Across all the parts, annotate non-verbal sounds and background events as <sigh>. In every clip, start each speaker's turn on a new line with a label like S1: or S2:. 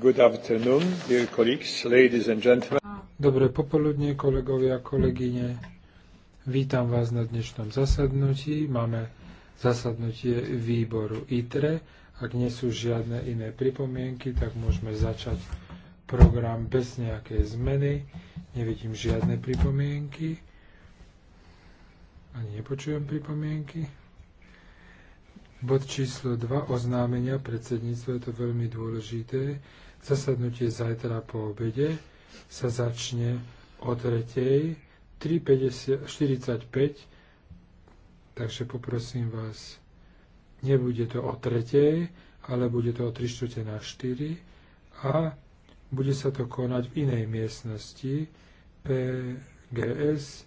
S1: Good afternoon, dear colleagues, ladies and gentlemen. Dobré popoludne, kolegovia a kolegyne. Vítam vás na dnešnom zasadnutí. Máme zasadnutie výboru ITRE. Ak nie sú žiadne iné pripomienky, tak môžeme začať program bez nejakej zmeny. Nevidím žiadne pripomienky. Ani nepočujem pripomienky. Bod číslo 2, oznámenia predsedníctva, je to veľmi dôležité. Zasadnutie zajtra po obede sa začne o 3.45, takže poprosím vás, nebude to o 3. ale bude to o 3 na 4 a bude sa to konať v inej miestnosti PGS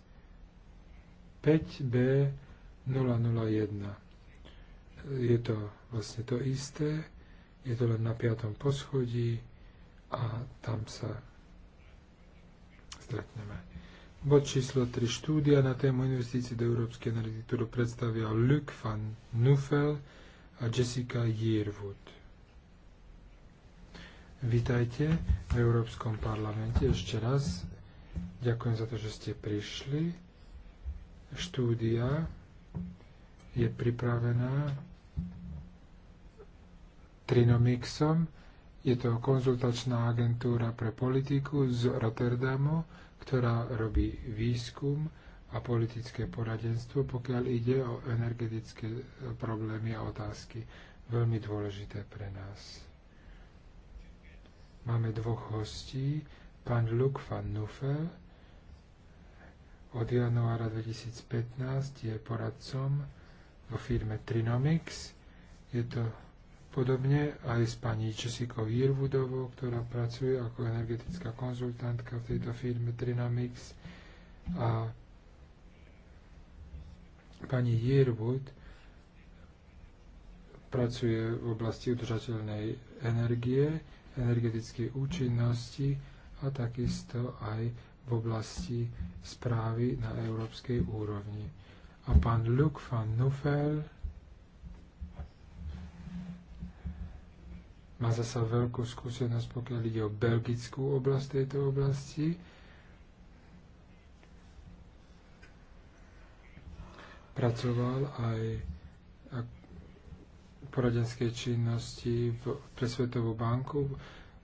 S1: 5B001 je to vlastne to isté, je to len na piatom poschodí a tam sa stretneme. Bod číslo 3. Štúdia na tému investícií do európskej energie, ktorú predstavia Luc van Nuffel a Jessica Yearwood. Vítajte v Európskom parlamente ešte raz. Ďakujem za to, že ste prišli. Štúdia je pripravená Trinomixom. Je to konzultačná agentúra pre politiku z Rotterdamu, ktorá robí výskum a politické poradenstvo, pokiaľ ide o energetické problémy a otázky. Veľmi dôležité pre nás. Máme dvoch hostí, pán Luk van Nuffel, od januára 2015 je poradcom vo firme Trinomix. Je to Podobne aj s pani Česikou Jirvudovou, ktorá pracuje ako energetická konzultantka v tejto firme Trinamix. A pani Jirvud pracuje v oblasti udržateľnej energie, energetickej účinnosti a takisto aj v oblasti správy na európskej úrovni. A pán Luc van Nuffel má zasa veľkú skúsenosť, pokiaľ ide o belgickú oblasť tejto oblasti. Pracoval aj v poradenskej činnosti v, pre Svetovú banku,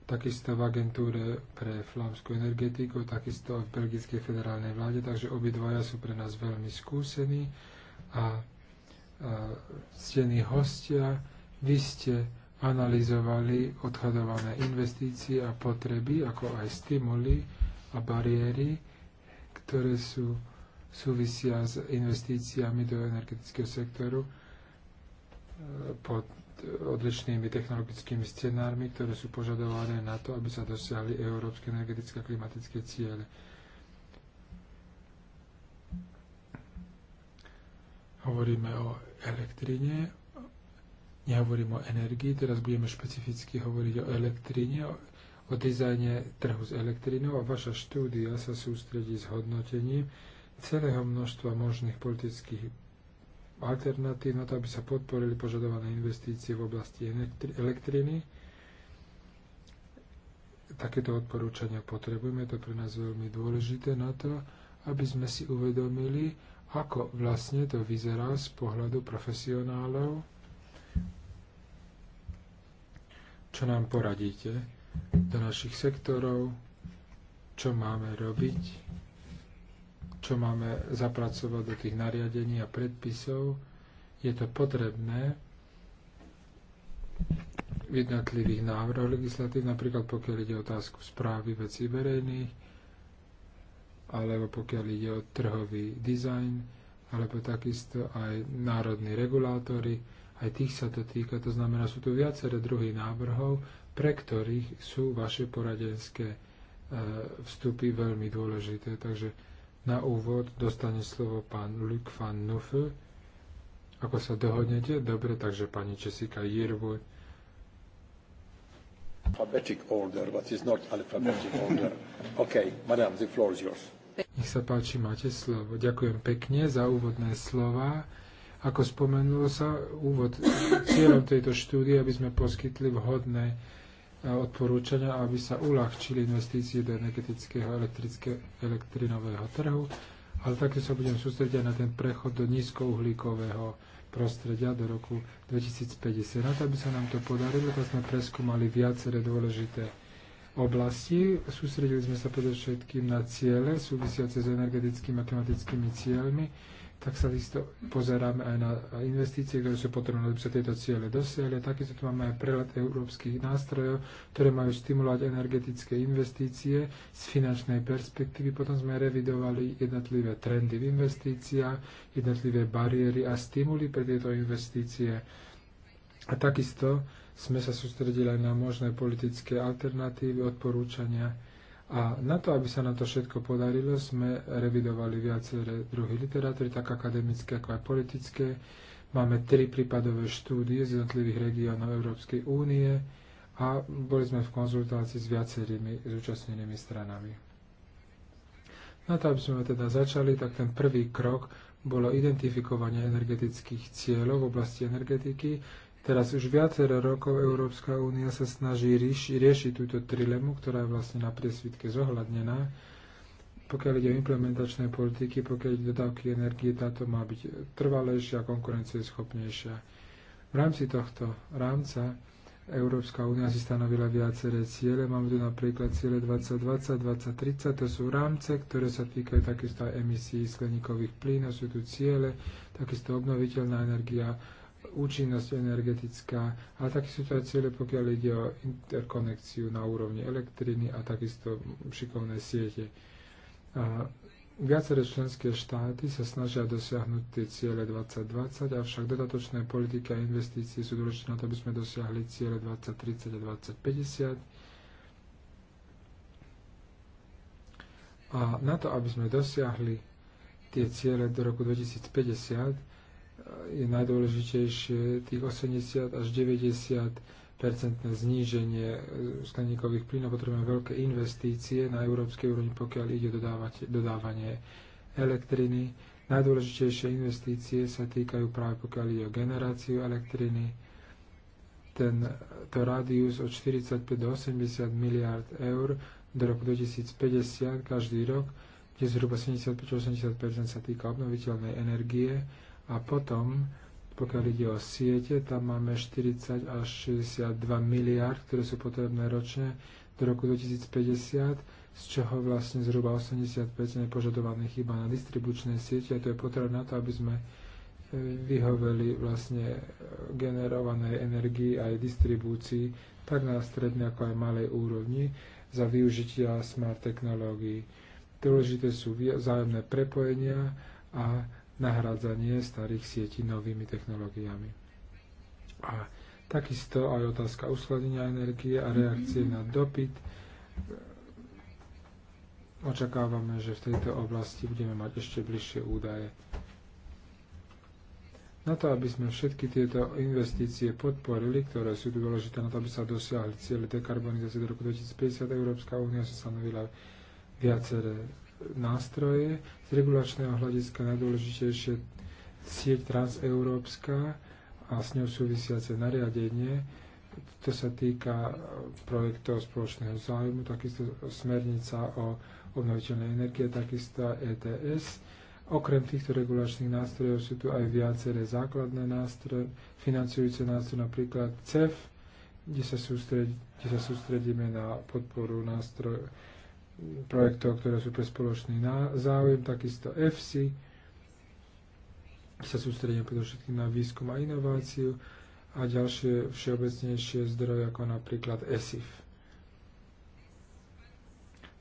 S1: takisto v agentúre pre flámskú energetiku, takisto aj v belgickej federálnej vláde, takže obidvaja sú pre nás veľmi skúsení a, a stení hostia. Vy ste analyzovali odhadované investície a potreby, ako aj stimuly a bariéry, ktoré sú súvisia s investíciami do energetického sektoru e, pod odlišnými technologickými scenármi, ktoré sú požadované na to, aby sa dosiahli európske energetické a klimatické ciele. Hovoríme o elektrine, nehovorím o energii, teraz budeme špecificky hovoriť o elektríne, o, o dizajne trhu s elektrínou a vaša štúdia sa sústredí s hodnotením celého množstva možných politických alternatív na to, aby sa podporili požadované investície v oblasti elektriny. Takéto odporúčania potrebujeme, to pre nás veľmi dôležité na to, aby sme si uvedomili, ako vlastne to vyzerá z pohľadu profesionálov, čo nám poradíte do našich sektorov, čo máme robiť, čo máme zapracovať do tých nariadení a predpisov. Je to potrebné v jednotlivých návrhoch legislatív, napríklad pokiaľ ide o otázku správy vecí verejných, alebo pokiaľ ide o trhový dizajn, alebo takisto aj národní regulátory, aj tých sa to týka, to znamená, sú tu viaceré druhy návrhov, pre ktorých sú vaše poradenské e, vstupy veľmi dôležité. Takže na úvod dostane slovo pán Luc van Nuffel. Ako sa dohodnete? Dobre, takže pani Česika Jirvoj. Alphabetic order, but it's not alphabetic order. Okay, madam, the floor is yours. Nech sa páči, máte slovo. Ďakujem pekne za úvodné slova. Ako spomenulo sa, úvod cieľom tejto štúdie, aby sme poskytli vhodné e, odporúčania, aby sa uľahčili investície do energetického elektrinového trhu, ale také sa budem sústrediť aj na ten prechod do nízkouhlíkového prostredia do roku 2050. Na to, aby sa nám to podarilo, tak sme preskúmali viaceré dôležité oblasti. Sústredili sme sa predovšetkým na ciele súvisiace s energetickými a klimatickými cieľmi, tak sa isto pozeráme aj na investície, ktoré sú potrebné, aby sa tieto ciele dosiahli. Takisto tu máme aj prelet európskych nástrojov, ktoré majú stimulovať energetické investície z finančnej perspektívy. Potom sme revidovali jednotlivé trendy v investíciách, jednotlivé bariéry a stimuly pre tieto investície. A takisto sme sa sústredili aj na možné politické alternatívy, odporúčania, a na to, aby sa nám to všetko podarilo, sme revidovali viaceré druhy literatúry, tak akademické ako aj politické. Máme tri prípadové štúdie z jednotlivých regiónov Európskej únie a boli sme v konzultácii s viacerými zúčastnenými stranami. Na to, aby sme teda začali, tak ten prvý krok bolo identifikovanie energetických cieľov v oblasti energetiky, Teraz už viacero rokov Európska únia sa snaží rieši, riešiť túto trilemu, ktorá je vlastne na priesvitke zohľadnená. Pokiaľ ide o implementačné politiky, pokiaľ ide o dodávky energie, táto má byť trvalejšia a konkurencieschopnejšia. V rámci tohto rámca Európska únia si stanovila viaceré ciele. Máme tu napríklad ciele 2020, 2030, to sú rámce, ktoré sa týkajú takisto aj emisí skleníkových plynov, sú tu ciele, takisto obnoviteľná energia, účinnosť energetická, ale také sú to aj cieľe, pokiaľ ide o interkonekciu na úrovni elektriny a takisto šikovné siete. A viaceré členské štáty sa snažia dosiahnuť tie ciele 2020, avšak dodatočné politiky a investície sú dôležité na to, aby sme dosiahli ciele 2030 a 2050. A na to, aby sme dosiahli tie ciele do roku 2050, je najdôležitejšie tých 80 až 90 percentné zníženie e, skleníkových plynov. Potrebujeme veľké investície na európskej úrovni, pokiaľ ide o dodávanie elektriny. Najdôležitejšie investície sa týkajú práve pokiaľ ide o generáciu elektriny. Ten, to rádius od 45 do 80 miliard eur do roku 2050 každý rok, kde zhruba 75-80 sa týka obnoviteľnej energie a potom, pokiaľ ide o siete, tam máme 40 až 62 miliard, ktoré sú potrebné ročne do roku 2050, z čoho vlastne zhruba 85 je požadovaných iba na distribučnej siete a to je potrebné na to, aby sme e, vyhoveli vlastne e, generovanej energii aj distribúcii, tak na strednej ako aj malej úrovni za využitia smart technológií. Dôležité sú vzájomné prepojenia a nahrádzanie starých sietí novými technológiami. A takisto aj otázka uskladenia energie a reakcie na dopyt. Očakávame, že v tejto oblasti budeme mať ešte bližšie údaje. Na to, aby sme všetky tieto investície podporili, ktoré sú dôležité na to, aby sa dosiahli cieľe dekarbonizácie do roku 2050, Európska únia sa stanovila viaceré nástroje. Z regulačného hľadiska najdôležitejšie sieť transeurópska a s ňou súvisiace nariadenie. To sa týka e, projektov spoločného záujmu, takisto smernica o obnoviteľnej energie, takisto ETS. Okrem týchto regulačných nástrojov sú tu aj viaceré základné nástroje, financujúce nástroje, napríklad CEF, kde sa, sústred, kde sa sústredíme na podporu nástrojov projektov, ktoré sú pre spoločný záujem, takisto EFSI, sa sústredia predovšetkým na výskum a inováciu a ďalšie všeobecnejšie zdroje, ako napríklad ESIF.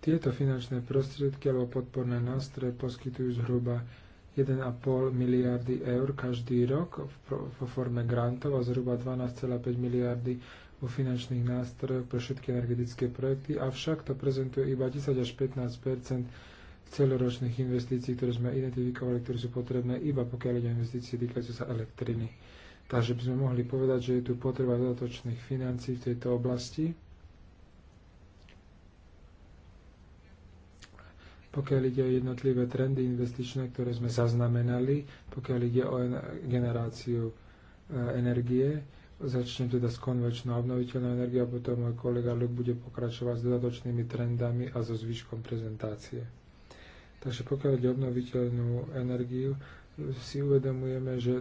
S1: Tieto finančné prostriedky alebo podporné nástroje poskytujú zhruba 1,5 miliardy eur každý rok vo forme grantov a zhruba 12,5 miliardy vo finančných nástrojoch pre všetky energetické projekty, avšak to prezentuje iba 10 až 15 celoročných investícií, ktoré sme identifikovali, ktoré sú potrebné iba pokiaľ ide o investície týkajúce sa elektriny. Takže by sme mohli povedať, že je tu potreba dodatočných financí v tejto oblasti. Pokiaľ ide o jednotlivé trendy investičné, ktoré sme zaznamenali, pokiaľ ide o generáciu e, energie, Začnem teda s konvečnou obnoviteľnou energiou a potom môj kolega Luk bude pokračovať s dodatočnými trendami a so zvyškom prezentácie. Takže pokiaľ ide obnoviteľnú energiu, si uvedomujeme, že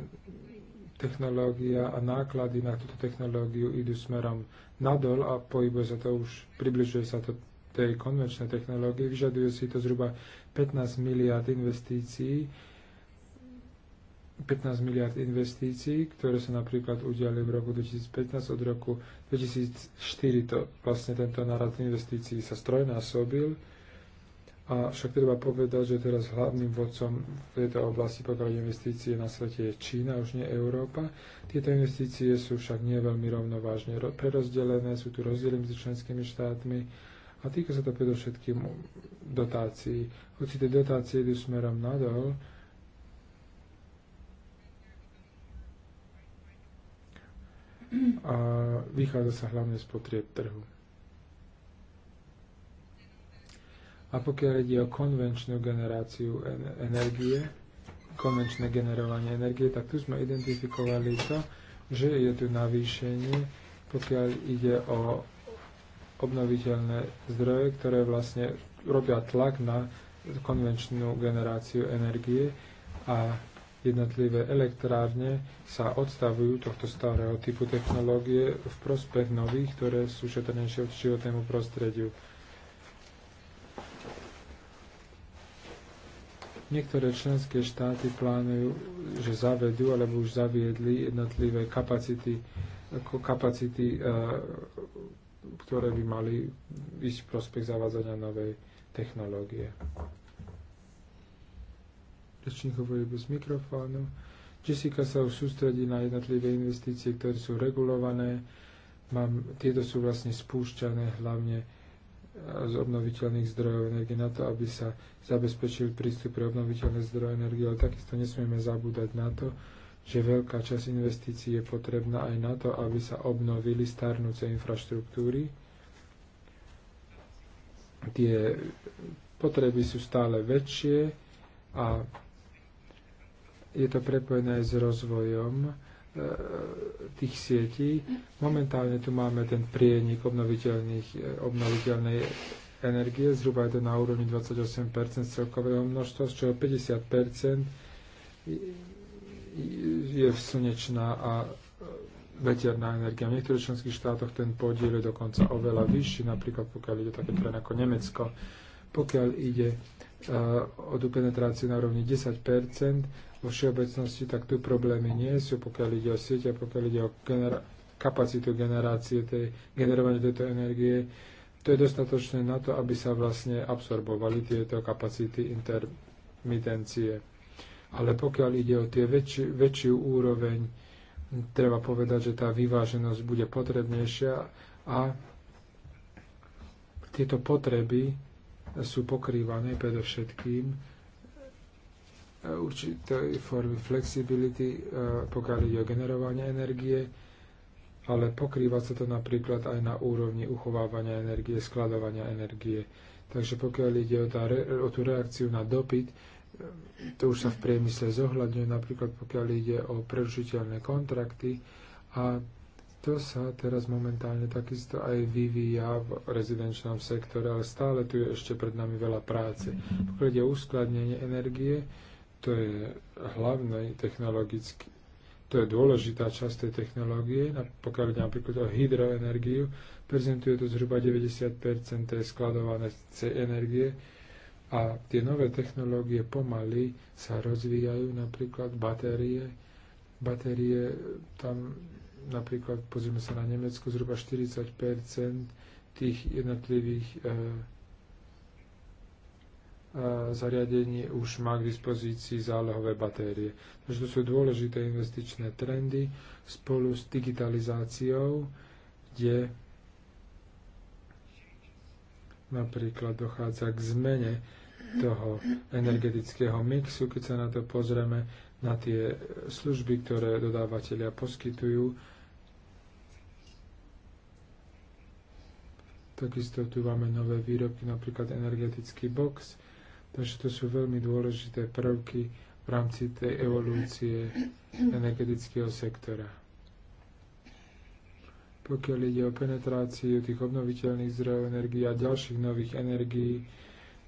S1: technológia a náklady na túto technológiu idú smerom nadol a pohybuje sa to už, približuje sa to tej konvenčnej technológie, vyžaduje si to zhruba 15 miliard investícií, 15 miliard investícií, ktoré sa napríklad udiali v roku 2015, od roku 2004 to, vlastne tento narad investícií sa strojnásobil. A však treba povedať, že teraz hlavným vodcom v tejto oblasti, pokiaľ investície na svete je Čína, už nie Európa. Tieto investície sú však nie veľmi rovnovážne prerozdelené, sú tu rozdiely medzi členskými štátmi a týka sa to predovšetkým dotácií. Hoci tie dotácie idú smerom nadol, a vychádza sa hlavne z potrieb trhu. A pokiaľ ide o konvenčnú generáciu energie, konvenčné generovanie energie, tak tu sme identifikovali to, že je tu navýšenie, pokiaľ ide o obnoviteľné zdroje, ktoré vlastne robia tlak na konvenčnú generáciu energie a jednotlivé elektrárne sa odstavujú tohto starého typu technológie v prospech nových, ktoré sú šetrnejšie od životnému prostrediu. Niektoré členské štáty plánujú, že zavedú alebo už zaviedli jednotlivé kapacity, kapacity e, ktoré by mali ísť v prospech zavádzania novej technológie. Rečník hovorí bez mikrofónu. Jessica sa už sústredí na jednotlivé investície, ktoré sú regulované. Mám, tieto sú vlastne spúšťané hlavne e, z obnoviteľných zdrojov energie na to, aby sa zabezpečil prístup pre obnoviteľné zdroje energie, ale takisto nesmieme zabúdať na to, že veľká časť investícií je potrebná aj na to, aby sa obnovili starnúce infraštruktúry. Tie potreby sú stále väčšie a je to prepojené s rozvojom e, tých sietí. Momentálne tu máme ten prienik e, obnoviteľnej energie, zhruba je to na úrovni 28% z celkového množstva, z čoho 50% je slnečná a e, veterná energia. V niektorých členských štátoch ten podiel je dokonca oveľa vyšší, napríklad pokiaľ ide také krajiny ako Nemecko. Pokiaľ ide o tú penetráciu na rovni 10 vo všeobecnosti, tak tu problémy nie sú, pokiaľ ide o sieť a pokiaľ ide o genera- kapacitu generácie, tej, generovania tejto energie. To je dostatočné na to, aby sa vlastne absorbovali tieto kapacity intermitencie. Ale pokiaľ ide o tie väčši, väčšiu úroveň, treba povedať, že tá vyváženosť bude potrebnejšia a tieto potreby sú pokrývané predovšetkým e, určitej formy flexibility, e, pokiaľ ide o generovanie energie, ale pokrýva sa to napríklad aj na úrovni uchovávania energie, skladovania energie. Takže pokiaľ ide o, tá, o tú reakciu na dopyt, e, to už sa v priemysle zohľadňuje, napríklad pokiaľ ide o prerušiteľné kontrakty a to sa teraz momentálne takisto aj vyvíja v rezidenčnom sektore, ale stále tu je ešte pred nami veľa práce. Pokiaľ ide uskladnenie energie, to je hlavný technologický, to je dôležitá časť tej technológie, pokiaľ ide napríklad o hydroenergiu, prezentuje to zhruba 90 tej C energie a tie nové technológie pomaly sa rozvíjajú, napríklad batérie, batérie tam napríklad pozrieme sa na Nemecku, zhruba 40 tých jednotlivých e, zariadení už má k dispozícii zálehové batérie. Takže to sú dôležité investičné trendy spolu s digitalizáciou, kde napríklad dochádza k zmene toho energetického mixu, keď sa na to pozrieme, na tie služby, ktoré dodávateľia poskytujú. Takisto tu máme nové výrobky, napríklad energetický box. Takže to sú veľmi dôležité prvky v rámci tej evolúcie energetického sektora. Pokiaľ ide o penetráciu tých obnoviteľných zdrojov energie a ďalších nových energií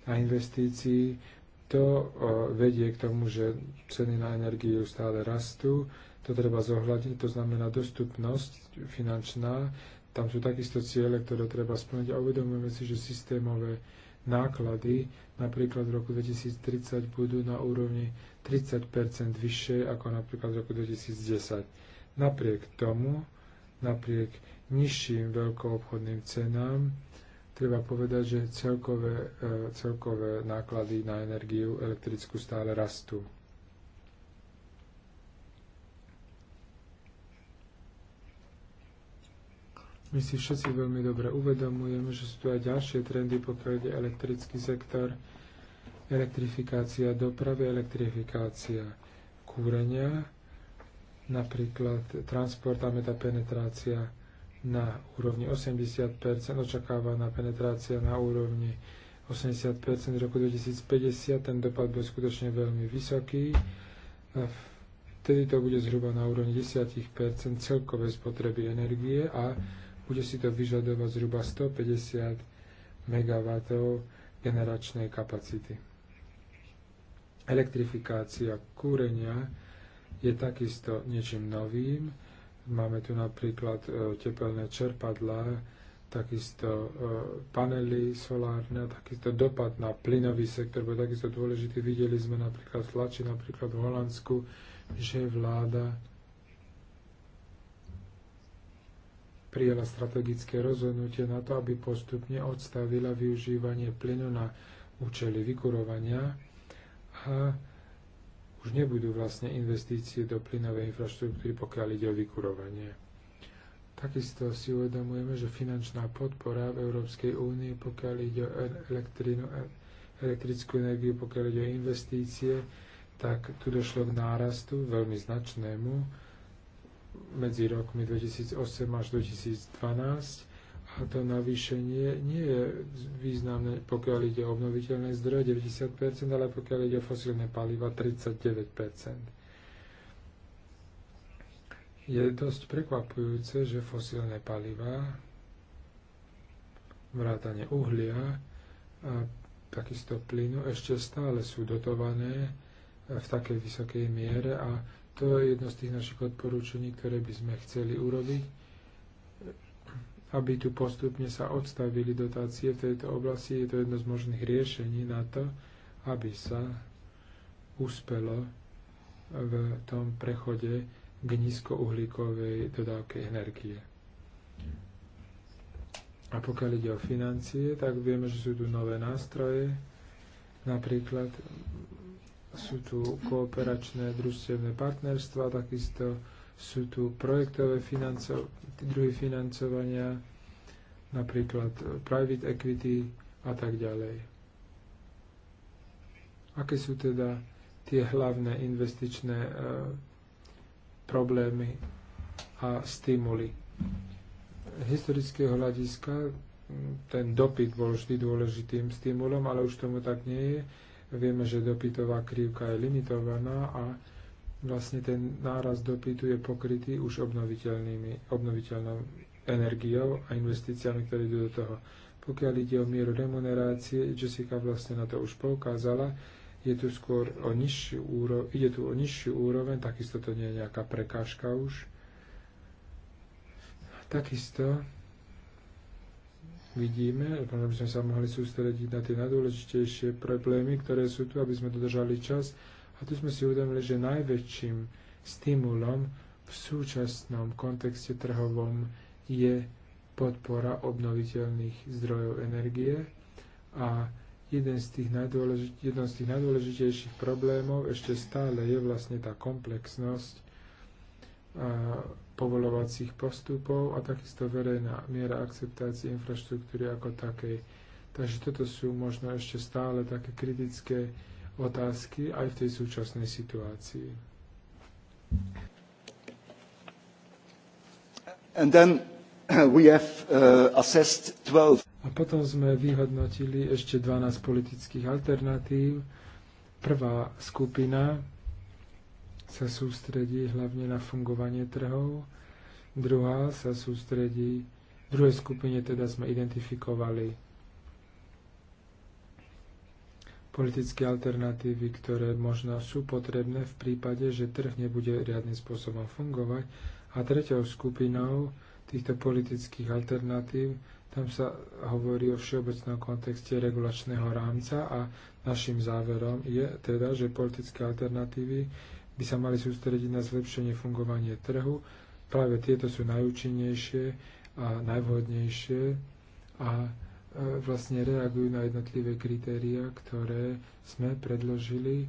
S1: a investícií, to e, vedie k tomu, že ceny na energiu stále rastú. To treba zohľadniť, to znamená dostupnosť finančná. Tam sú takisto ciele, ktoré treba splniť a uvedomujeme si, že systémové náklady napríklad v roku 2030 budú na úrovni 30 vyššie ako napríklad v roku 2010. Napriek tomu, napriek nižším veľkoobchodným cenám, Treba povedať, že celkové, e, celkové náklady na energiu elektrickú stále rastú. My si všetci veľmi dobre uvedomujeme, že sú tu aj ďalšie trendy, pokiaľ ide elektrický sektor, elektrifikácia dopravy, elektrifikácia kúrenia, napríklad transport a metapenetrácia penetrácia na úrovni 80%, očakávaná penetrácia na úrovni 80% roku 2050, ten dopad bude skutočne veľmi vysoký. Vtedy to bude zhruba na úrovni 10% celkovej spotreby energie a bude si to vyžadovať zhruba 150 MW generačnej kapacity. Elektrifikácia kúrenia je takisto niečím novým Máme tu napríklad e, tepelné čerpadlá, takisto e, panely solárne, takisto dopad na plynový sektor, bo takisto dôležitý. Videli sme napríklad v tlači, napríklad v Holandsku, že vláda prijala strategické rozhodnutie na to, aby postupne odstavila využívanie plynu na účely vykurovania a už nebudú vlastne investície do plynovej infraštruktúry, pokiaľ ide o vykurovanie. Takisto si uvedomujeme, že finančná podpora v Európskej únii, pokiaľ ide o elektrínu, elektrickú energiu, pokiaľ ide o investície, tak tu došlo k nárastu veľmi značnému medzi rokmi 2008 až 2012 a to navýšenie nie je významné, pokiaľ ide o obnoviteľné zdroje 90%, ale pokiaľ ide o fosílne paliva 39%. Je dosť prekvapujúce, že fosílne paliva, vrátane uhlia a takisto plynu ešte stále sú dotované v takej vysokej miere a to je jedno z tých našich odporúčení, ktoré by sme chceli urobiť aby tu postupne sa odstavili dotácie v tejto oblasti. Je to jedno z možných riešení na to, aby sa uspelo v tom prechode k nízkouhlíkovej dodávke energie. A pokiaľ ide o financie, tak vieme, že sú tu nové nástroje. Napríklad sú tu kooperačné družstevné partnerstva, takisto sú tu projektové financov, druhy financovania, napríklad eh, private equity a tak ďalej. Aké sú teda tie hlavné investičné e, problémy a stimuly? Historického hľadiska hm, ten dopyt bol vždy dôležitým stimulom, ale už tomu tak nie je. Vieme, že dopytová krivka je limitovaná a vlastne ten náraz dopytu je pokrytý už obnoviteľnými, obnoviteľnou energiou a investíciami, ktoré idú do toho. Pokiaľ ide o mieru remunerácie, Jessica vlastne na to už poukázala, je tu skôr o nižší úroveň, ide tu o nižší úroveň, takisto to nie je nejaká prekážka už. Takisto vidíme, možno by sme sa mohli sústrediť na tie najdôležitejšie problémy, ktoré sú tu, aby sme dodržali čas, a tu sme si uvedomili, že najväčším stimulom v súčasnom kontexte trhovom je podpora obnoviteľných zdrojov energie a jeden z tých jeden z tých najdôležitejších problémov ešte stále je vlastne tá komplexnosť a, povolovacích postupov a takisto verejná miera akceptácie infraštruktúry ako takej. Takže toto sú možno ešte stále také kritické otázky aj v tej súčasnej situácii. And then <clears throat> we have uh, assessed 12. A potom sme vyhodnotili ešte 12 politických alternatív. Prvá skupina sa sústredí hlavne na fungovanie trhov, druhá sa sústredí, v druhej skupine teda sme identifikovali politické alternatívy, ktoré možno sú potrebné v prípade, že trh nebude riadnym spôsobom fungovať. A tretou skupinou týchto politických alternatív, tam sa hovorí o všeobecnom kontexte regulačného rámca a našim záverom je teda, že politické alternatívy by sa mali sústrediť na zlepšenie fungovanie trhu. Práve tieto sú najúčinnejšie a najvhodnejšie a vlastne reagujú na jednotlivé kritéria, ktoré sme predložili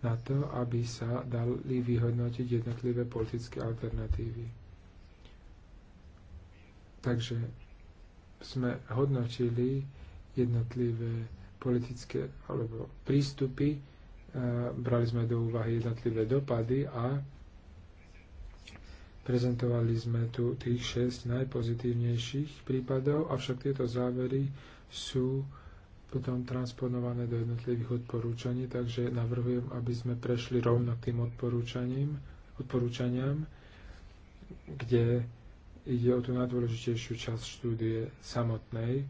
S1: na to, aby sa dali vyhodnotiť jednotlivé politické alternatívy. Takže sme hodnotili jednotlivé politické alebo prístupy, brali sme do úvahy jednotlivé dopady a Prezentovali sme tu tých 6 najpozitívnejších prípadov, avšak tieto závery sú potom transponované do jednotlivých odporúčaní, takže navrhujem, aby sme prešli rovno k tým odporúčaním, odporúčaniam, kde ide o tú najdôležitejšiu časť štúdie samotnej.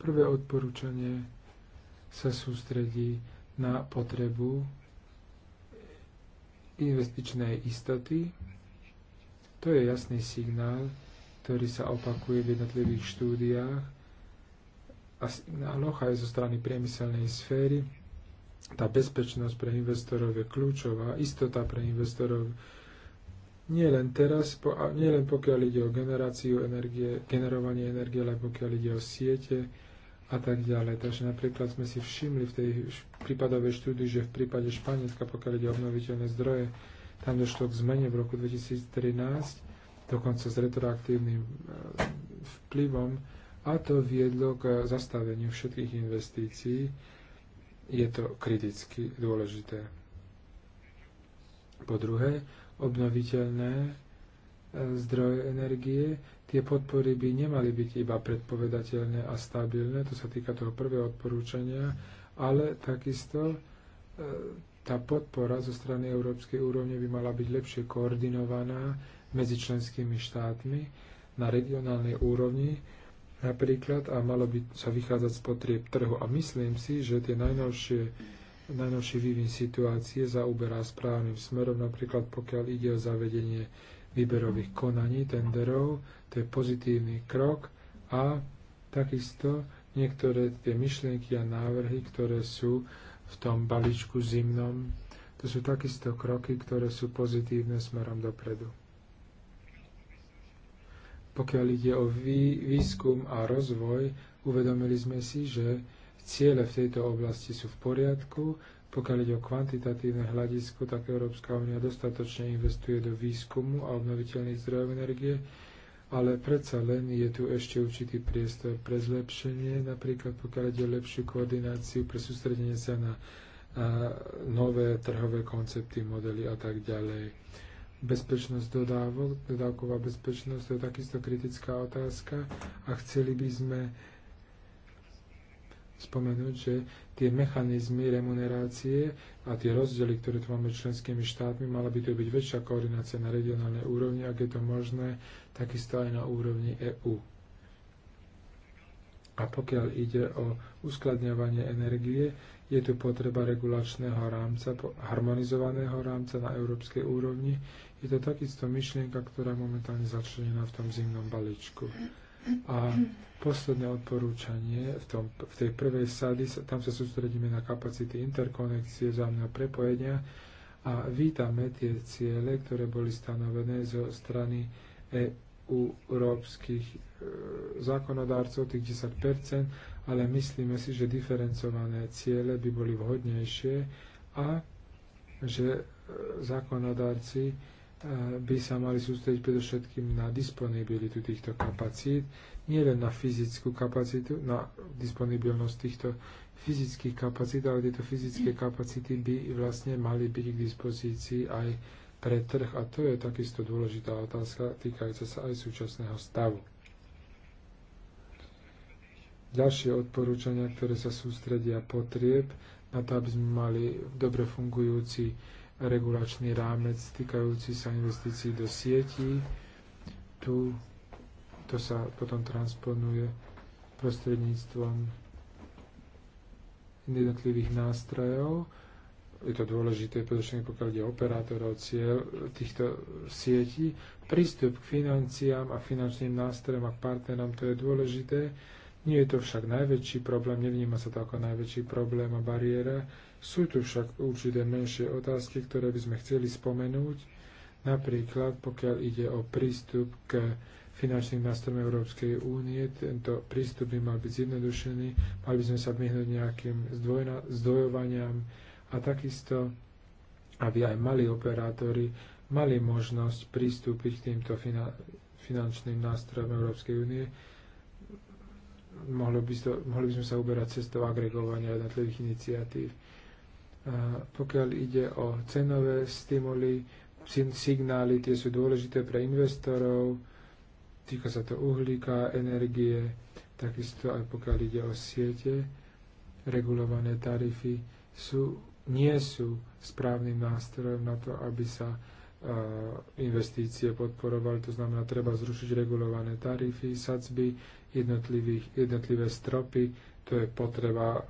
S1: Prvé odporúčanie sa sústredí na potrebu investičnej istoty. To je jasný signál, ktorý sa opakuje v jednotlivých štúdiách a signáloch aj zo strany priemyselnej sféry. Tá bezpečnosť pre investorov je kľúčová, istota pre investorov nie len teraz, po, nie len pokiaľ ide o generáciu energie, generovanie energie, ale pokiaľ ide o siete, a tak ďalej. Takže napríklad sme si všimli v tej prípadovej štúdii, že v prípade Španielska, pokiaľ ide obnoviteľné zdroje, tam došlo k zmene v roku 2013, dokonca s retroaktívnym e, vplyvom, a to viedlo k zastaveniu všetkých investícií. Je to kriticky dôležité. Po druhé, obnoviteľné e, zdroje energie Tie podpory by nemali byť iba predpovedateľné a stabilné, to sa týka toho prvého odporúčania, ale takisto e, tá podpora zo strany európskej úrovne by mala byť lepšie koordinovaná medzi členskými štátmi na regionálnej úrovni napríklad a malo by sa vychádzať z potrieb trhu. A myslím si, že tie najnovšie, najnovší vývin situácie zaoberá správnym smerom, napríklad pokiaľ ide o zavedenie výberových konaní, tenderov. To je pozitívny krok a takisto niektoré tie myšlienky a návrhy, ktoré sú v tom balíčku zimnom, to sú takisto kroky, ktoré sú pozitívne smerom dopredu. Pokiaľ ide o výskum a rozvoj, uvedomili sme si, že ciele v tejto oblasti sú v poriadku, pokiaľ ide o kvantitatívne hľadisko, tak Európska únia dostatočne investuje do výskumu a obnoviteľných zdrojov energie, ale predsa len je tu ešte určitý priestor pre zlepšenie, napríklad pokiaľ ide o lepšiu koordináciu pre sústredenie sa na, a nové trhové koncepty, modely a tak ďalej. Bezpečnosť dodávok, dodávková bezpečnosť, to je takisto kritická otázka a chceli by sme spomenúť, že tie mechanizmy remunerácie a tie rozdiely, ktoré tu máme členskými štátmi, mala by to byť väčšia koordinácia na regionálnej úrovni, ak je to možné, takisto aj na úrovni EÚ. A pokiaľ ide o uskladňovanie energie, je tu potreba regulačného rámca, harmonizovaného rámca na európskej úrovni. Je to takisto myšlienka, ktorá momentálne začlenená v tom zimnom balíčku. A posledné odporúčanie, v, tom, v tej prvej sady, tam sa sústredíme na kapacity interkonekcie, vzájomného prepojenia a vítame tie ciele, ktoré boli stanovené zo strany EU európskych e, zákonodárcov, tých 10%, ale myslíme si, že diferencované ciele by boli vhodnejšie a že e, zákonodárci by sa mali sústrediť predovšetkým na disponibilitu týchto kapacít, nielen na fyzickú kapacitu, na disponibilnosť týchto fyzických kapacít, ale tieto fyzické kapacity by vlastne mali byť k dispozícii aj pre trh a to je takisto dôležitá otázka týkajúca sa aj súčasného stavu. Ďalšie odporúčania, ktoré sa sústredia potrieb na to, aby sme mali dobre fungujúci regulačný rámec týkajúci sa investícií do sietí. Tu to sa potom transponuje prostredníctvom jednotlivých nástrojov. Je to dôležité, pretože pokiaľ ide operátorov cieľ týchto sietí. Prístup k financiám a finančným nástrojom a k partnerom, to je dôležité nie je to však najväčší problém, nevníma sa to ako najväčší problém a bariéra. Sú tu však určité menšie otázky, ktoré by sme chceli spomenúť, napríklad pokiaľ ide o prístup k finančným nástrojom Európskej únie. Tento prístup by mal byť zjednodušený, mali by sme sa vyhnúť nejakým zdvojna, zdvojovaniam a takisto, aby aj mali operátori mali možnosť pristúpiť k týmto finančným nástrojom Európskej únie, mohli by, to, mohli by sme sa uberať cestou agregovania jednotlivých iniciatív. Pokiaľ ide o cenové stimuly, signály, tie sú dôležité pre investorov, týka sa to uhlíka, energie, takisto aj pokiaľ ide o siete, regulované tarify sú, nie sú správnym nástrojom na to, aby sa e, investície podporovali, to znamená, treba zrušiť regulované tarify, sadzby, jednotlivé stropy, to je potreba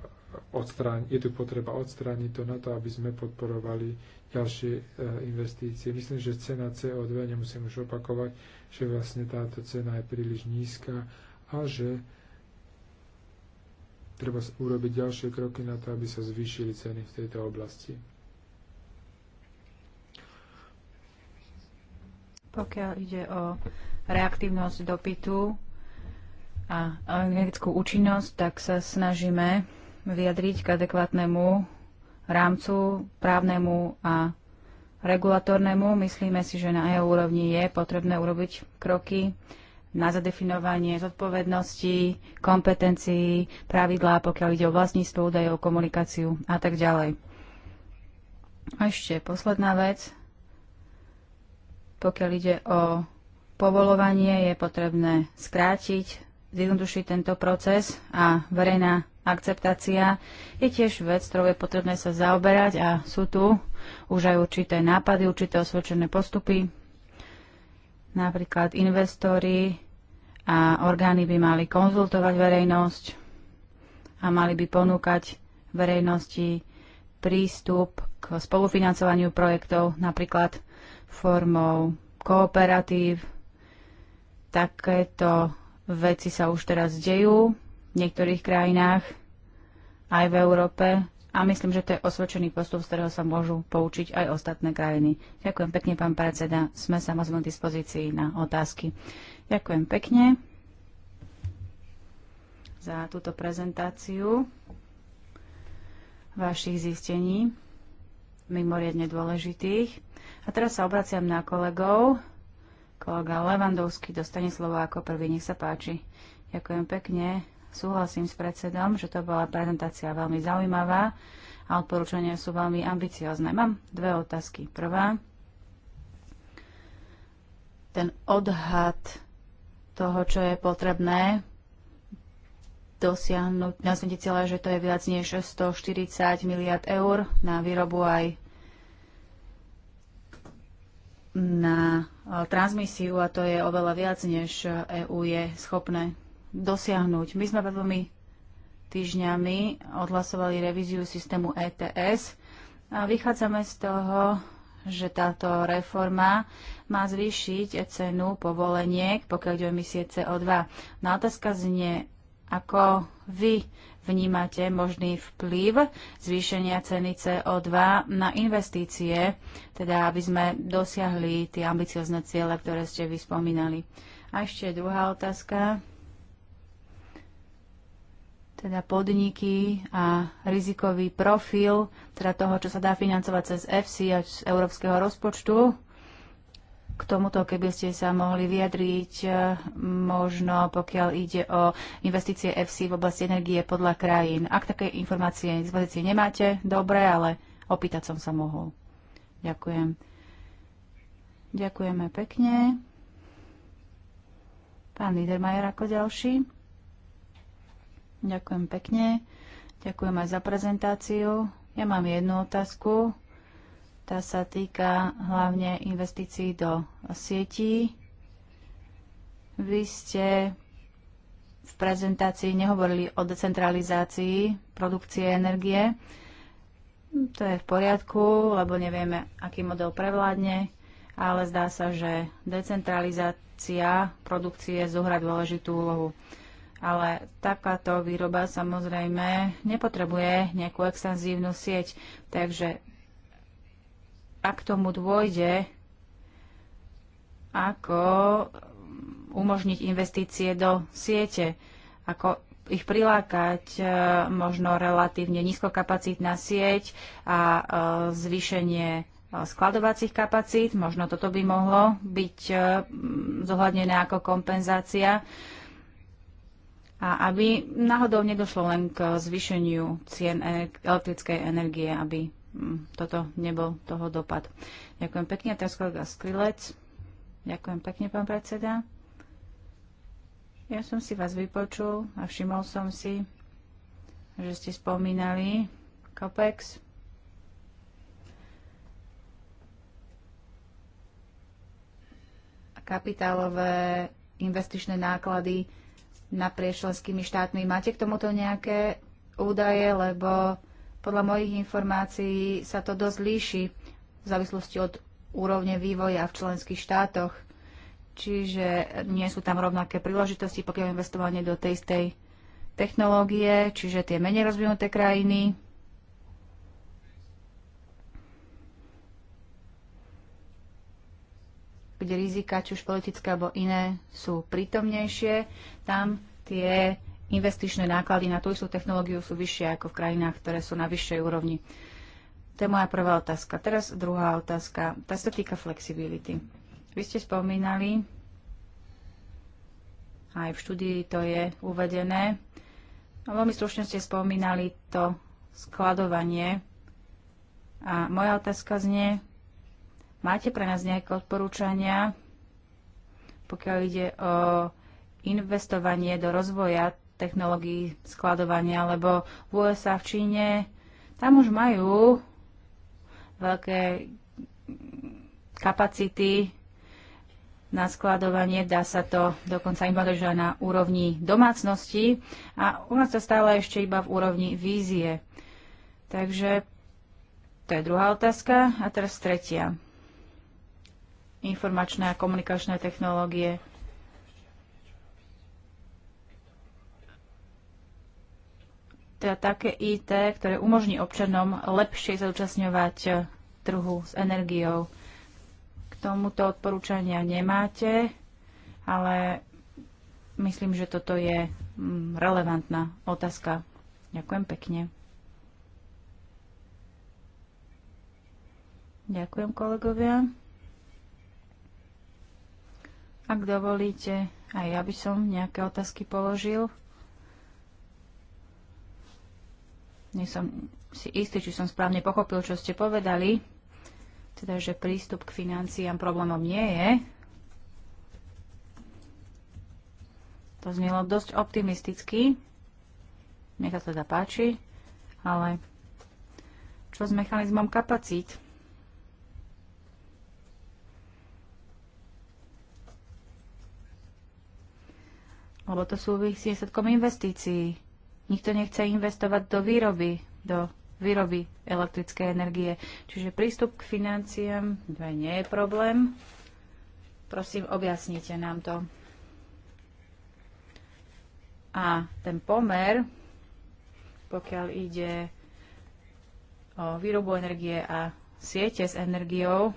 S1: odstrániť, je tu potreba odstrániť to na to, aby sme podporovali ďalšie e, investície. Myslím, že cena CO2, nemusím už opakovať, že vlastne táto cena je príliš nízka a že treba urobiť ďalšie kroky na to, aby sa zvýšili ceny v tejto oblasti.
S2: Pokiaľ ide o reaktívnosť dopytu, a energetickú účinnosť, tak sa snažíme vyjadriť k adekvátnemu rámcu právnemu a regulatornému. Myslíme si, že na EU úrovni je potrebné urobiť kroky na zadefinovanie zodpovednosti, kompetencií, pravidlá, pokiaľ ide o vlastníctvo údajov, komunikáciu a tak ďalej. A ešte posledná vec. Pokiaľ ide o povolovanie, je potrebné skrátiť zjednodušiť tento proces a verejná akceptácia je tiež vec, ktorou je potrebné sa zaoberať a sú tu už aj určité nápady, určité osvedčené postupy. Napríklad investori a orgány by mali konzultovať verejnosť a mali by ponúkať verejnosti prístup k spolufinancovaniu projektov, napríklad formou kooperatív. Takéto Veci sa už teraz dejú v niektorých krajinách, aj v Európe. A myslím, že to je osvedčený postup, z ktorého sa môžu poučiť aj ostatné krajiny. Ďakujem pekne, pán predseda. Sme samozrejme v dispozícii na otázky. Ďakujem pekne za túto prezentáciu vašich zistení, mimoriadne dôležitých. A teraz sa obraciam na kolegov. Kolega Levandovský dostane slovo ako prvý. Nech sa páči. Ďakujem pekne. Súhlasím s predsedom, že to bola prezentácia veľmi zaujímavá a odporúčania sú veľmi ambiciozne. Mám dve otázky. Prvá, ten odhad toho, čo je potrebné dosiahnuť, dosiahnuť cieľa, že to je viac než 140 miliard eur na výrobu aj na eh, transmisiu a to je oveľa viac, než EÚ eh, e je schopné dosiahnuť. My sme prvomi týždňami odhlasovali revíziu systému ETS a vychádzame z toho, že táto reforma má zvýšiť cenu povoleniek, pokiaľ ide o emisie CO2. Na no otázka znie, ako vy vnímate možný vplyv zvýšenia ceny CO2 na investície, teda aby sme dosiahli tie ambiciozne ciele, ktoré ste vyspomínali. A ešte druhá otázka. Teda podniky a rizikový profil, teda toho, čo sa dá financovať cez EFSI a z európskeho rozpočtu k tomuto, keby ste sa mohli vyjadriť, e, možno pokiaľ ide o investície FC v oblasti energie podľa krajín. Ak také informácie z pozície nemáte, dobre, ale opýtať som sa mohol. Ďakujem. Ďakujeme pekne. Pán Niedermayer ako ďalší. Ďakujem pekne. Ďakujem aj za prezentáciu. Ja mám jednu otázku tá sa týka hlavne investícií do sietí. Vy ste v prezentácii nehovorili o decentralizácii produkcie energie. To je v poriadku, lebo nevieme, aký model prevládne, ale zdá sa, že decentralizácia produkcie zohra dôležitú úlohu. Ale takáto výroba samozrejme nepotrebuje nejakú extenzívnu sieť, takže ak tomu dôjde, ako umožniť investície do siete, ako ich prilákať e, možno relatívne nízkokapacitná sieť a e, zvýšenie e, skladovacích kapacít. Možno toto by mohlo byť zohľadnené ako kompenzácia. A aby náhodou nedošlo len k zvýšeniu cien elektrickej energie, aby Mm, toto nebol toho dopad. Ďakujem pekne. A teraz kolega Skrilec. Ďakujem pekne, pán predseda. Ja som si vás vypočul a všimol som si, že ste spomínali COPEX. kapitálové investičné náklady na priešlenskými štátmi. Máte k tomuto nejaké údaje, lebo podľa mojich informácií sa to dosť líši v závislosti od úrovne vývoja v členských štátoch. Čiže nie sú tam rovnaké príležitosti, pokiaľ investovanie do tej istej technológie, čiže tie menej rozvinuté krajiny kde rizika, či už politické alebo iné, sú prítomnejšie, tam tie investičné náklady na tú istú technológiu sú vyššie ako v krajinách, ktoré sú na vyššej úrovni. To je moja prvá otázka. Teraz druhá otázka. Tá sa týka flexibility. Vy ste spomínali, aj v štúdii to je uvedené, veľmi slušne ste spomínali to skladovanie. A moja otázka znie, máte pre nás nejaké odporúčania, pokiaľ ide o investovanie do rozvoja technológií skladovania, lebo v USA, v Číne, tam už majú veľké kapacity na skladovanie, dá sa to dokonca iba dožiť na úrovni domácnosti a u nás to stále ešte iba v úrovni vízie. Takže to je druhá otázka a teraz tretia. Informačné a komunikačné technológie. teda také IT, ktoré umožní občanom lepšie zúčastňovať e, trhu s energiou. K tomuto odporúčania nemáte, ale myslím, že toto je mm, relevantná otázka. Ďakujem pekne. Ďakujem kolegovia. Ak dovolíte, aj ja by som nejaké otázky položil. nie som si istý, či som správne pochopil, čo ste povedali, teda, že prístup k financiám problémom nie je. To znelo dosť optimisticky. Mne sa teda páči, ale čo s mechanizmom kapacít? Lebo to súvisí s investícií. Nikto nechce investovať do výroby, do výroby elektrickej energie. Čiže prístup k financiám nie je problém. Prosím, objasnite nám to. A ten pomer, pokiaľ ide o výrobu energie a siete s energiou,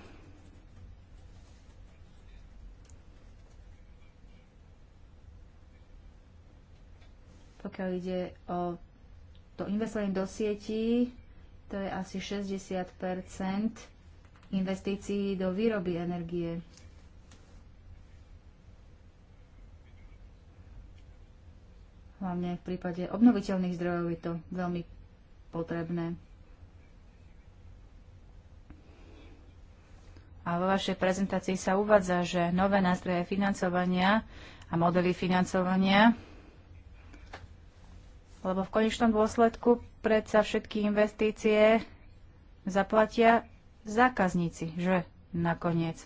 S2: Pokiaľ ide o to investovanie do sietí, to je asi 60 investícií do výroby energie. Hlavne v prípade obnoviteľných zdrojov je to veľmi potrebné. A vo vašej prezentácii sa uvádza, že nové nástroje financovania a modely financovania lebo v konečnom dôsledku predsa všetky investície zaplatia zákazníci, že nakoniec.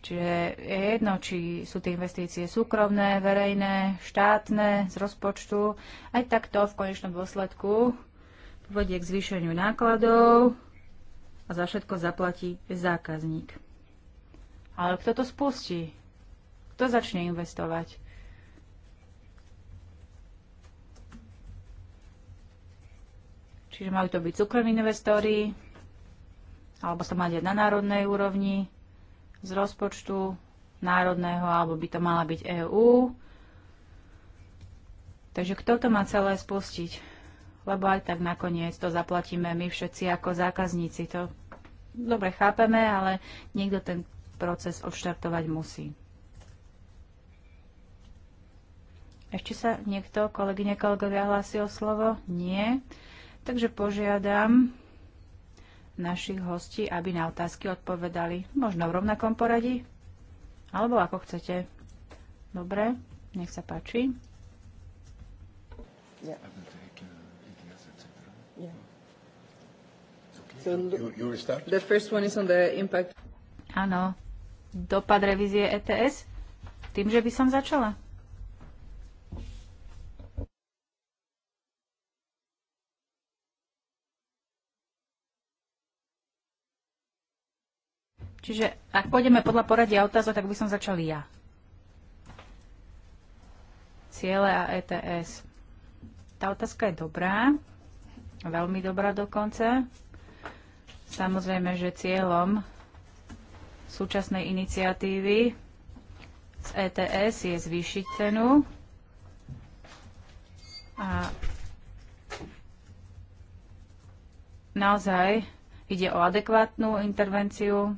S2: Čiže je jedno, či sú tie investície súkromné, verejné, štátne, z rozpočtu. Aj takto v konečnom dôsledku povedie k zvýšeniu nákladov a za všetko zaplatí zákazník. Ale kto to spustí? Kto začne investovať? Čiže majú to byť súkromní investori, alebo sa mať na národnej úrovni z rozpočtu národného, alebo by to mala byť EÚ. Takže kto to má celé spustiť? Lebo aj tak nakoniec to zaplatíme my všetci ako zákazníci. To dobre chápeme, ale niekto ten proces odštartovať musí. Ešte sa niekto, kolegyne, kolegovia, hlási o slovo? Nie. Takže požiadam našich hostí, aby na otázky odpovedali možno v rovnakom poradí, alebo ako chcete. Dobre, nech sa páči. Áno, dopad revízie ETS. Tým, že by som začala. Čiže ak pôjdeme podľa poradia otázok, tak by som začal ja. Ciele a ETS. Tá otázka je dobrá, veľmi dobrá dokonca. Samozrejme, že cieľom súčasnej iniciatívy z ETS je zvýšiť cenu a naozaj ide o adekvátnu intervenciu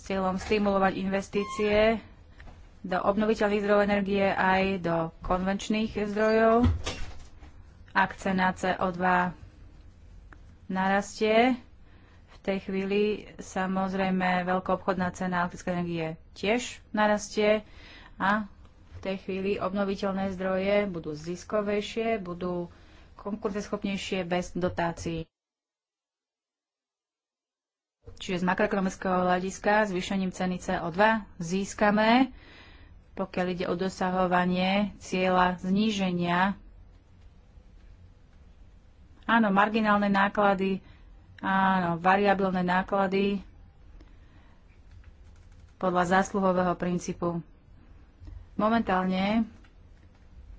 S2: s cieľom stimulovať investície do obnoviteľných zdrojov energie aj do konvenčných zdrojov. Ak cena CO2 narastie, v tej chvíli samozrejme veľkoobchodná cena elektrickej energie tiež narastie a v tej chvíli obnoviteľné zdroje budú ziskovejšie, budú konkurenceschopnejšie bez dotácií. Čiže z makroekonomického hľadiska zvýšením ceny CO2 získame, pokiaľ ide o dosahovanie cieľa zníženia. Áno, marginálne náklady, áno, variabilné náklady podľa zásluhového princípu. Momentálne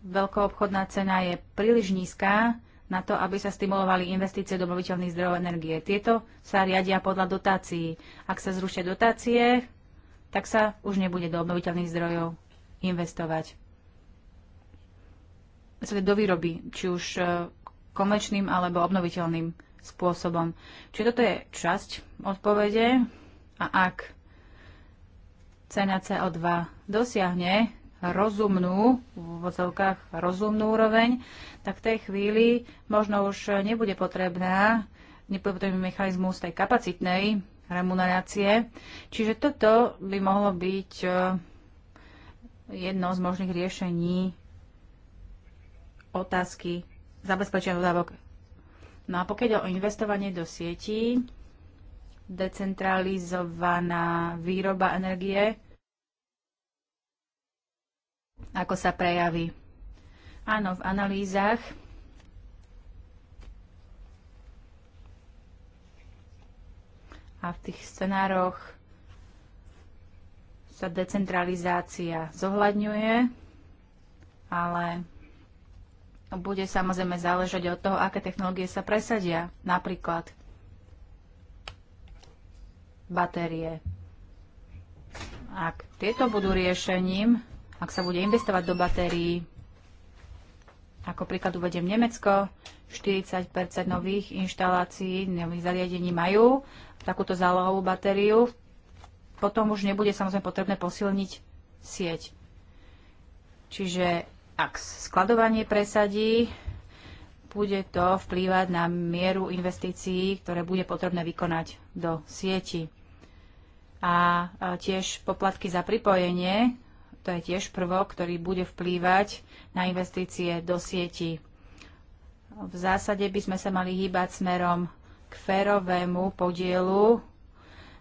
S2: veľkoobchodná cena je príliš nízka, na to, aby sa stimulovali investície do obnoviteľných zdrojov energie. Tieto sa riadia podľa dotácií. Ak sa zrušia dotácie, tak sa už nebude do obnoviteľných zdrojov investovať. Do výroby, či už e, komerčným alebo obnoviteľným spôsobom. Čiže toto je časť odpovede a ak cena CO2 dosiahne rozumnú, v vozovkách rozumnú úroveň, tak v tej chvíli možno už nebude potrebná, nebude mechanizmus tej kapacitnej remunerácie. Čiže toto by mohlo byť e, jedno z možných riešení otázky zabezpečenia dodávok. No a pokiaľ o investovanie do sietí, decentralizovaná výroba energie, ako sa prejaví. Áno, v analýzach a v tých scenároch sa decentralizácia zohľadňuje, ale bude samozrejme záležať od toho, aké technológie sa presadia. Napríklad batérie. Ak tieto budú riešením, ak sa bude investovať do batérií, ako príklad uvediem Nemecko, 40 nových inštalácií, nových zariadení majú takúto zálohovú batériu. Potom už nebude samozrejme potrebné posilniť sieť. Čiže ak skladovanie presadí, bude to vplývať na mieru investícií, ktoré bude potrebné vykonať do sieti. A tiež poplatky za pripojenie, to je tiež prvok, ktorý bude vplývať na investície do sieti. V zásade by sme sa mali hýbať smerom k férovému podielu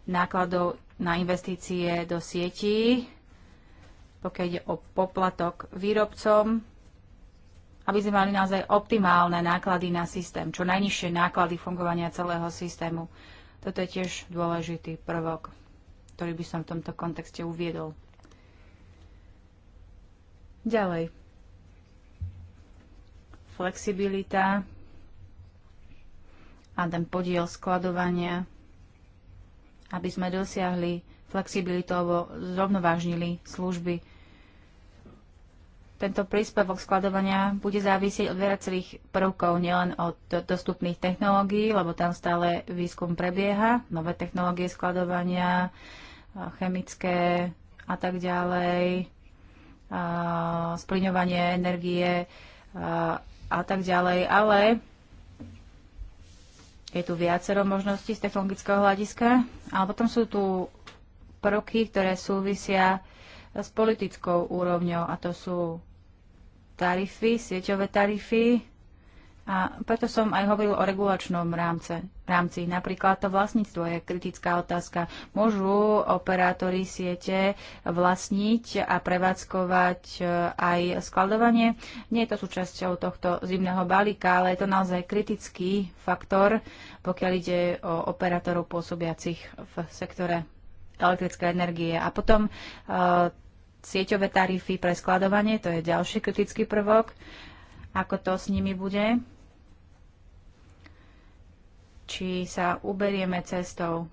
S2: nákladov na investície do sietí, pokiaľ ide o poplatok výrobcom, aby sme mali naozaj optimálne náklady na systém, čo najnižšie náklady fungovania celého systému. Toto je tiež dôležitý prvok, ktorý by som v tomto kontexte uviedol. Ďalej. Flexibilita a ten podiel skladovania, aby sme dosiahli flexibilitu alebo zrovnovážnili služby. Tento príspevok skladovania bude závisieť od viacerých prvkov, nielen od dostupných technológií, lebo tam stále výskum prebieha, nové technológie skladovania, chemické a tak ďalej splňovanie energie a tak ďalej, ale je tu viacero možností z technologického hľadiska, ale potom sú tu prvky, ktoré súvisia s politickou úrovňou a to sú tarify, sieťové tarify, a preto som aj hovoril o regulačnom rámce, rámci. Napríklad to vlastníctvo je kritická otázka. Môžu operátori siete vlastniť a prevádzkovať e, aj skladovanie? Nie je to súčasťou tohto zimného balíka, ale je to naozaj kritický faktor, pokiaľ ide o operátorov pôsobiacich v sektore elektrické energie. A potom e, sieťové tarify pre skladovanie, to je ďalší kritický prvok ako to s nimi bude, či sa uberieme cestou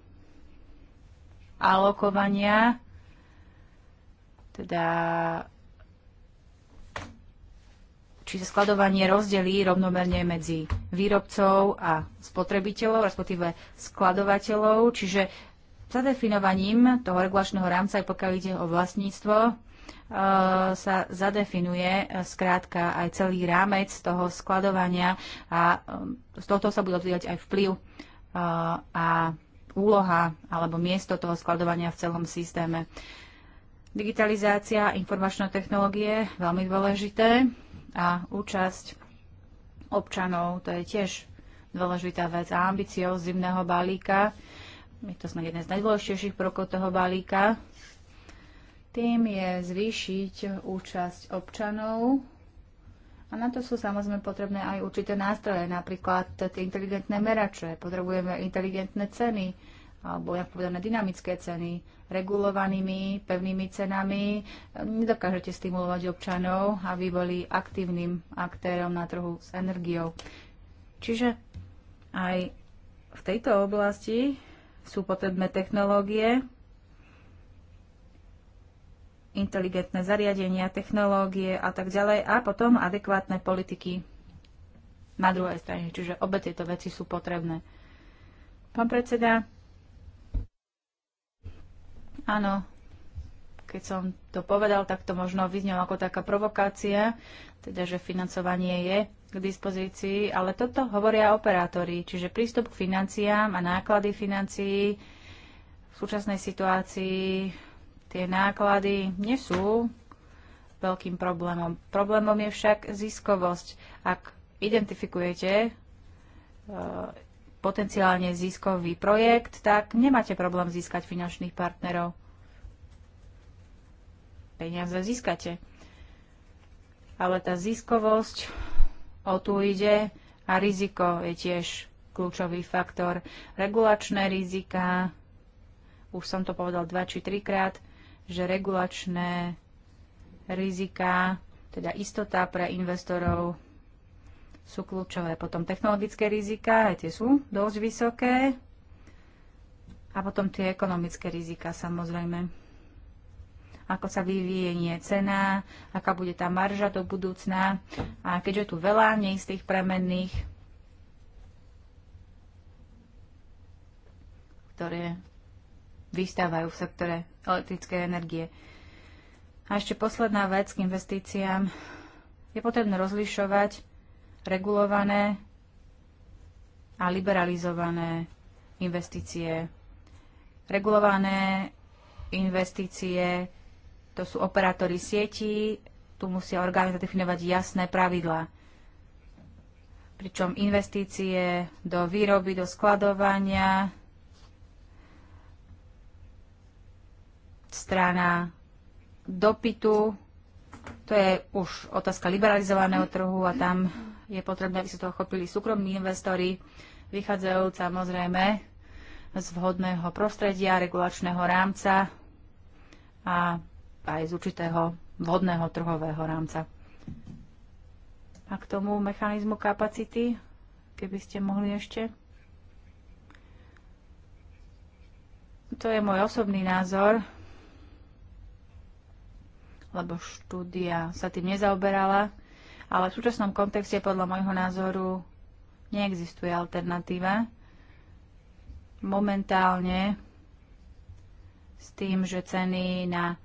S2: alokovania, teda či sa skladovanie rozdelí rovnomerne medzi výrobcov a spotrebiteľov, respektíve skladovateľov, čiže zadefinovaním toho regulačného rámca, aj pokiaľ ide o vlastníctvo, Eh, sa zadefinuje eh, skrátka aj celý rámec toho skladovania a eh, z tohto sa bude odvíjať aj vplyv a úloha alebo miesto toho skladovania v celom systéme. Digitalizácia, informačné technológie, veľmi dôležité a účasť občanov, to je tiež dôležitá vec a ambíciou zimného balíka. Je to sme jeden z najdôležitejších prvkov toho balíka, tým je zvýšiť účasť občanov a na to sú samozrejme potrebné aj určité nástroje, napríklad tie inteligentné merače, potrebujeme inteligentné ceny, alebo ja povedané dynamické ceny, regulovanými pevnými cenami. Nedokážete stimulovať občanov, aby boli aktívnym aktérom na trhu s energiou. Čiže aj v tejto oblasti sú potrebné technológie, inteligentné zariadenia, technológie a tak ďalej a potom adekvátne politiky na druhej strane. Čiže obe tieto veci sú potrebné. Pán predseda, áno, keď som to povedal, tak to možno vyznel ako taká provokácia, teda že financovanie je k dispozícii, ale toto hovoria operátori, čiže prístup k financiám a náklady financií v súčasnej situácii Tie náklady nie sú veľkým problémom. Problémom je však ziskovosť. Ak identifikujete e, potenciálne ziskový projekt, tak nemáte problém získať finančných partnerov. Peniaze získate. Ale tá ziskovosť, o tu ide, a riziko je tiež kľúčový faktor. Regulačné rizika, už som to povedal dva či trikrát, že regulačné rizika, teda istota pre investorov sú kľúčové. Potom technologické rizika, aj tie sú dosť vysoké. A potom tie ekonomické rizika samozrejme. Ako sa vyvíjenie cena, aká bude tá marža do budúcna. A keďže je tu veľa neistých premenných, ktoré vystávajú v sektore elektrickej energie. A ešte posledná vec k investíciám. Je potrebné rozlišovať regulované a liberalizované investície. Regulované investície to sú operátory sietí, tu musia orgány zadefinovať jasné pravidlá. Pričom investície do výroby, do skladovania, strana dopytu, to je už otázka liberalizovaného trhu a tam je potrebné, aby sa toho chopili súkromní investori, vychádzajú samozrejme z vhodného prostredia, regulačného rámca a aj z určitého vhodného trhového rámca. A k tomu mechanizmu kapacity, keby ste mohli ešte. To je môj osobný názor lebo štúdia sa tým nezaoberala, ale v súčasnom kontexte podľa môjho názoru neexistuje alternatíva. Momentálne s tým, že ceny na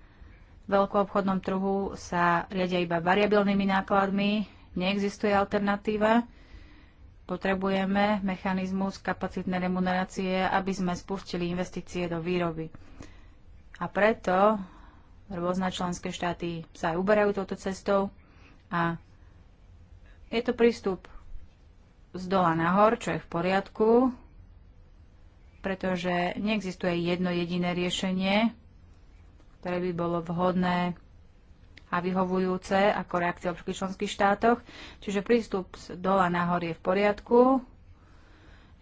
S2: veľkoobchodnom trhu sa riadia iba variabilnými nákladmi, neexistuje alternatíva potrebujeme mechanizmus kapacitnej remunerácie, aby sme spustili investície do výroby. A preto Rôzne členské štáty sa aj uberajú touto cestou a je to prístup z dola nahor, čo je v poriadku, pretože neexistuje jedno jediné riešenie, ktoré by bolo vhodné a vyhovujúce ako reakcia v členských štátoch. Čiže prístup z dola nahor je v poriadku,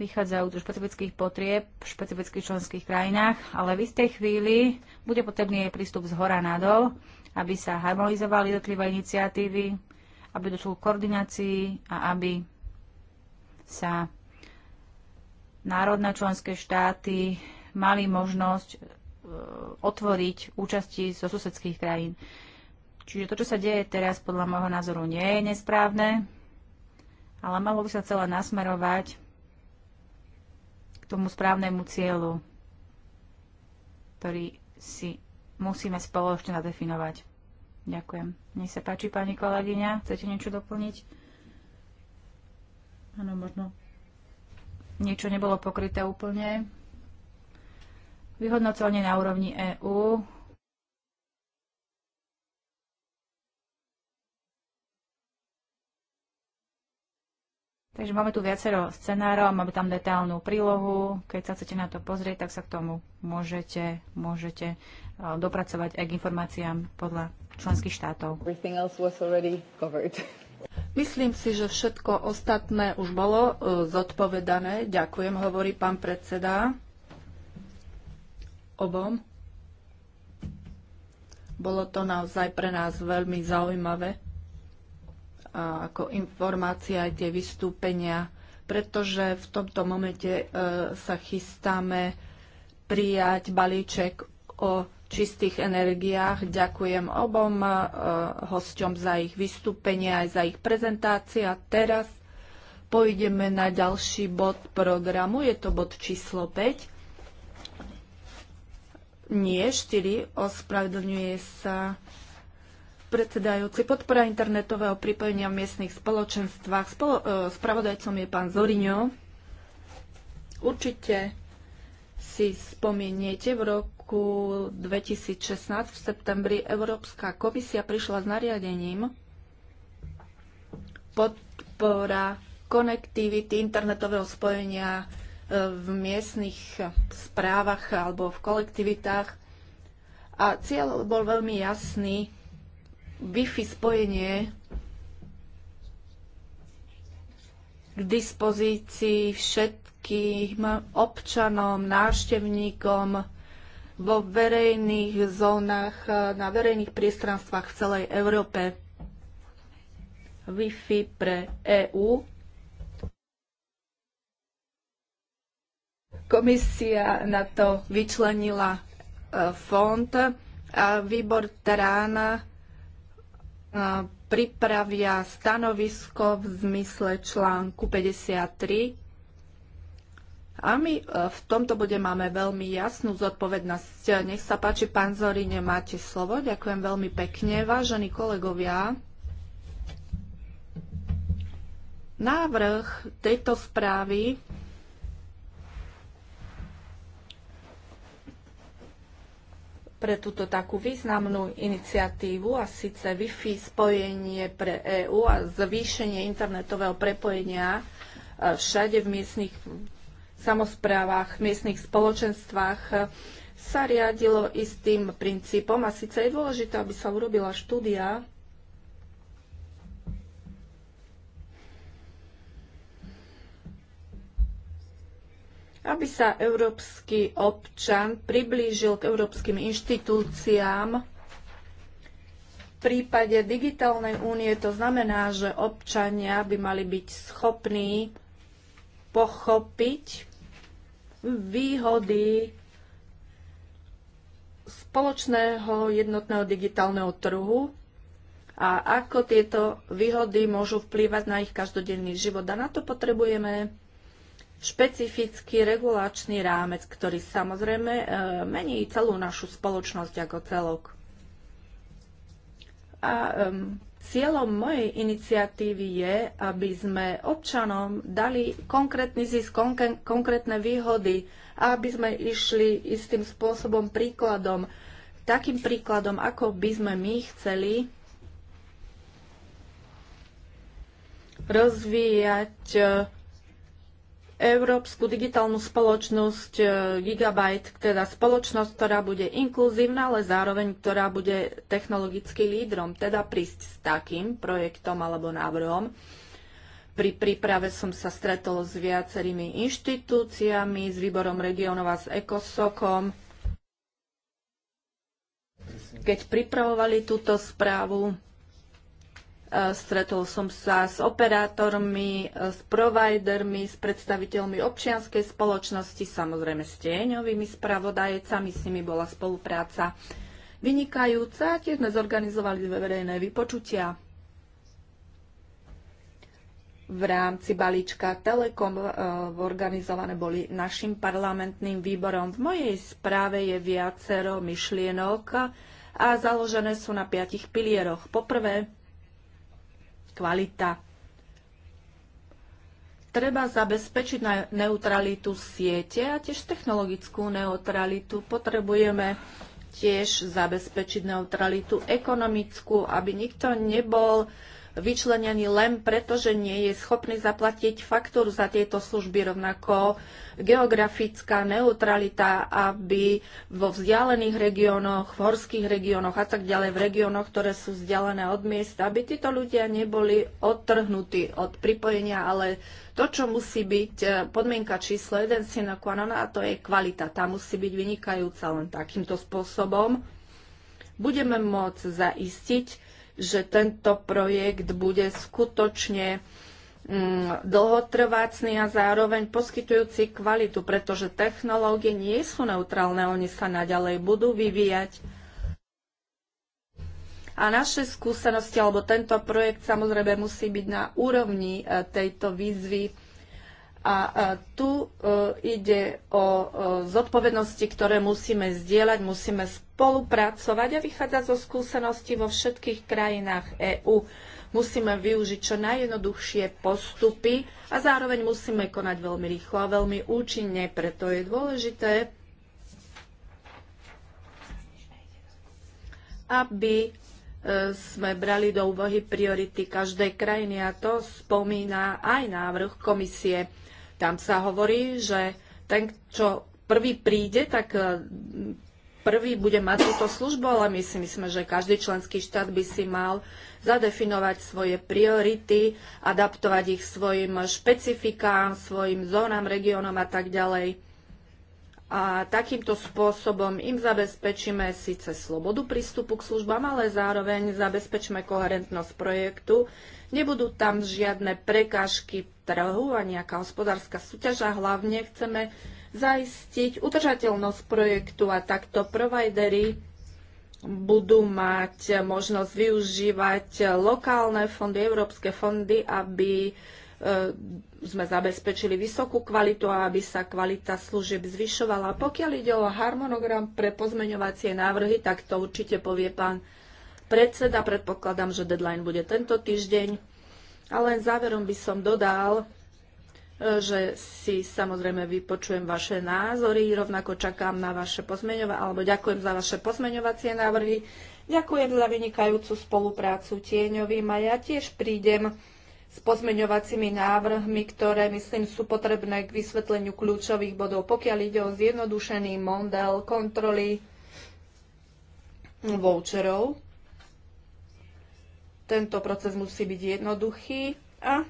S2: vychádzajú do špecifických potrieb v špecifických členských krajinách, ale v istej chvíli bude potrebný aj prístup z hora nadol, aby sa harmonizovali jednotlivé iniciatívy, aby došlo k koordinácii a aby sa národné členské štáty mali možnosť e, otvoriť účasti zo susedských krajín. Čiže to, čo sa deje teraz, podľa môjho názoru nie je nesprávne, ale malo by sa celé nasmerovať tomu správnemu cieľu, ktorý si musíme spoločne zadefinovať. Ďakujem. Nech sa páči, pani kolegyňa. Chcete niečo doplniť? Áno, možno. Niečo nebolo pokryté úplne. Vyhodnocovanie na úrovni EÚ Takže máme tu viacero scenárov, máme tam detailnú prílohu. Keď sa chcete na to pozrieť, tak sa k tomu môžete, môžete e, dopracovať aj k informáciám podľa členských štátov. Myslím si, že všetko ostatné už bolo e,
S3: zodpovedané. Ďakujem, hovorí pán predseda obom. Bolo to naozaj pre nás veľmi zaujímavé ako informácia aj tie vystúpenia, pretože v tomto momente e, sa chystáme prijať balíček o čistých energiách. Ďakujem obom e, hosťom za ich vystúpenie aj za ich prezentácie. A teraz pôjdeme na ďalší bod programu. Je to bod číslo 5. Nie, 4. Ospravedlňuje sa predsedajúci. Podpora internetového pripojenia v miestnych spoločenstvách. Spolo, e, spravodajcom je pán Zoriňo. Určite si spomeniete, v roku 2016 v septembri Európska komisia prišla s nariadením podpora konektivity internetového spojenia e, v miestnych správach alebo v kolektivitách. A cieľ bol veľmi jasný Wi-Fi spojenie k dispozícii všetkým občanom, návštevníkom vo verejných zónach, na verejných priestranstvách v celej Európe. Wi-Fi pre EÚ. Komisia na to vyčlenila e, fond a výbor Terána pripravia stanovisko v zmysle článku 53. A my e, v tomto bode máme veľmi jasnú zodpovednosť. Nech sa páči, pán Zorine, máte slovo. Ďakujem veľmi pekne. Vážení kolegovia, návrh tejto správy pre túto takú významnú iniciatívu a síce Wi-Fi spojenie pre EÚ a zvýšenie internetového prepojenia e, všade v miestnych samozprávach, miestnych spoločenstvách e, sa riadilo istým princípom a síce je dôležité, aby sa urobila štúdia aby sa európsky občan priblížil k európskym inštitúciám. V prípade digitálnej únie to znamená, že občania by mali byť schopní pochopiť výhody spoločného jednotného digitálneho trhu a ako tieto výhody môžu vplývať na ich každodenný život. A na to potrebujeme špecifický regulačný rámec, ktorý samozrejme e, mení celú našu spoločnosť ako celok. A um, cieľom mojej iniciatívy je, aby sme občanom dali konkrétny zisk, konkrétne výhody a aby sme išli istým spôsobom príkladom, takým príkladom, ako by sme my chceli rozvíjať e, Európsku digitálnu spoločnosť e, Gigabyte, teda spoločnosť, ktorá bude inkluzívna, ale zároveň, ktorá bude technologicky lídrom, teda prísť s takým projektom alebo návrhom. Pri príprave som sa stretol s viacerými inštitúciami, s výborom regionov a s ECOSOKom. Keď pripravovali túto správu, Eh, stretol som sa s operátormi, eh, s providermi, s predstaviteľmi občianskej spoločnosti, samozrejme s tieňovými spravodajcami, s nimi bola spolupráca vynikajúca. Tiež sme zorganizovali dve verejné vypočutia v rámci balíčka Telekom eh, organizované boli našim parlamentným výborom. V mojej správe je viacero myšlienok a založené sú na piatich pilieroch. Poprvé, kvalita. Treba zabezpečiť neutralitu siete a tiež technologickú neutralitu. Potrebujeme tiež zabezpečiť neutralitu ekonomickú, aby nikto nebol vyčlenený len preto, že nie je schopný zaplatiť faktúru za tieto služby, rovnako geografická neutralita, aby vo vzdialených regiónoch, v horských regiónoch a tak ďalej, v regiónoch, ktoré sú vzdialené od miest, aby títo ľudia neboli odtrhnutí od pripojenia, ale to, čo musí byť e, podmienka číslo 1 sine qua non, a to je kvalita. Tá musí byť vynikajúca len takýmto spôsobom. Budeme môcť zaistiť, že tento projekt bude skutočne mm, dlhotrvácný a zároveň poskytujúci kvalitu, pretože technológie nie sú neutrálne, oni sa naďalej budú vyvíjať. A naše skúsenosti, alebo tento projekt samozrejme musí byť na úrovni e, tejto výzvy. A e, tu e, ide o e, zodpovednosti, ktoré musíme zdieľať, musíme spolupracovať a vychádzať zo skúseností vo všetkých krajinách EÚ. Musíme využiť čo najjednoduchšie postupy a zároveň musíme konať veľmi rýchlo a veľmi účinne. Preto je dôležité, aby E, sme brali do úvahy priority každej krajiny a to spomína aj návrh komisie. Tam sa hovorí, že ten, čo prvý príde, tak e, prvý bude mať túto službu, ale my si myslíme, že každý členský štát by si mal zadefinovať svoje priority, adaptovať ich svojim špecifikám, svojim zónam, regiónom a tak ďalej. A takýmto spôsobom im zabezpečíme síce slobodu prístupu k službám, ale zároveň zabezpečíme koherentnosť projektu. Nebudú tam žiadne prekážky trhu a nejaká hospodárska súťaž a hlavne chceme zaistiť udržateľnosť projektu a takto providery budú mať možnosť využívať lokálne fondy, európske fondy, aby E, sme zabezpečili vysokú kvalitu a aby sa kvalita služieb zvyšovala. Pokiaľ ide o harmonogram pre pozmeňovacie návrhy, tak to určite povie pán predseda. Predpokladám, že deadline bude tento týždeň. A len záverom by som dodal, e, že si samozrejme vypočujem vaše názory, rovnako čakám na vaše pozmeňovacie, alebo ďakujem za vaše pozmeňovacie návrhy. Ďakujem za vynikajúcu spoluprácu tieňovým a ja tiež prídem s pozmeňovacími návrhmi, ktoré, myslím, sú potrebné k vysvetleniu kľúčových bodov. Pokiaľ ide o zjednodušený model kontroly voucherov, tento proces musí byť jednoduchý a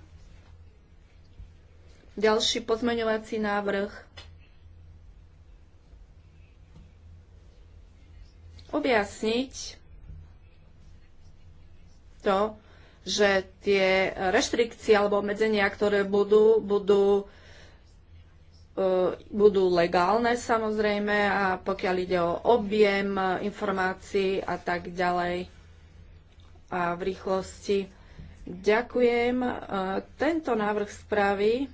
S3: ďalší pozmeňovací návrh objasniť to, že tie reštrikcie alebo obmedzenia, ktoré budú, budú, e, budú legálne samozrejme a pokiaľ ide o objem informácií a tak ďalej a v rýchlosti. Ďakujem. E, tento návrh správy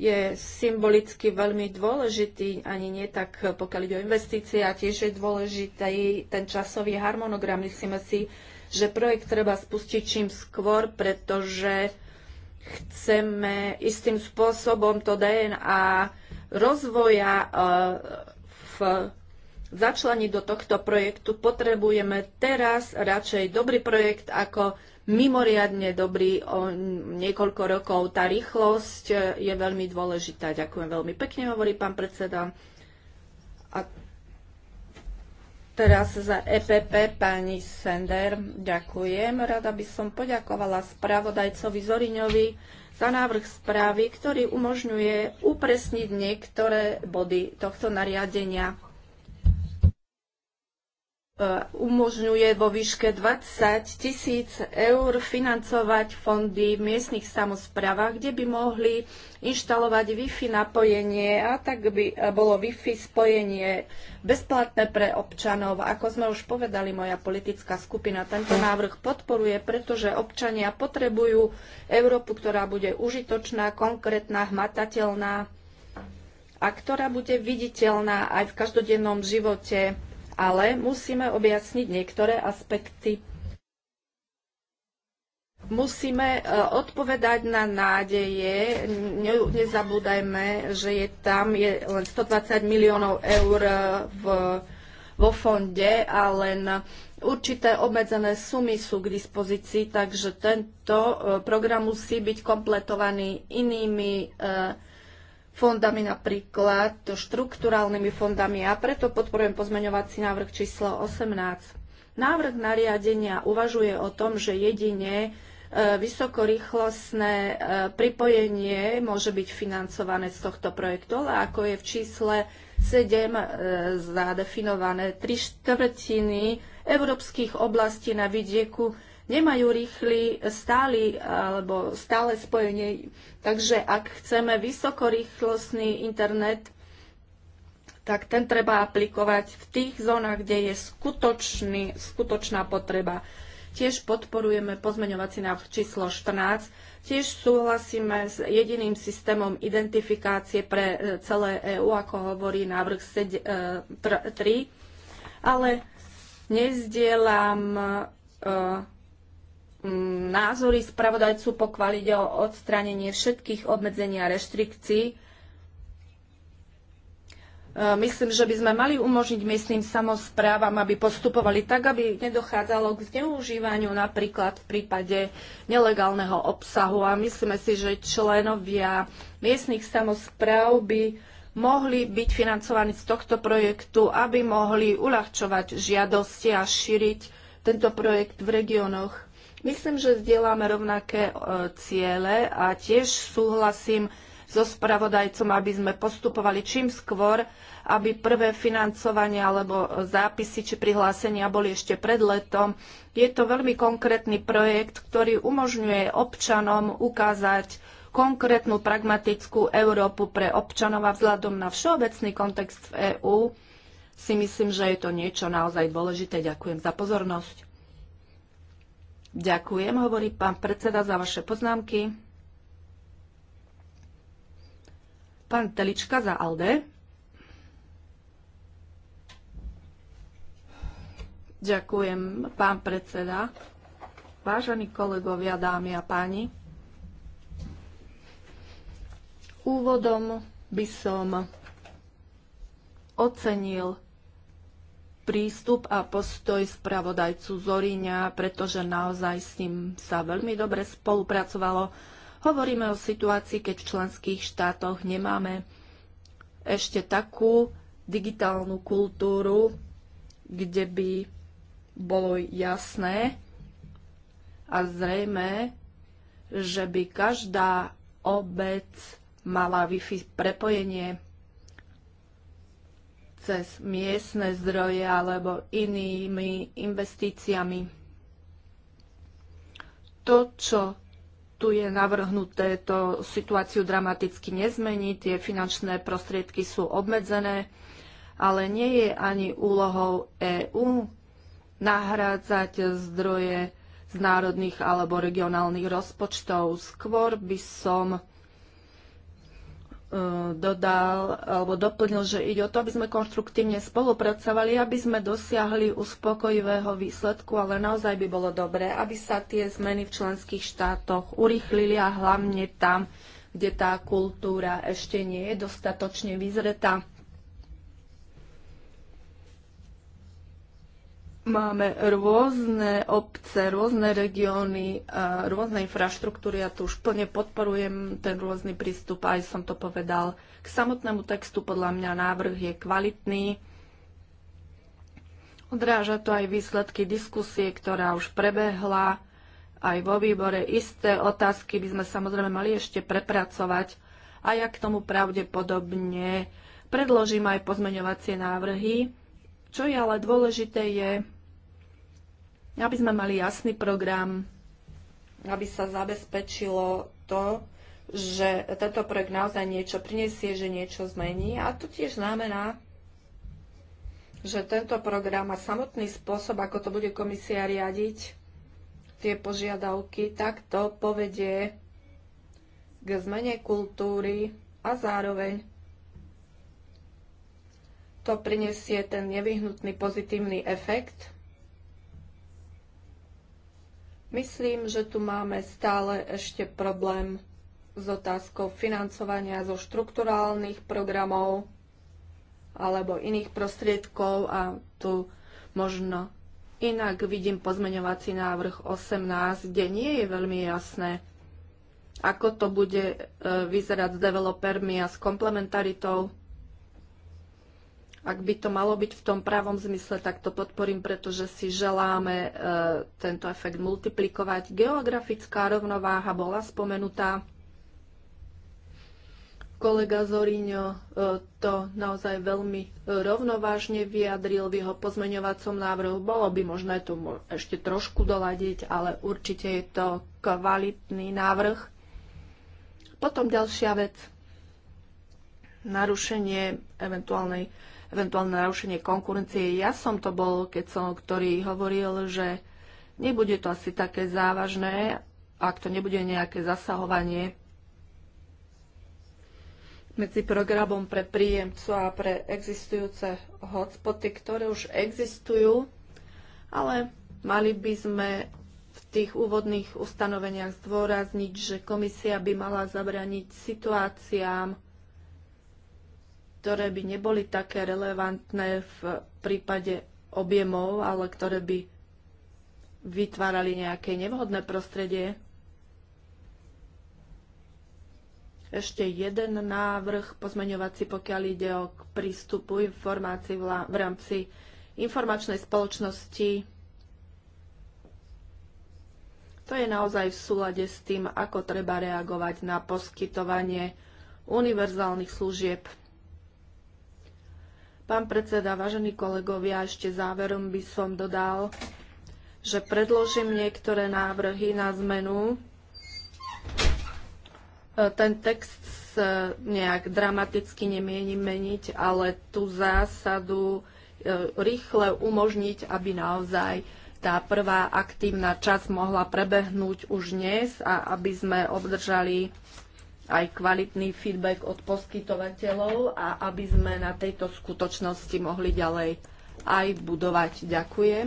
S3: je symbolicky veľmi dôležitý, ani nie tak pokiaľ ide o investície, a tiež je dôležitý ten časový harmonogram. Myslíme si, že projekt treba spustiť čím skôr, pretože chceme istým spôsobom to DNA rozvoja e, v začleniť do tohto projektu. Potrebujeme teraz radšej dobrý projekt ako mimoriadne dobrý o niekoľko rokov. Tá rýchlosť e, je veľmi dôležitá. Ďakujem veľmi pekne, hovorí pán predseda. A teraz za EPP pani Sender. Ďakujem. Rada by som poďakovala spravodajcovi Zoriňovi za návrh správy, ktorý umožňuje upresniť niektoré body tohto nariadenia E, umožňuje vo výške 20 tisíc eur financovať fondy v miestnych samozprávach, kde by mohli inštalovať Wi-Fi napojenie a tak by bolo Wi-Fi spojenie bezplatné pre občanov. Ako sme už povedali, moja politická skupina tento návrh podporuje, pretože občania potrebujú Európu, ktorá bude užitočná, konkrétna, hmatateľná a ktorá bude viditeľná aj v každodennom živote ale musíme objasniť niektoré aspekty. Musíme e, odpovedať na nádeje. Nezabúdajme, že je tam je len 120 miliónov eur e, v, vo fonde a len určité obmedzené sumy sú k dispozícii, takže tento e, program musí byť kompletovaný inými fondami, napríklad štruktúralnými fondami a preto podporujem pozmeňovací návrh číslo 18. Návrh nariadenia uvažuje o tom, že jedine e, vysokorýchlostné e, pripojenie môže byť financované z tohto projektu, ale ako je v čísle 7 e, zadefinované, tri štvrtiny európskych oblastí na vidieku nemajú rýchly stály alebo stále spojenie. Takže ak chceme vysokorýchlostný internet, tak ten treba aplikovať v tých zónach, kde je skutočný, skutočná potreba. Tiež podporujeme pozmeňovací návrh číslo 14. Tiež súhlasíme s jediným systémom identifikácie pre e, celé EÚ, ako hovorí návrh 3, e, ale nezdielam e, názory spravodajcu, pokiaľ ide o odstránenie všetkých obmedzení a reštrikcií. E, myslím, že by sme mali umožniť miestnym samozprávam, aby postupovali tak, aby nedochádzalo k zneužívaniu napríklad v prípade nelegálneho obsahu. A myslíme si, že členovia miestnych samozpráv by mohli byť financovaní z tohto projektu, aby mohli uľahčovať žiadosti a šíriť tento projekt v regiónoch. Myslím, že zdieľame rovnaké e, ciele a tiež súhlasím so spravodajcom, aby sme postupovali čím skôr, aby prvé financovanie alebo zápisy či prihlásenia boli ešte pred letom. Je to veľmi konkrétny projekt, ktorý umožňuje občanom ukázať konkrétnu pragmatickú Európu pre občanov a vzhľadom na všeobecný kontext v EÚ si myslím, že je to niečo naozaj dôležité. Ďakujem za pozornosť. Ďakujem, hovorí pán predseda, za vaše poznámky. Pán Telička za ALDE. Ďakujem, pán predseda. Vážení kolegovia, dámy a páni, úvodom by som ocenil prístup a postoj spravodajcu Zoriňa, pretože naozaj s ním sa veľmi dobre spolupracovalo. Hovoríme o situácii, keď v členských štátoch nemáme ešte takú digitálnu kultúru, kde by bolo jasné a zrejme, že by každá obec mala Wi-Fi prepojenie cez miestne zdroje alebo inými investíciami. To, čo tu je navrhnuté, to situáciu dramaticky nezmení, tie finančné prostriedky sú obmedzené, ale nie je ani úlohou EÚ nahrádzať zdroje z národných alebo regionálnych rozpočtov. Skôr by som E, dodal alebo doplnil, že ide o to, aby sme konštruktívne spolupracovali, aby sme dosiahli uspokojivého výsledku, ale naozaj by bolo dobré, aby sa tie zmeny v členských štátoch urýchlili a hlavne tam, kde tá kultúra ešte nie je dostatočne vyzretá. Máme rôzne obce, rôzne regióny, rôzne infraštruktúry. Ja tu už plne podporujem ten rôzny prístup, aj som to povedal. K samotnému textu podľa mňa návrh je kvalitný. Odráža to aj výsledky diskusie, ktorá už prebehla aj vo výbore. Isté otázky by sme samozrejme mali ešte prepracovať a ja k tomu pravdepodobne predložím aj pozmeňovacie návrhy. Čo je ale dôležité je, aby sme mali jasný program, aby sa zabezpečilo to, že tento projekt naozaj niečo prinesie, že niečo zmení. A to tiež znamená, že tento program a samotný spôsob, ako to bude komisia riadiť, tie požiadavky, tak to povedie k zmene kultúry a zároveň to prinesie ten nevyhnutný pozitívny efekt Myslím, že tu máme stále ešte problém s otázkou financovania zo štrukturálnych programov alebo iných prostriedkov a tu možno inak vidím pozmeňovací návrh 18, kde nie je veľmi jasné, ako to bude e, vyzerať s developermi a s komplementaritou. Ak by to malo byť v tom pravom zmysle, tak to podporím, pretože si želáme e, tento efekt multiplikovať. Geografická rovnováha bola spomenutá. Kolega Zoriňo e, to naozaj veľmi e, rovnovážne vyjadril v jeho pozmeňovacom návrhu. Bolo by možné to ešte trošku doladiť, ale určite je to kvalitný návrh. Potom ďalšia vec. Narušenie eventuálnej eventuálne narušenie konkurencie. Ja som to bol, keď som, ktorý hovoril, že nebude to asi také závažné, ak to nebude nejaké zasahovanie medzi programom pre príjemcu a pre existujúce hotspoty, ktoré už existujú, ale mali by sme v tých úvodných ustanoveniach zdôrazniť, že komisia by mala zabraniť situáciám, ktoré by neboli také relevantné v prípade objemov, ale ktoré by vytvárali nejaké nevhodné prostredie. Ešte jeden návrh pozmeňovací, pokiaľ ide o prístupu informácií v rámci informačnej spoločnosti. To je naozaj v súlade s tým, ako treba reagovať na poskytovanie univerzálnych služieb. Pán predseda, vážení kolegovia, ešte záverom by som dodal, že predložím niektoré návrhy na zmenu. E, ten text nejak dramaticky nemienim meniť, ale tú zásadu e, rýchle umožniť, aby naozaj tá prvá aktívna časť mohla prebehnúť už dnes a aby sme obdržali aj kvalitný feedback od poskytovateľov a aby sme na tejto skutočnosti mohli ďalej aj budovať. Ďakujem.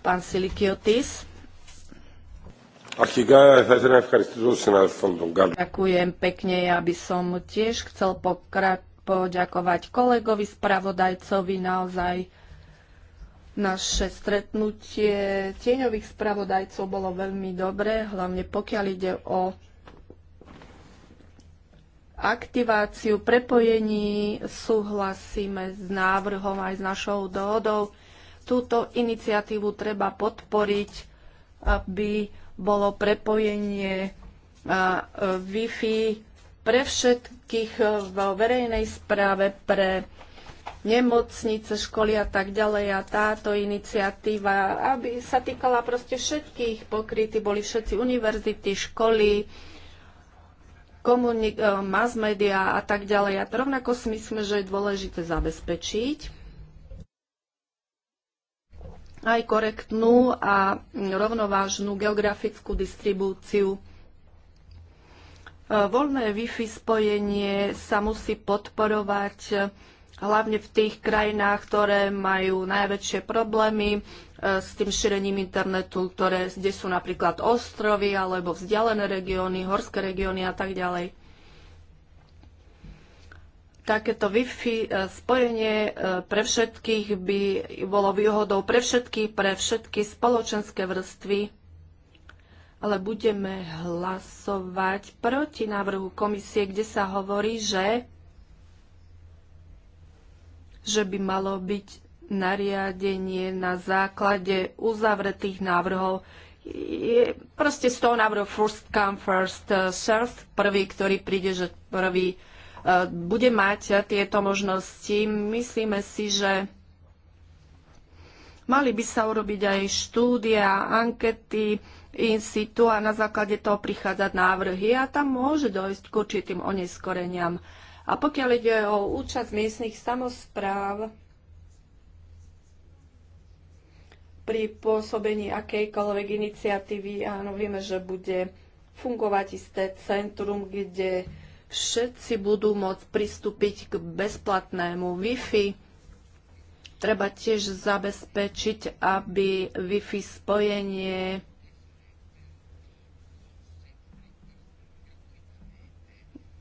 S3: Pán Silikiotis. Ďakujem pekne. Ja by som tiež chcel poďakovať kolegovi spravodajcovi naozaj naše stretnutie tieňových spravodajcov bolo veľmi dobré, hlavne pokiaľ ide o aktiváciu prepojení súhlasíme s návrhom aj s našou dohodou. Túto iniciatívu treba podporiť, aby bolo prepojenie Wi-Fi pre všetkých vo verejnej správe, pre nemocnice, školy a tak ďalej a táto iniciatíva, aby sa týkala proste všetkých, pokrytí, boli všetci univerzity, školy, komunik- eh, mass media a tak ďalej. A rovnako si myslíme, že je dôležité zabezpečiť aj korektnú a rovnovážnu geografickú distribúciu. Eh, voľné Wi-Fi spojenie sa musí podporovať eh, hlavne v tých krajinách, ktoré majú najväčšie problémy e, s tým šírením internetu, ktoré, kde sú napríklad ostrovy alebo vzdialené regióny, horské regióny a tak ďalej. Takéto Wi-Fi e, spojenie e, pre všetkých by bolo výhodou pre všetkých, pre všetky spoločenské vrstvy, ale budeme hlasovať proti návrhu komisie, kde sa hovorí, že že by malo byť nariadenie na základe uzavretých návrhov. Je proste z toho návrhu first come, first serve, prvý, ktorý príde, že prvý e, bude mať tieto možnosti. Myslíme si, že mali by sa urobiť aj štúdia, ankety in situ a na základe toho prichádzať návrhy a tam môže dojsť k určitým oneskoreniam. A pokiaľ ide o účasť miestnych samozpráv pri pôsobení akejkoľvek iniciatívy, áno, vieme, že bude fungovať isté centrum, kde všetci budú môcť pristúpiť k bezplatnému Wi-Fi. Treba tiež zabezpečiť, aby Wi-Fi spojenie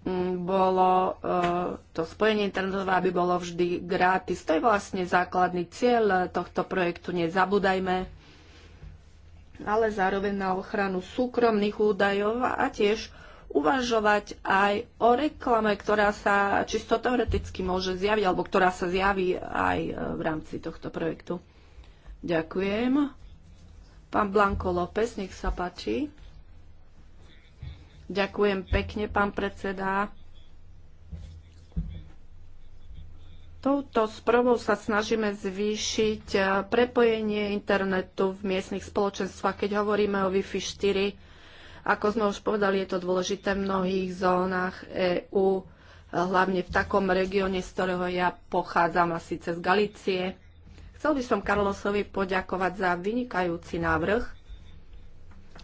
S3: Mm, bolo eh, to spojenie internetové, aby bolo vždy gratis. To je vlastne základný cieľ eh, tohto projektu, nezabúdajme, ale zároveň na ochranu súkromných údajov a tiež uvažovať aj o reklame, ktorá sa čisto teoreticky môže zjaviť, alebo ktorá sa zjaví aj eh, v rámci tohto projektu. Ďakujem. Pán Blanko López, nech sa páči. Ďakujem pekne, pán predseda. Touto správou sa snažíme zvýšiť eh, prepojenie internetu v miestnych spoločenstvách. Keď hovoríme o Wi-Fi 4, ako sme už povedali, je to dôležité v mnohých zónach EÚ, hlavne v takom regióne, z ktorého ja pochádzam, a síce z Galície. Chcel by som Karlosovi poďakovať za vynikajúci návrh.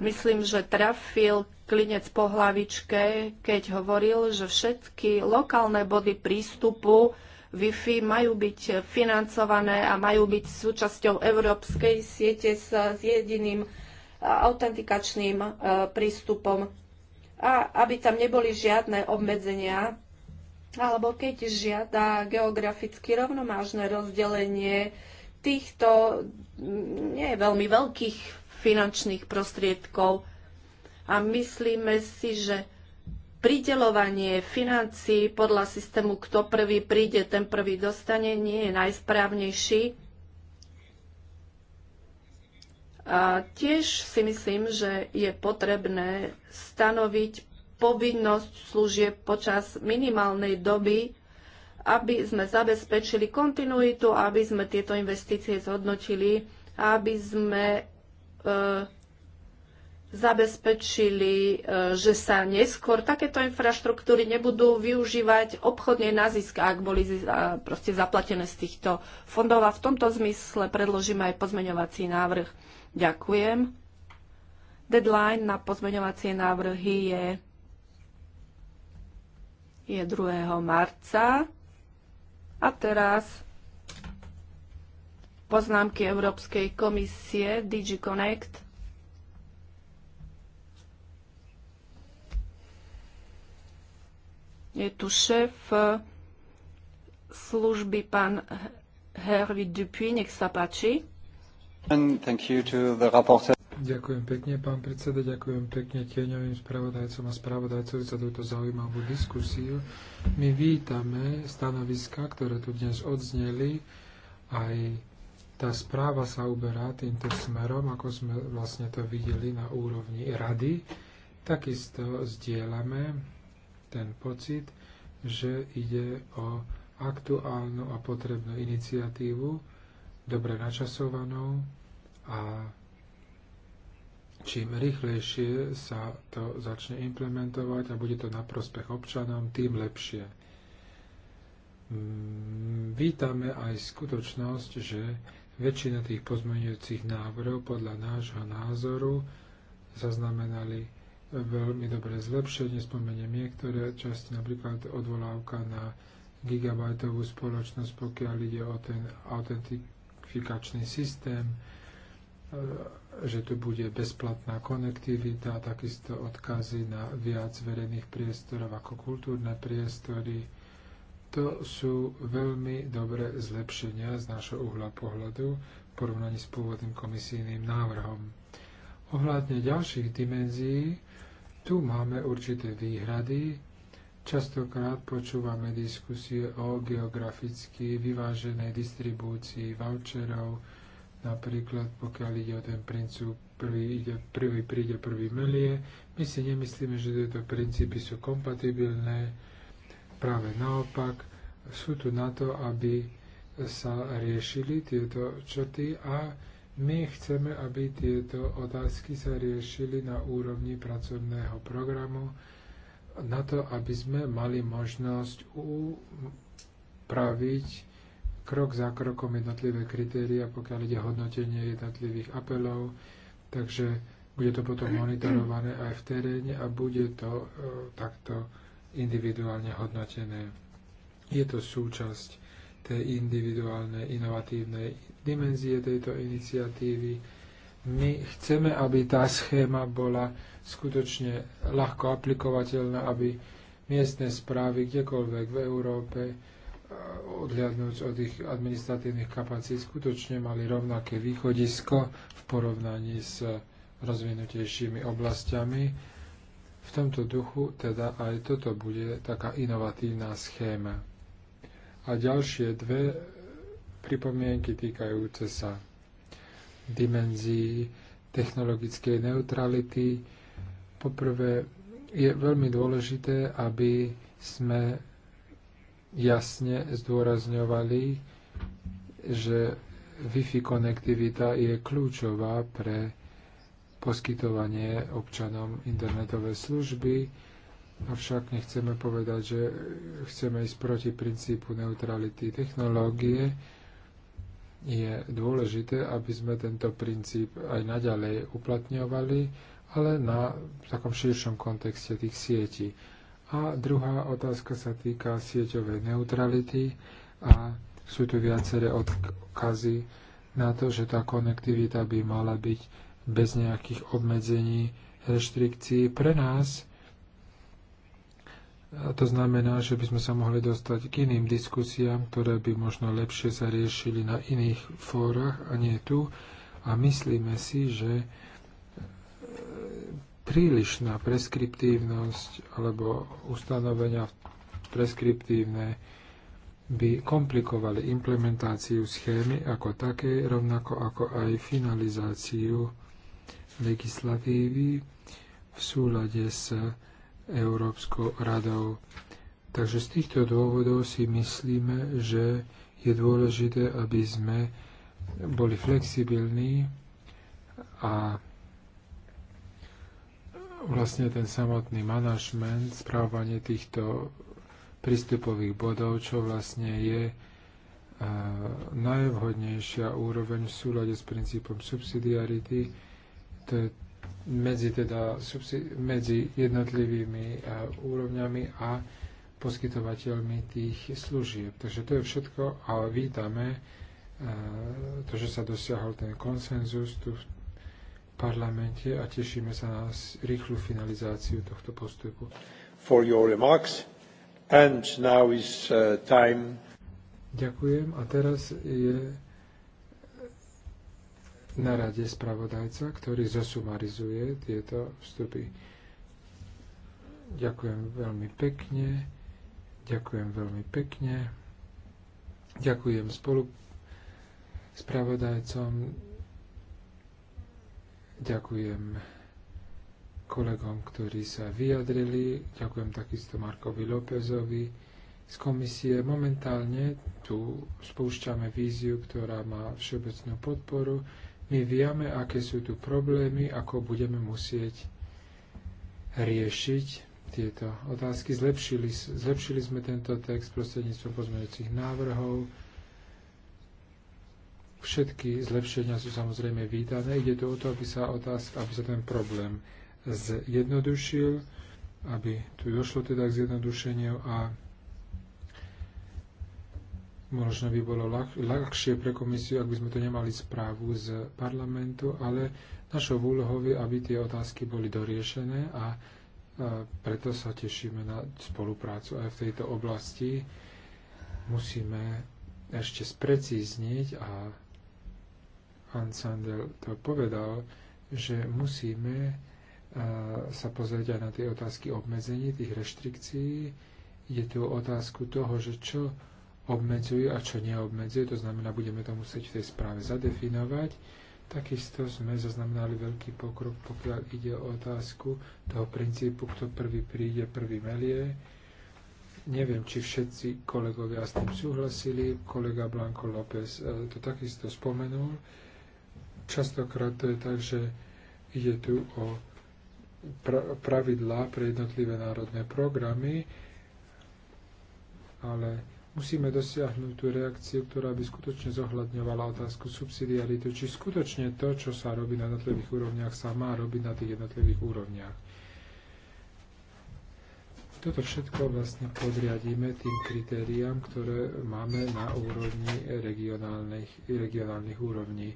S3: Myslím, že trafil klinec po hlavičke, keď hovoril, že všetky lokálne body prístupu Wi-Fi majú byť financované a majú byť súčasťou európskej siete s, s jediným autentikačným e, prístupom a aby tam neboli žiadne obmedzenia, alebo keď žiada geograficky rovnomážne rozdelenie týchto nie veľmi veľkých finančných prostriedkov, a myslíme si, že pridelovanie financií podľa systému, kto prvý príde, ten prvý dostane, nie je najsprávnejší. A tiež si myslím, že je potrebné stanoviť povinnosť služieb počas minimálnej doby, aby sme zabezpečili kontinuitu, aby sme tieto investície zhodnotili, aby sme e, zabezpečili, e, že sa neskôr takéto infraštruktúry nebudú využívať obchodne na zisk, ak boli proste zaplatené z týchto fondov. A v tomto zmysle predložíme aj pozmeňovací návrh. Ďakujem. Deadline na pozmeňovacie návrhy je, je 2. marca. A teraz poznámky Európskej komisie DigiConnect. Connect Je tu šéf eh, služby pán Hervy Dupuy. Nech sa páči.
S1: Ďakujem pekne, pán predseda, ďakujem pekne tieňovým spravodajcom a spravodajcovi za túto zaujímavú diskusiu. My vítame stanoviska, ktoré tu dnes odzneli. Aj tá správa sa uberá týmto smerom, ako sme vlastne to videli na úrovni rady. Takisto zdieľame ten pocit, že ide o aktuálnu a potrebnú iniciatívu, dobre načasovanú a čím rýchlejšie sa to začne implementovať a bude to na prospech občanom, tým lepšie. Mm, vítame aj skutočnosť, že väčšina tých pozmeňujúcich návrhov podľa nášho názoru zaznamenali veľmi dobré zlepšenie, spomeniem niektoré časti, napríklad odvolávka na gigabajtovú spoločnosť, pokiaľ ide o ten autentifikačný systém, že tu bude bezplatná konektivita, takisto odkazy na viac verejných priestorov ako kultúrne priestory. To sú veľmi dobré zlepšenia z nášho uhla pohľadu v porovnaní s pôvodným komisijným návrhom. Ohľadne ďalších dimenzií, tu máme určité výhrady. Častokrát počúvame diskusie o geograficky vyváženej distribúcii voucherov, napríklad pokiaľ ide o ten princíp prvý, ide, prvý príde, prvý melie. My si nemyslíme, že tieto princípy sú kompatibilné. Práve naopak, sú tu na to, aby sa riešili tieto črty a my chceme, aby tieto otázky sa riešili na úrovni pracovného programu, na to, aby sme mali možnosť upraviť krok za krokom jednotlivé kritéria, pokiaľ ide hodnotenie jednotlivých apelov. Takže bude to potom monitorované aj v teréne a bude to e, takto individuálne hodnotené. Je to súčasť tej individuálnej inovatívnej dimenzie tejto iniciatívy. My chceme, aby tá schéma bola skutočne ľahko aplikovateľná, aby miestne správy kdekoľvek v Európe, eh, odhľadnúť od ich administratívnych kapacít, skutočne mali rovnaké východisko v porovnaní s rozvinutejšími oblastiami. V tomto duchu teda aj toto bude taká inovatívna schéma a ďalšie dve pripomienky týkajúce sa dimenzií technologickej neutrality. Poprvé, je veľmi dôležité, aby sme jasne zdôrazňovali, že Wi-Fi konektivita je kľúčová pre poskytovanie občanom internetové služby Avšak nechceme povedať, že chceme ísť proti princípu neutrality technológie. Je dôležité, aby sme tento princíp aj naďalej uplatňovali, ale na takom širšom kontexte tých sietí. A druhá otázka sa týka sieťovej neutrality a sú tu viaceré odkazy na to, že tá konektivita by mala byť bez nejakých obmedzení, reštrikcií. Pre nás a to znamená, že by sme sa mohli dostať k iným diskusiám, ktoré by možno lepšie sa riešili na iných fórach a nie tu. A myslíme si, že e, prílišná preskriptívnosť alebo ustanovenia preskriptívne by komplikovali implementáciu schémy ako takej, rovnako ako aj finalizáciu legislatívy v súlade s Európskou radou. Takže z týchto dôvodov si myslíme, že je dôležité, aby sme boli flexibilní a vlastne ten samotný manažment, správanie týchto prístupových bodov, čo vlastne je e, najvhodnejšia úroveň v súlade s princípom subsidiarity. To je medzi, teda, medzi jednotlivými eh, úrovňami a poskytovateľmi tých služieb. Takže to je všetko ale vítame eh, to, že sa dosiahol ten konsenzus tu v parlamente a tešíme sa na rýchlu finalizáciu tohto postupu. For your remarks. And now is uh, time. Ďakujem a teraz je na rade spravodajca, ktorý zosumarizuje tieto vstupy. Ďakujem veľmi pekne. Ďakujem veľmi pekne. Ďakujem spolu spravodajcom. Ďakujem kolegom, ktorí sa vyjadrili. Ďakujem takisto Markovi Lópezovi z komisie. Momentálne tu spúšťame víziu, ktorá má všeobecnú podporu. My vieme, aké sú tu problémy, ako budeme musieť riešiť tieto otázky. Zlepšili, zlepšili sme tento text prostredníctvom pozmeňujúcich návrhov. Všetky zlepšenia sú samozrejme vítané. Ide to o to, aby sa, otázka, aby sa ten problém zjednodušil, aby tu došlo teda k zjednodušeniu a Možno by bolo ľah, ľahšie pre komisiu, ak by sme to nemali správu z parlamentu, ale našou úlohou je, aby tie otázky boli doriešené a preto sa tešíme na spoluprácu aj v tejto oblasti. Musíme ešte sprecízniť a Hans Sandel to povedal, že musíme sa pozrieť aj na tie otázky obmedzení, tých reštrikcií. Je tu otázku toho, že čo obmedzuje a čo neobmedzuje, to znamená, budeme to musieť v tej správe zadefinovať. Takisto sme zaznamenali veľký pokrok, pokiaľ ide o otázku toho princípu, kto prvý príde, prvý melie. Neviem, či všetci kolegovia s tým súhlasili. Kolega Blanco López eh, to takisto spomenul. Častokrát to je tak, že ide tu o pravidlá pre jednotlivé národné programy, ale Musíme dosiahnuť tú reakciu, ktorá by skutočne zohľadňovala otázku subsidiaritu, či skutočne to, čo sa robí na jednotlivých úrovniach, sa má robiť na tých jednotlivých úrovniach. Toto všetko vlastne podriadíme tým kritériám, ktoré máme na úrovni regionálnych, regionálnych úrovní.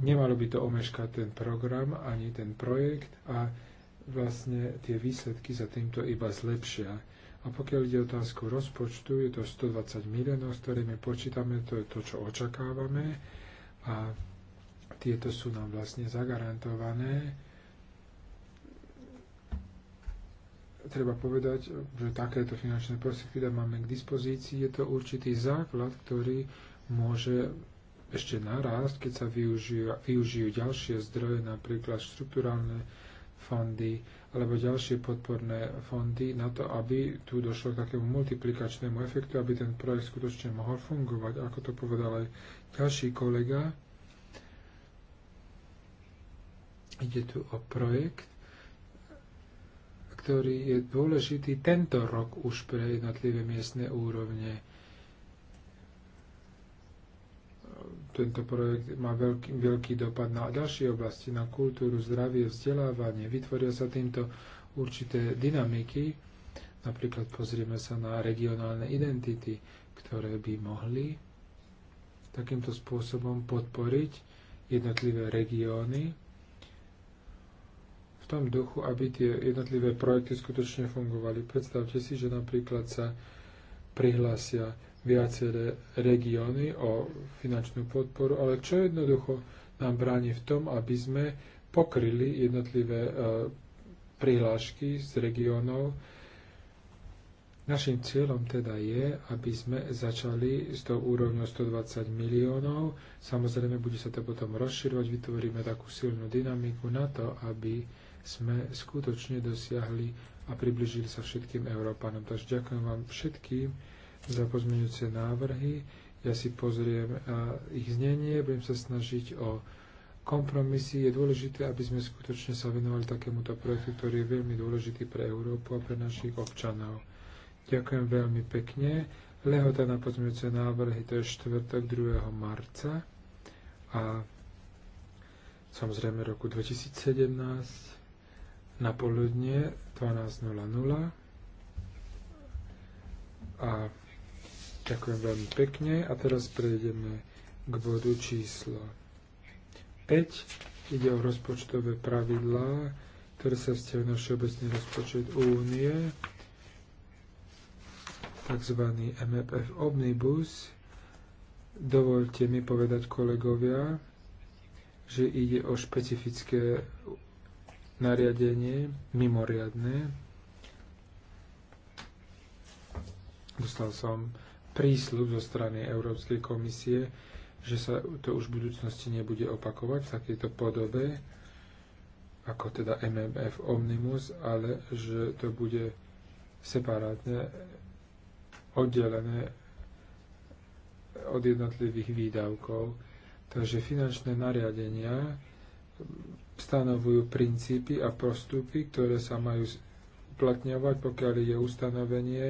S1: Nemalo by to omeškať ten program ani ten projekt a vlastne tie výsledky za týmto iba zlepšia. A pokiaľ ide otázku rozpočtu, je to 120 miliónov, s ktorými počítame, to je to, čo očakávame a tieto sú nám vlastne zagarantované. Treba povedať, že takéto finančné prostriedky máme k dispozícii. Je to určitý základ, ktorý môže ešte narásť, keď sa využijú, využijú ďalšie zdroje, napríklad štruktúrálne fondy, alebo ďalšie podporné fondy na to, aby tu došlo k takému multiplikačnému efektu, aby ten projekt skutočne mohol fungovať. Ako to povedal aj ďalší kolega, ide tu o projekt, ktorý je dôležitý tento rok už pre jednotlivé miestne úrovne Tento projekt má veľký, veľký dopad na ďalšie oblasti, na kultúru, zdravie, vzdelávanie. Vytvoria sa týmto určité dynamiky. Napríklad pozrieme sa na regionálne identity, ktoré by mohli takýmto spôsobom podporiť jednotlivé regióny v tom duchu, aby tie jednotlivé projekty skutočne fungovali. Predstavte si, že napríklad sa prihlásia viaceré regióny o finančnú podporu, ale čo jednoducho nám bráni v tom, aby sme pokryli jednotlivé e, prihlášky z regiónov. Našim cieľom teda je, aby sme začali s tou úrovňou 120 miliónov. Samozrejme, bude sa to potom rozširovať, vytvoríme takú silnú dynamiku na to, aby sme skutočne dosiahli a približili sa všetkým Európanom. Takže ďakujem vám všetkým za pozmeňujúce návrhy. Ja si pozriem ich znenie, budem sa snažiť o kompromisy. Je dôležité, aby sme skutočne sa venovali takémuto projektu, ktorý je veľmi dôležitý pre Európu a pre našich občanov. Ďakujem veľmi pekne. Lehota na pozmeňujúce návrhy to je 4. 2. marca a samozrejme roku 2017 na poludnie 12.00 a ďakujem veľmi pekne a teraz prejdeme k bodu číslo 5. Ide o rozpočtové pravidlá, ktoré sa vzťahujú na všeobecný rozpočet únie, tzv. MFF Omnibus. Dovolte mi povedať kolegovia, že ide o špecifické nariadenie mimoriadne Dostal som prísľub zo strany Európskej komisie, že sa to už v budúcnosti nebude opakovať v takejto podobe, ako teda MMF Omnimus, ale že to bude separátne oddelené od jednotlivých výdavkov. Takže finančné nariadenia stanovujú princípy a postupy, ktoré sa majú uplatňovať, pokiaľ je ustanovenie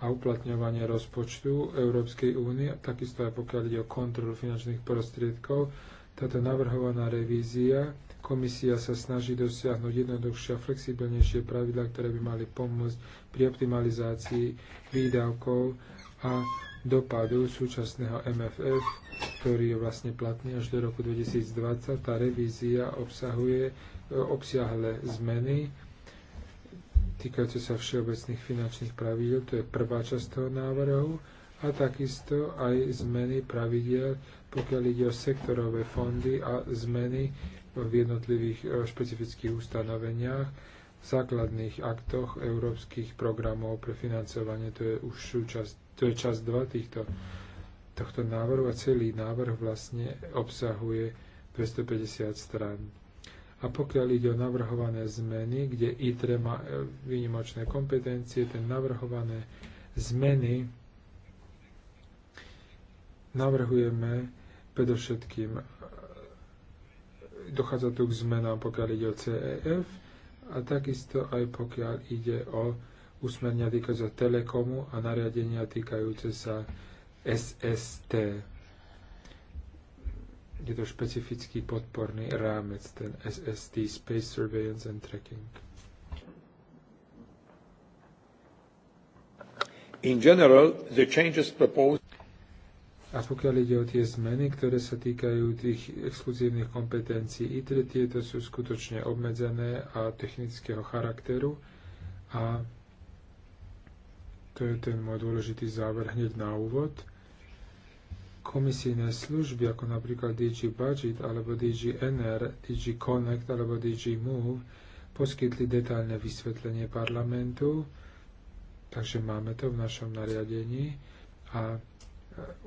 S1: a uplatňovanie rozpočtu Európskej únie, takisto aj pokiaľ ide o kontrolu finančných prostriedkov. Táto navrhovaná revízia, komisia sa snaží dosiahnuť jednoduchšie a flexibilnejšie pravidlá, ktoré by mali pomôcť pri optimalizácii výdavkov a dopadu súčasného MFF, ktorý je vlastne platný až do roku 2020. Tá revízia obsahuje e, obsiahle zmeny týkajúce sa všeobecných finančných pravidel, to je prvá časť toho návrhu, a takisto aj zmeny pravidel, pokiaľ ide o sektorové fondy a zmeny v jednotlivých e, špecifických ustanoveniach, v základných aktoch európskych programov pre financovanie, to je už súčasť to je časť 2 týchto, tohto návrhu a celý návrh vlastne obsahuje 250 strán. A pokiaľ ide o navrhované zmeny, kde ITRE má e, výnimočné kompetencie, ten navrhované zmeny navrhujeme predovšetkým e, dochádza tu k zmenám, pokiaľ ide o CEF a takisto aj pokiaľ ide o usmernenia týkajúce sa telekomu a nariadenia týkajúce sa SST. Je to špecifický podporný rámec, ten SST, Space Surveillance and Tracking. In general, the changes proposed a pokiaľ ide o tie zmeny, ktoré sa týkajú tých exkluzívnych kompetencií ITRE, tieto sú skutočne obmedzené a technického charakteru a to je ten môj dôležitý záver hneď na úvod. Komisijné služby, ako napríklad DG Budget, alebo DG NR, DG Connect, alebo DG Move, poskytli detailné vysvetlenie parlamentu, takže máme to v našom nariadení. A e,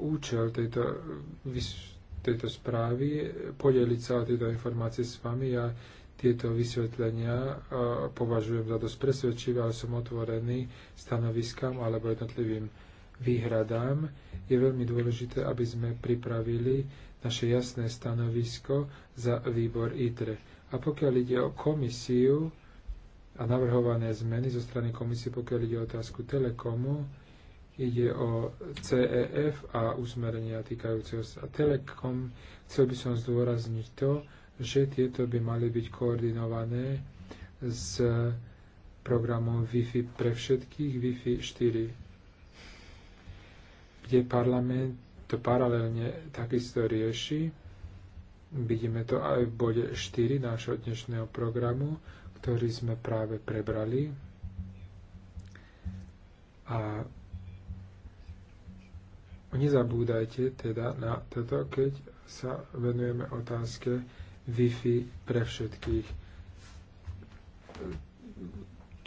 S1: účel tejto, e, tejto správy podeliť sa o tieto informácie s vami. Ja tieto vysvetlenia považujem za dosť presvedčivé, ale som otvorený stanoviskám alebo jednotlivým výhradám. Je veľmi dôležité, aby sme pripravili naše jasné stanovisko za výbor ITRE. A pokiaľ ide o komisiu a navrhované zmeny zo strany komisie, pokiaľ ide o otázku telekomu, ide o CEF a usmerenia týkajúceho sa telekom, chcel by som zdôrazniť to, že tieto by mali byť koordinované s programom Wi-Fi pre všetkých Wi-Fi 4, kde parlament to paralelne takisto rieši. Vidíme to aj v bode 4 nášho dnešného programu, ktorý sme práve prebrali. A nezabúdajte teda na toto, keď sa venujeme otázke Wi-Fi pre všetkých.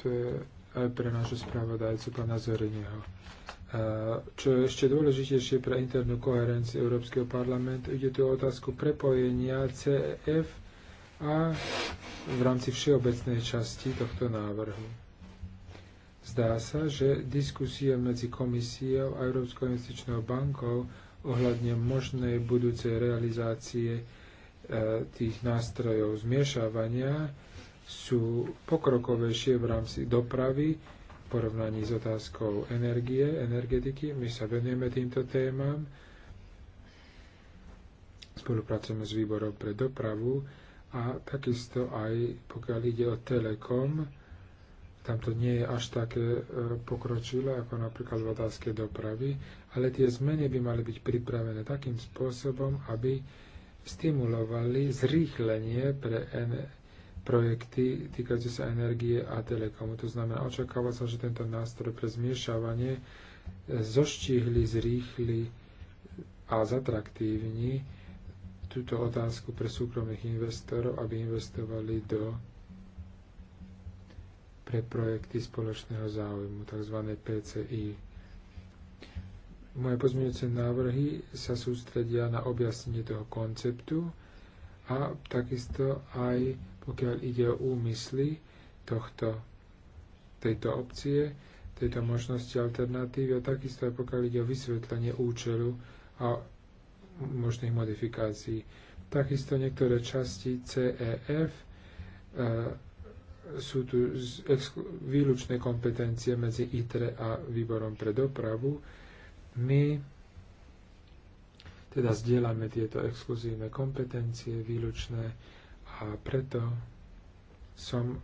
S1: To je aj pre nášho správodajcu, pána Zorineho. Čo je ešte dôležitejšie pre internú koherenciu Európskeho parlamentu, ide tu o otázku prepojenia CEF a v rámci všeobecnej časti tohto návrhu. Zdá sa, že diskusie medzi komisiou a Európskou investičnou bankou ohľadne možnej budúcej realizácie E, tých nástrojov zmiešavania sú pokrokovejšie v rámci dopravy v porovnaní s otázkou energie, energetiky. My sa venujeme týmto témam. Spolupracujeme s výborom pre dopravu a takisto aj pokiaľ ide o telekom, tam to nie je až také e, pokročilé ako napríklad v otázke dopravy, ale tie zmeny by mali byť pripravené takým spôsobom, aby stimulovali zrýchlenie pre projekty týkajúce sa energie a telekomu. To znamená, očakáva sa, že tento nástroj pre zmiešavanie e, zoštihli, zrýchli a zatraktívni túto otázku pre súkromných investorov, aby investovali do pre projekty spoločného záujmu, tzv. PCI. Moje pozmeňujúce návrhy sa sústredia na objasnenie toho konceptu a takisto aj pokiaľ ide o úmysly tohto, tejto opcie, tejto možnosti alternatívy a takisto aj pokiaľ ide o vysvetlenie účelu a možných modifikácií. Takisto niektoré časti CEF e, sú tu výlučné kompetencie medzi ITRE a výborom pre dopravu my teda zdieľame tieto exkluzívne kompetencie výlučné a preto som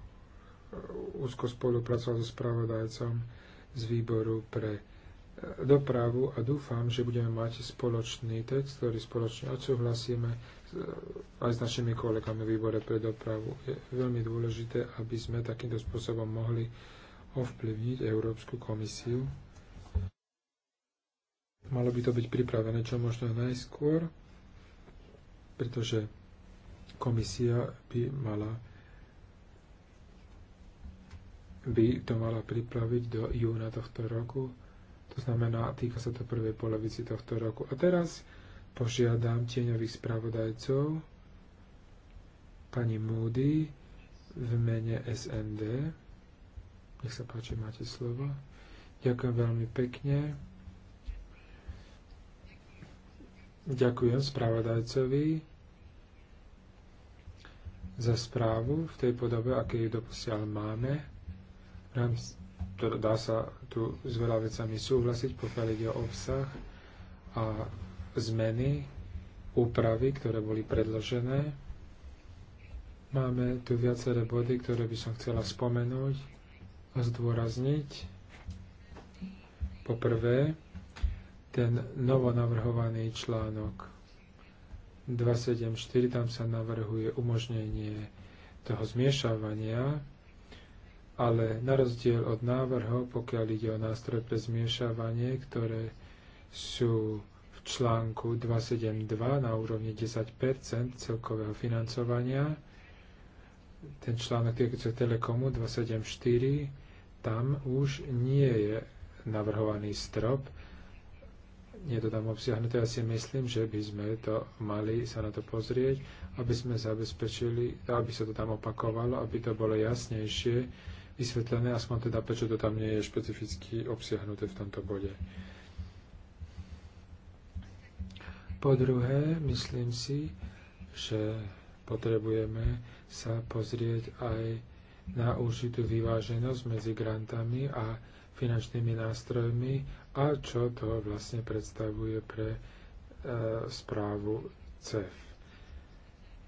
S1: úzko spolupracoval so spravodajcom z výboru pre e, dopravu a dúfam, že budeme mať spoločný text, ktorý spoločne odsúhlasíme e, aj s našimi kolegami v výbore pre dopravu. Je veľmi dôležité, aby sme takýmto spôsobom mohli ovplyvniť Európsku komisiu Malo by to byť pripravené čo možno najskôr, pretože komisia by mala by to mala pripraviť do júna tohto roku. To znamená, týka sa to prvej polovici tohto roku. A teraz požiadam tieňových spravodajcov pani Moody v mene SND. Nech sa páči, máte slovo. Ďakujem veľmi pekne. Ďakujem spravodajcovi za správu v tej podobe, aké ju doposiaľ máme. Dá sa tu s veľa vecami súhlasiť, pokiaľ ide o obsah a zmeny, úpravy, ktoré boli predložené. Máme tu viaceré body, ktoré by som chcela spomenúť a zdôrazniť. Poprvé, ten novonavrhovaný článok 274, tam sa navrhuje umožnenie toho zmiešavania, ale na rozdiel od návrhov, pokiaľ ide o nástroj pre zmiešavanie, ktoré sú v článku 272 na úrovni 10 celkového financovania, ten článok týkajúce Telekomu 274, tam už nie je navrhovaný strop, je to tam obsiahnuté. Ja si myslím, že by sme to mali sa na to pozrieť, aby sme zabezpečili, aby sa to tam opakovalo, aby to bolo jasnejšie vysvetlené, aspoň teda prečo to tam nie je špecificky obsiahnuté v tomto bode. Po druhé, myslím si, že potrebujeme sa pozrieť aj na určitú vyváženosť medzi grantami a finančnými nástrojmi a čo to vlastne predstavuje pre e, správu CEF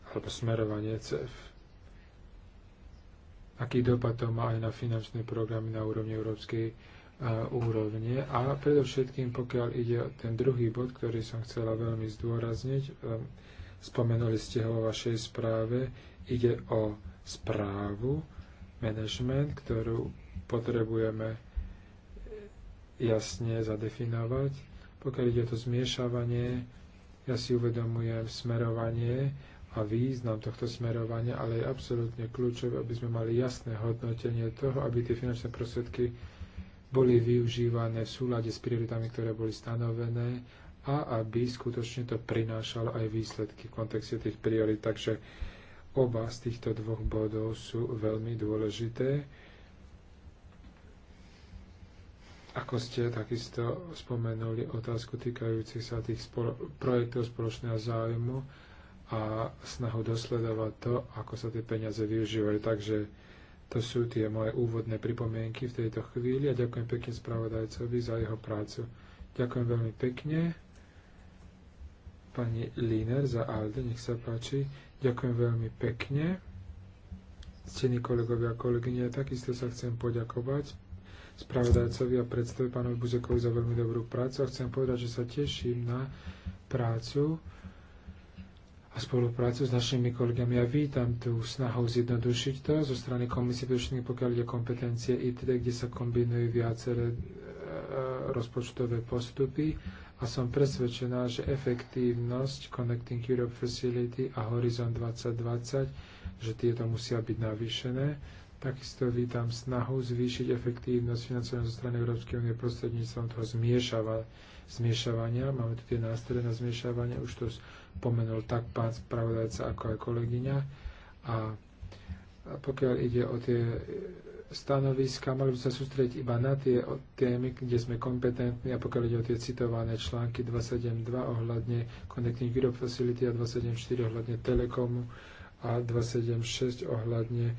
S1: alebo smerovanie CEF. Aký dopad to má aj na finančné programy na úrovni Európskej e, úrovne a predovšetkým pokiaľ ide o ten druhý bod, ktorý som chcela veľmi zdôrazniť, e, spomenuli ste ho vo vašej správe, ide o správu, management, ktorú potrebujeme jasne zadefinovať. Pokiaľ ide to zmiešavanie, ja si uvedomujem smerovanie a význam tohto smerovania, ale je absolútne kľúčové, aby sme mali jasné hodnotenie toho, aby tie finančné prostriedky boli využívané v súlade s prioritami, ktoré boli stanovené a aby skutočne to prinášalo aj výsledky v kontexte tých priorit. Takže oba z týchto dvoch bodov sú veľmi dôležité Ako ste takisto spomenuli otázku týkajúcich sa tých spolo- projektov spoločného záujmu a snahu dosledovať to, ako sa tie peniaze využívajú. Takže to sú tie moje úvodné pripomienky v tejto chvíli a ďakujem pekne spravodajcovi za jeho prácu. Ďakujem veľmi pekne. Pani Líner za Alde, nech sa páči. Ďakujem veľmi pekne. Ctení kolegovia a kolegyne, takisto sa chcem poďakovať spravodajcovi a predstave pánovi Buzekovi za veľmi dobrú prácu a chcem povedať, že sa teším na prácu a spoluprácu s našimi kolegami. Ja vítam tú snahu zjednodušiť to zo strany komisie, predovšetkým pokiaľ ide kompetencie ITD, e, kde sa kombinujú viaceré e, rozpočtové postupy a som presvedčená, že efektívnosť Connecting Europe Facility a Horizon 2020, že tieto musia byť navýšené Takisto vítam snahu zvýšiť efektívnosť financovania zo strany Európskej únie prostredníctvom toho zmiešava, zmiešavania. Máme tu tie nástroje na zmiešavanie, už to spomenul tak pán spravodajca ako aj kolegyňa. A pokiaľ ide o tie stanoviska, mali by sa sústrediť iba na tie témy, kde sme kompetentní a pokiaľ ide o tie citované články 272 ohľadne Connecting Europe Facility a 274 ohľadne Telekomu, a 276 ohľadne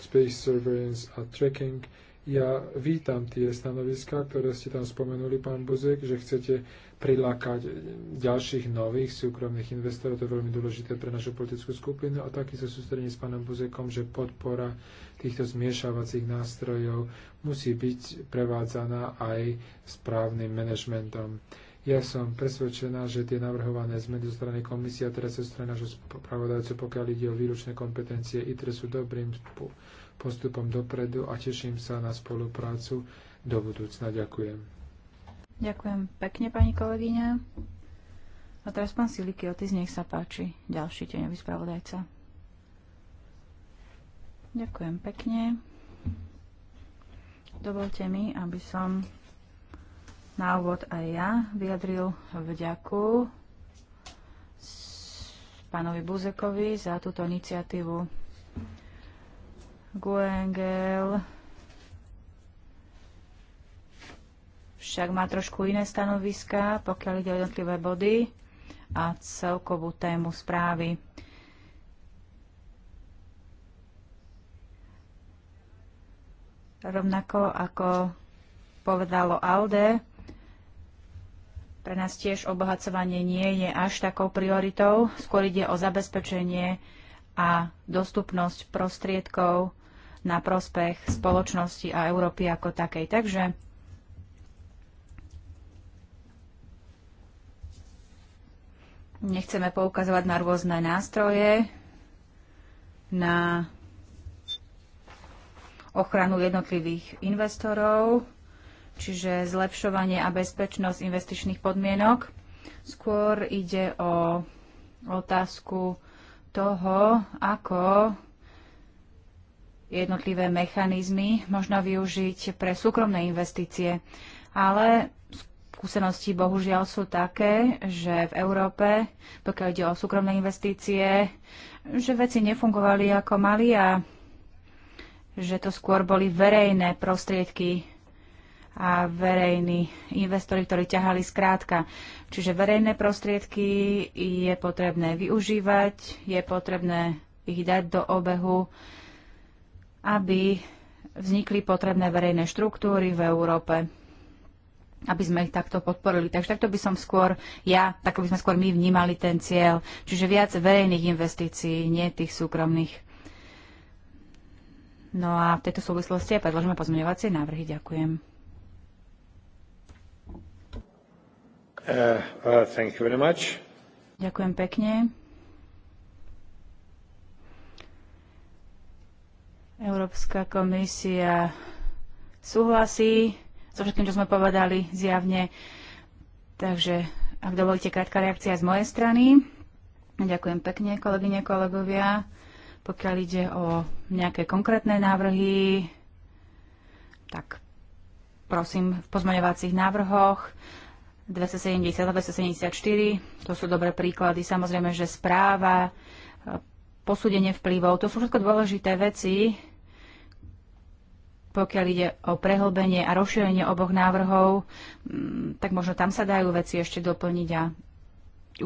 S1: Space Surveillance a Tracking. Ja vítam tie stanoviska, ktoré ste tam spomenuli, pán Buzek, že chcete prilákať ďalších nových súkromných investorov, to je veľmi dôležité pre našu politickú skupinu a taký sa sústredenie s pánom Buzekom, že podpora týchto zmiešavacích nástrojov musí byť prevádzaná aj správnym manažmentom. Ja som presvedčená, že tie navrhované zmeny zo strany komisie a teraz zo strany nášho spravodajcu, pokiaľ ide o výročné kompetencie ITRE, sú dobrým postupom dopredu a teším sa na spoluprácu do budúcna. Ďakujem.
S2: Ďakujem pekne, pani kolegyňa. A teraz pán Siliky Otis, nech sa páči, ďalší teňový spravodajca. Ďakujem pekne. Dovolte mi, aby som na úvod aj ja vyjadril vďaku pánovi Buzekovi za túto iniciatívu. Guengel však má trošku iné stanoviska, pokiaľ ide o jednotlivé body a celkovú tému správy. Rovnako ako povedalo ALDE, pre nás tiež obohacovanie nie je až takou prioritou, skôr ide o zabezpečenie a dostupnosť prostriedkov na prospech spoločnosti a Európy ako takej. Takže nechceme poukazovať na rôzne nástroje, na ochranu jednotlivých investorov, čiže zlepšovanie a bezpečnosť investičných podmienok. Skôr ide o otázku toho, ako jednotlivé mechanizmy možno využiť pre súkromné investície. Ale skúsenosti bohužiaľ sú také, že v Európe, pokiaľ ide o súkromné investície, že veci nefungovali ako mali a že to skôr boli verejné prostriedky, a verejní investori, ktorí ťahali skrátka. Čiže verejné prostriedky je potrebné využívať, je potrebné ich dať do obehu, aby vznikli potrebné verejné štruktúry v Európe aby sme ich takto podporili. Takže takto by som skôr ja, tak by sme skôr my vnímali ten cieľ. Čiže viac verejných investícií, nie tých súkromných. No a v tejto súvislosti predložíme pozmeňovacie návrhy. Ďakujem.
S1: Uh, uh, thank you very much.
S2: Ďakujem pekne. Európska komisia súhlasí so všetkým, čo sme povedali zjavne. Takže ak dovolíte, krátka reakcia z mojej strany. Ďakujem pekne, kolegyne, kolegovia. Pokiaľ ide o nejaké konkrétne návrhy, tak prosím v pozmaňovacích návrhoch 270 a 274, to sú dobré príklady. Samozrejme, že správa, e, posúdenie vplyvov, to sú všetko dôležité veci, pokiaľ ide o prehlbenie a rozšírenie oboch návrhov, mm, tak možno tam sa dajú veci ešte doplniť a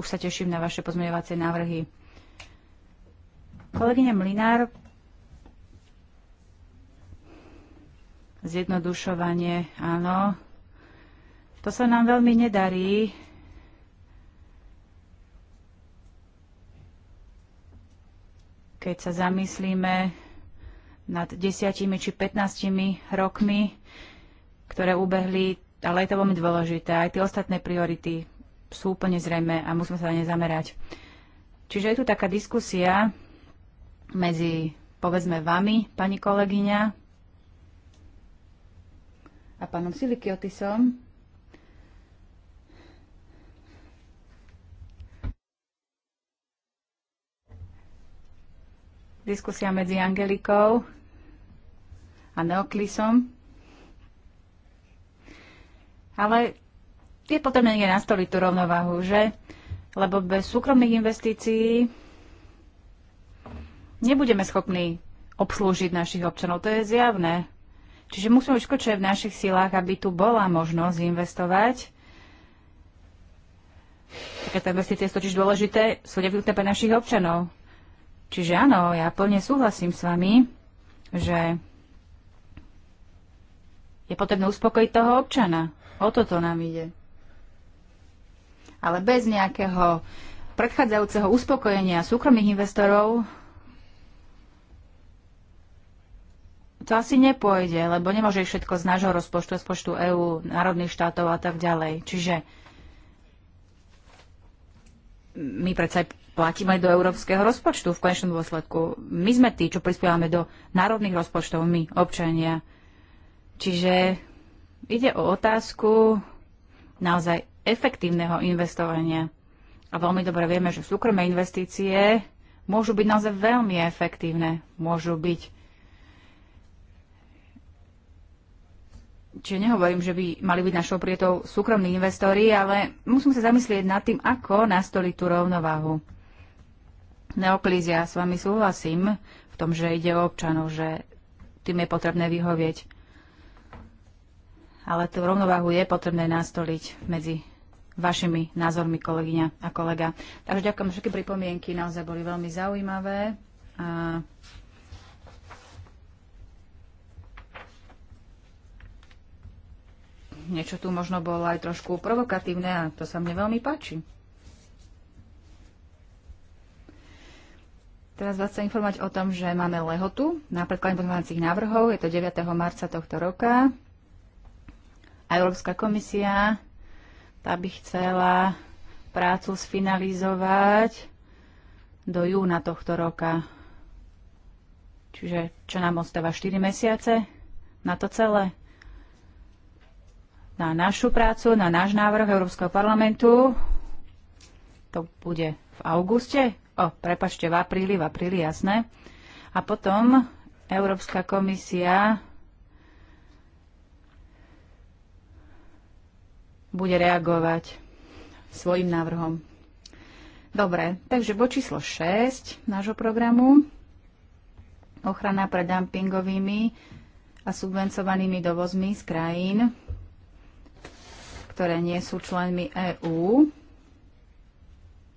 S2: už sa teším na vaše pozmeňovacie návrhy. Kolegyňa Mlinár, zjednodušovanie, áno, to sa nám veľmi nedarí. Keď sa zamyslíme nad 10 či 15 rokmi, ktoré ubehli, ale je to veľmi dôležité. Aj tie ostatné priority sú úplne zrejme a musíme sa na ne zamerať. Čiže je tu taká diskusia medzi, povedzme, vami, pani kolegyňa, a pánom Silikiotisom, diskusia medzi Angelikou a Neoklisom. Ale je potrebné nie nastoliť tú rovnováhu, že? Lebo bez súkromných investícií nebudeme schopní obslúžiť našich občanov. To je zjavné. Čiže musíme všetko, čo je v našich silách, aby tu bola možnosť investovať. Takéto investície sú totiž dôležité, sú nevyhnutné pre našich občanov. Čiže áno, ja plne súhlasím s vami, že je potrebné uspokojiť toho občana. O toto nám ide. Ale bez nejakého predchádzajúceho uspokojenia súkromných investorov to asi nepôjde, lebo nemôže všetko z nášho rozpočtu, rozpočtu EÚ, národných štátov a tak ďalej. Čiže my predsa platíme aj do európskeho rozpočtu v konečnom dôsledku. My sme tí, čo prispievame do národných rozpočtov, my, občania. Čiže ide o otázku naozaj efektívneho investovania. A veľmi dobre vieme, že súkromné investície môžu byť naozaj veľmi efektívne. Môžu byť Čiže nehovorím, že by mali byť našou prietou súkromní investori, ale musím sa zamyslieť nad tým, ako nastoliť tú rovnováhu. Neoklízia, s vami súhlasím v tom, že ide o občanov, že tým je potrebné vyhovieť. Ale tú rovnováhu je potrebné nastoliť medzi vašimi názormi, kolegyňa a kolega. Takže ďakujem, všetky pripomienky naozaj boli veľmi zaujímavé. A niečo tu možno bolo aj trošku provokatívne a to sa mne veľmi páči. Teraz vás chcem informovať o tom, že máme lehotu na predkladanie pozmeňovacích návrhov. Je to 9. marca tohto roka. A Európska komisia tá by chcela prácu sfinalizovať do júna tohto roka. Čiže čo nám ostáva 4 mesiace na to celé? Na našu prácu, na náš návrh Európskeho parlamentu. To bude v auguste o, prepašte, v apríli, v apríli, jasné. A potom Európska komisia bude reagovať svojim návrhom. Dobre, takže bod číslo 6 nášho programu ochrana pred dumpingovými a subvencovanými dovozmi z krajín, ktoré nie sú členmi EÚ.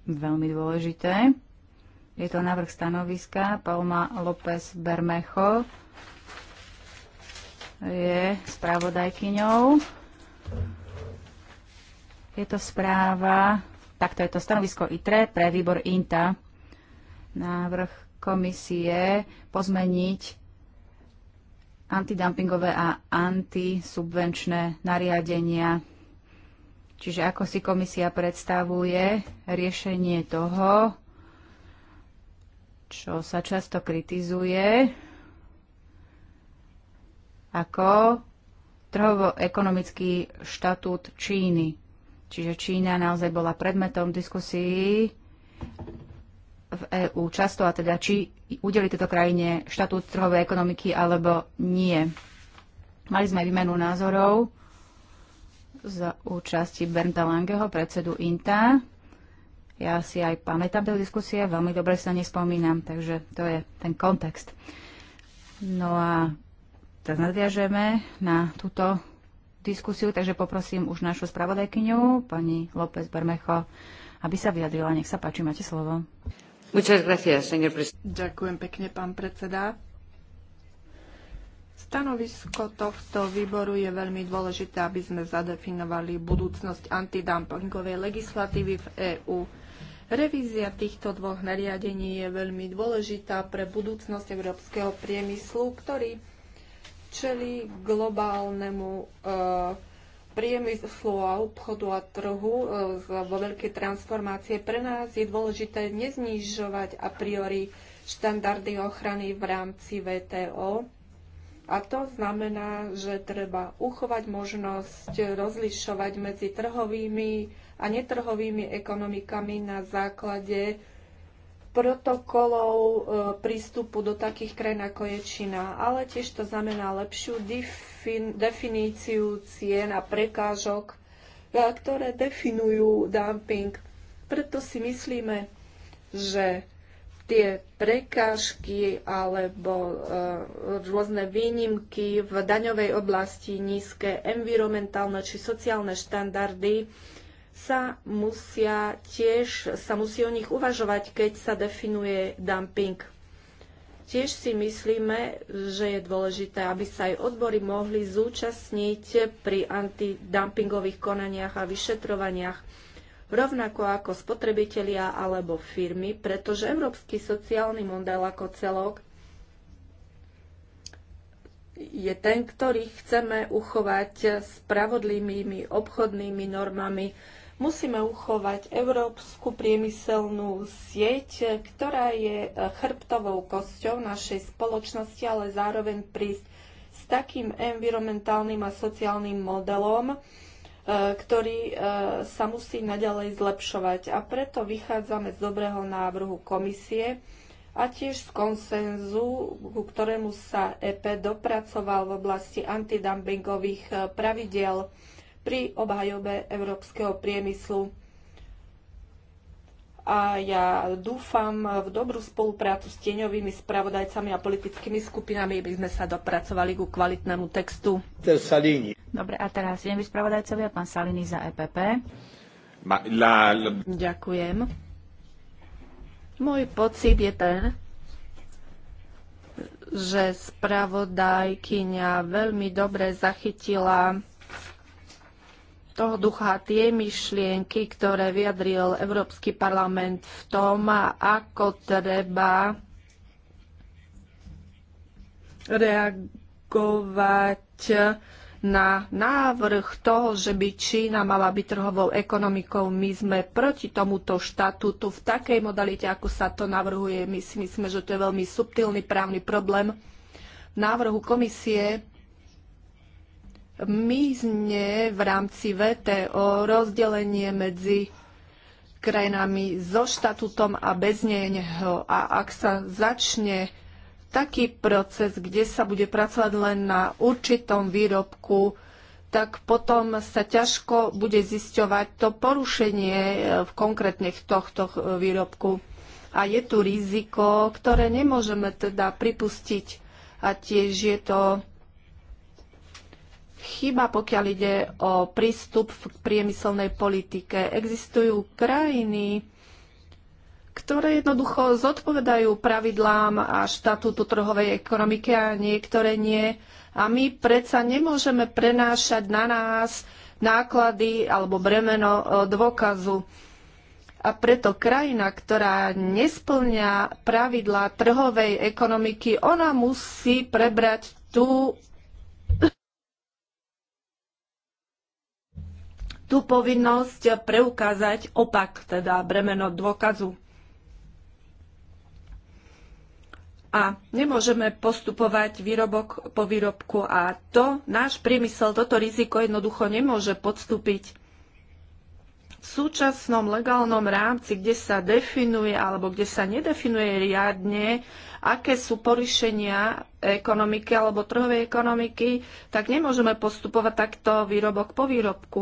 S2: Veľmi dôležité. Je to návrh stanoviska Palma López Bermecho. Je spravodajkyňou. Je to správa, takto je to stanovisko ITRE pre výbor INTA. Návrh komisie pozmeniť antidumpingové a antisubvenčné nariadenia. Čiže ako si komisia predstavuje riešenie toho, čo sa často kritizuje ako trhovo-ekonomický štatút Číny. Čiže Čína naozaj bola predmetom diskusí v EÚ často, a teda či udeli tejto krajine štatút trhovej ekonomiky alebo nie. Mali sme výmenu názorov za účasti Bernda Langeho, predsedu INTA, ja si aj pamätám tie diskusie, veľmi dobre sa nespomínam, takže to je ten kontext. No a teraz nadviažeme na túto diskusiu, takže poprosím už našu spravodajkyňu, pani López Bermecho, aby sa vyjadrila. Nech sa páči, máte slovo. Gracias,
S3: Ďakujem pekne, pán predseda.
S2: Stanovisko tohto
S3: výboru je veľmi dôležité, aby sme zadefinovali budúcnosť antidumpingovej legislatívy v EÚ. Revízia týchto dvoch nariadení je veľmi dôležitá pre budúcnosť európskeho priemyslu, ktorý čeli globálnemu e, priemyslu a obchodu a trhu e, vo veľkej transformácie. Pre nás je dôležité neznižovať a priori štandardy ochrany v rámci VTO. A to znamená, že treba uchovať možnosť rozlišovať medzi trhovými a netrhovými ekonomikami na základe protokolov e, prístupu do takých krajín ako je Čína, ale tiež to znamená lepšiu definíciu cien a prekážok, e, ktoré definujú dumping. Preto si myslíme, že tie prekážky alebo e, rôzne výnimky v daňovej oblasti, nízke environmentálne či sociálne štandardy, sa musia tiež, sa musí o nich uvažovať, keď sa definuje dumping. Tiež si myslíme, že je dôležité, aby sa aj odbory mohli zúčastniť pri antidumpingových konaniach a vyšetrovaniach, rovnako ako spotrebitelia alebo firmy, pretože európsky sociálny model ako celok je ten, ktorý chceme uchovať spravodlivými obchodnými normami, Musíme uchovať európsku priemyselnú sieť, ktorá je e, chrbtovou kosťou našej spoločnosti, ale zároveň prísť s takým environmentálnym a sociálnym modelom, e, ktorý e, sa musí naďalej zlepšovať. A preto vychádzame z dobrého návrhu komisie a tiež z konsenzu, ku ktorému sa EP dopracoval v oblasti antidumpingových pravidiel pri obhajobe európskeho priemyslu. A ja dúfam v dobrú spoluprácu s tieňovými spravodajcami a politickými skupinami, by sme sa dopracovali ku kvalitnému textu.
S1: Salini.
S2: Dobre, a teraz tieňoví spravodajcovia, pán Salini za EPP.
S1: Ma, la, la...
S2: Ďakujem. Môj pocit je ten,
S3: že spravodajkyňa veľmi dobre zachytila toho ducha tie myšlienky, ktoré vyjadril Európsky parlament v tom, ako treba reagovať na návrh toho, že by Čína mala byť trhovou ekonomikou. My sme proti tomuto štatútu v takej modalite, ako sa to navrhuje. My si myslíme, že to je veľmi subtilný právny problém. V návrhu komisie mizne v rámci VTO rozdelenie medzi krajinami so štatutom a bez neho. A ak sa začne taký proces, kde sa bude pracovať len na určitom výrobku, tak potom sa ťažko bude zisťovať to porušenie e, v konkrétnych tohto e, výrobku. A je tu riziko, ktoré nemôžeme teda pripustiť. A tiež je to chyba, pokiaľ ide o prístup k priemyselnej politike. Existujú krajiny, ktoré jednoducho zodpovedajú pravidlám a štatútu trhovej ekonomiky a niektoré nie. A my predsa nemôžeme prenášať na nás náklady alebo bremeno e, dôkazu. A preto krajina, ktorá nesplňa pravidlá trhovej ekonomiky, ona musí prebrať tú tú povinnosť preukázať opak, teda bremeno dôkazu. A nemôžeme postupovať výrobok po výrobku a to náš priemysel, toto riziko jednoducho nemôže podstúpiť. V súčasnom legálnom rámci, kde sa definuje alebo kde sa nedefinuje riadne, aké sú porušenia ekonomiky alebo trhovej ekonomiky, tak nemôžeme postupovať takto výrobok po výrobku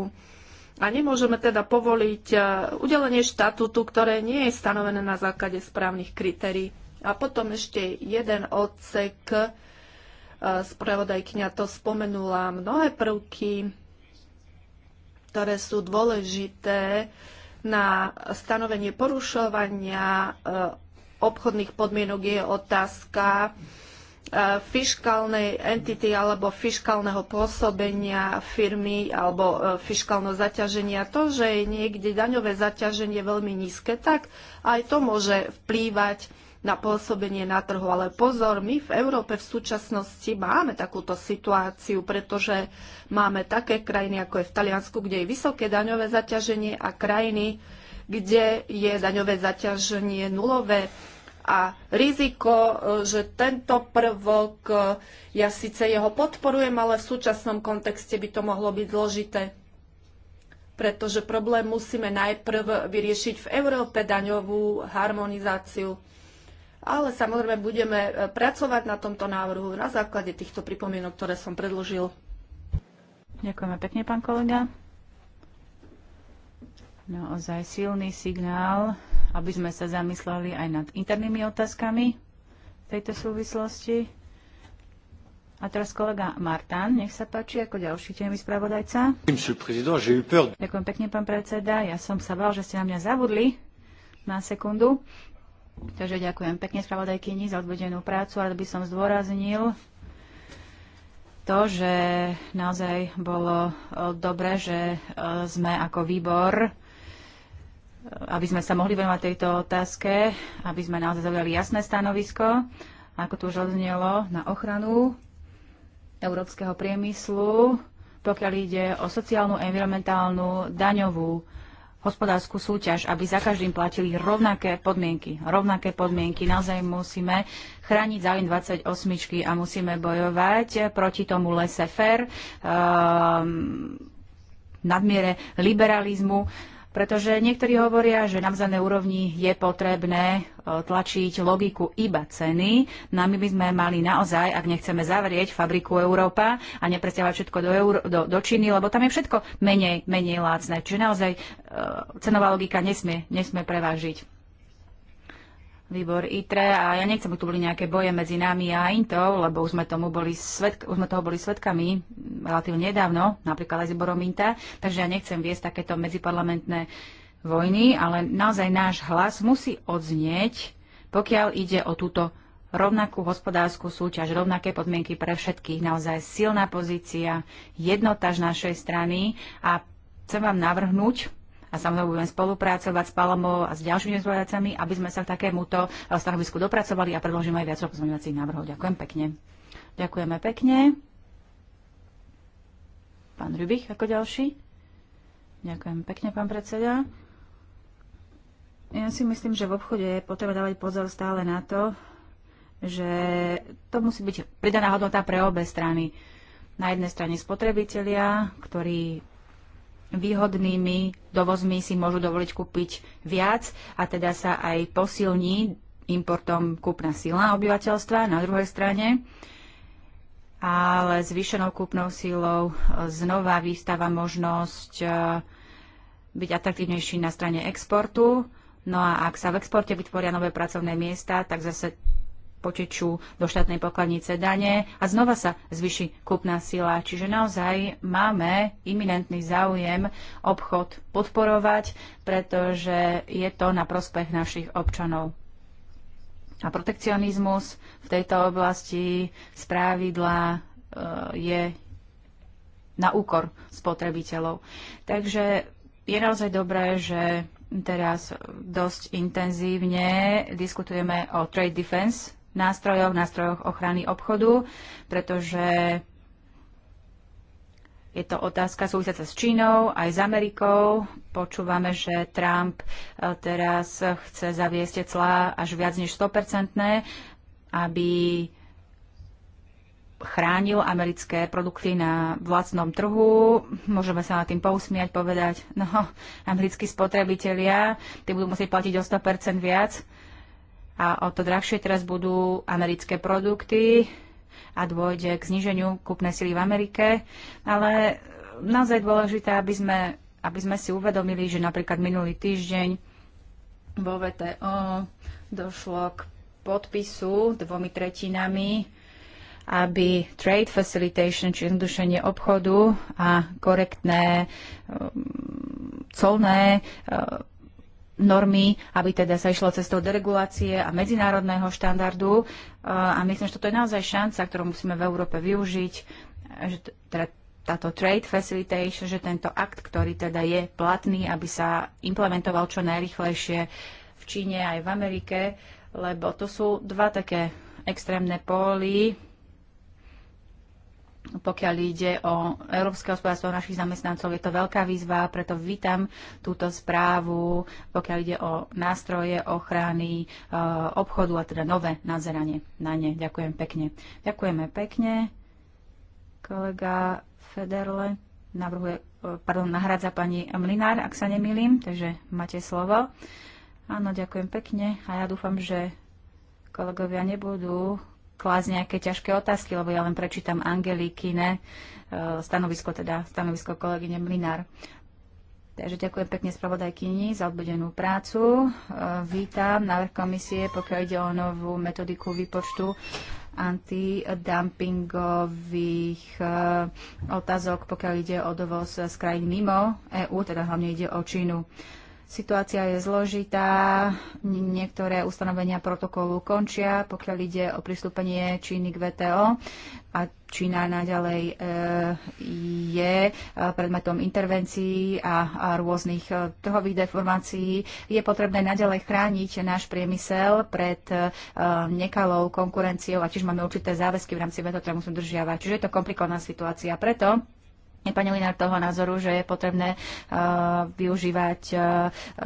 S3: a nemôžeme teda povoliť e, udelenie štatútu, ktoré nie je stanovené na základe správnych kritérií. A potom ešte jeden odsek, e, spravodajkňa to spomenula, mnohé prvky, ktoré sú dôležité na stanovenie porušovania e, obchodných podmienok je otázka E, fiškálnej entity alebo fiškálneho pôsobenia firmy alebo e, fiškálneho zaťaženia. To, že je niekde daňové zaťaženie veľmi nízke, tak aj to môže vplývať na pôsobenie na trhu. Ale pozor, my v Európe v súčasnosti máme takúto situáciu, pretože máme také krajiny, ako je v Taliansku, kde je vysoké daňové zaťaženie a krajiny, kde je daňové zaťaženie nulové a riziko, e, že tento prvok, e, ja síce jeho podporujem, ale v súčasnom kontexte by to mohlo byť zložité. Pretože problém musíme najprv vyriešiť v Európe daňovú harmonizáciu. Ale samozrejme budeme e, pracovať na tomto návrhu na základe týchto pripomienok, ktoré som predložil.
S2: Ďakujeme pekne, pán kolega. Naozaj silný signál aby sme sa zamysleli aj nad internými otázkami v tejto súvislosti. A teraz kolega Martán, nech sa páči, ako ďalší témy spravodajca. Ďakujem pekne, pán predseda. Ja som sa bál, že ste na mňa zabudli na sekundu. Takže ďakujem pekne spravodajkyni za odvedenú prácu. Rád by som zdôraznil to, že naozaj bolo eh, dobré, že eh, sme ako výbor aby sme sa mohli venovať tejto otázke, aby sme naozaj zaujali jasné stanovisko, ako to už odznelo, na ochranu európskeho priemyslu, pokiaľ ide o sociálnu, environmentálnu, daňovú, hospodárskú súťaž, aby za každým platili rovnaké podmienky. Rovnaké podmienky. Naozaj musíme chrániť záujem 28 a musíme bojovať proti tomu laissez-faire, um, nadmiere liberalizmu pretože niektorí hovoria, že na vzadnej úrovni je potrebné e, tlačiť logiku iba ceny. No a my by sme mali naozaj, ak nechceme zavrieť fabriku Európa a nepresťahovať všetko do, Euró- do, do Číny, lebo tam je všetko menej, menej lácne. Čiže naozaj e, cenová logika nesmie, nesmie prevážiť výbor ITRE a ja nechcem, aby tu boli nejaké boje medzi nami a Intou, lebo už sme, tomu boli svedk- už sme toho boli svetkami relatívne nedávno, napríklad aj s výborom INTA, takže ja nechcem viesť takéto medziparlamentné vojny, ale naozaj náš hlas musí odznieť, pokiaľ ide o túto rovnakú hospodárskú súťaž, rovnaké podmienky pre všetkých, naozaj silná pozícia, jednota z našej strany a chcem vám navrhnúť, a sa mnou budem spolupracovať s Palomou a s ďalšími zvojacami, aby sme sa k takémuto eh, stanovisku dopracovali a predložím aj viac pozmeňovacích návrhov. Ďakujem pekne. Ďakujeme pekne. Pán Rybich ako ďalší. Ďakujem pekne, pán predseda. Ja si myslím, že v obchode je potreba dávať pozor stále na to, že to musí byť pridaná hodnota pre obe strany. Na jednej strane spotrebitelia, ktorí výhodnými dovozmi si môžu dovoliť kúpiť viac a teda sa aj posilní importom kúpna sila obyvateľstva na druhej strane, ale zvýšenou kúpnou silou znova vystáva možnosť e, byť atraktívnejší na strane exportu. No a ak sa v exporte vytvoria nové pracovné miesta, tak zase potečú do štátnej pokladnice dane a znova sa zvyši kúpna sila. Čiže naozaj máme iminentný záujem obchod podporovať, pretože je to na prospech našich občanov. A protekcionizmus v tejto oblasti z pravidla e, je na úkor spotrebiteľov. Takže je naozaj dobré, že teraz dosť intenzívne diskutujeme o trade defense nástrojov, nástrojoch ochrany obchodu, pretože je to otázka súvisiaca s Čínou, aj s Amerikou. Počúvame, že Trump eh, teraz chce zaviesť clá až viac než 100%, aby chránil americké produkty na vlastnom trhu. Môžeme sa nad tým pousmiať, povedať, no, americkí spotrebitelia, tí budú musieť platiť o 100% viac a o to drahšie teraz budú americké produkty a dôjde k zniženiu kúpnej sily v Amerike. Ale naozaj dôležité, aby sme, aby sme si uvedomili, že napríklad minulý týždeň vo VTO došlo k podpisu dvomi tretinami aby trade facilitation, či zdušenie obchodu a korektné um, colné um, normy, aby teda sa išlo cestou deregulácie a medzinárodného štandardu. A myslím, že toto je naozaj šanca, ktorú musíme v Európe využiť, že teda táto trade facilitation, že tento akt, ktorý teda je platný, aby sa implementoval čo najrychlejšie v Číne aj v Amerike, lebo to sú dva také extrémne póly, pokiaľ ide o európske hospodárstvo našich zamestnancov, je to veľká výzva, preto vítam túto správu, pokiaľ ide o nástroje ochrany e, obchodu a teda nové nazeranie na ne. Ďakujem pekne. Ďakujeme pekne. Kolega Federle navrhuje, e, pardon, nahradza pani Mlinár, ak sa nemýlim, takže máte slovo. Áno, ďakujem pekne a ja dúfam, že kolegovia nebudú klásť nejaké ťažké otázky, lebo ja len prečítam Angelikine e, stanovisko, teda stanovisko kolegyne Mlinár. Takže ďakujem pekne spravodajkyni za odbudenú prácu. E, vítam návrh komisie, pokiaľ ide o novú metodiku výpočtu antidumpingových e, otázok, pokiaľ ide o dovoz z krajín mimo EÚ, teda hlavne ide o Čínu. Situácia je zložitá, niektoré ustanovenia protokolu končia, pokiaľ ide o pristúpenie Číny k VTO a Čína naďalej eh, je eh, predmetom intervencií a rôznych eh, trhových deformácií. Je potrebné naďalej chrániť náš priemysel pred nekalou konkurenciou a tiež máme určité záväzky v rámci VTO, ktoré musíme držiavať. Čiže je to komplikovaná situácia. Preto Pani Linár toho názoru, že je potrebné uh, využívať uh,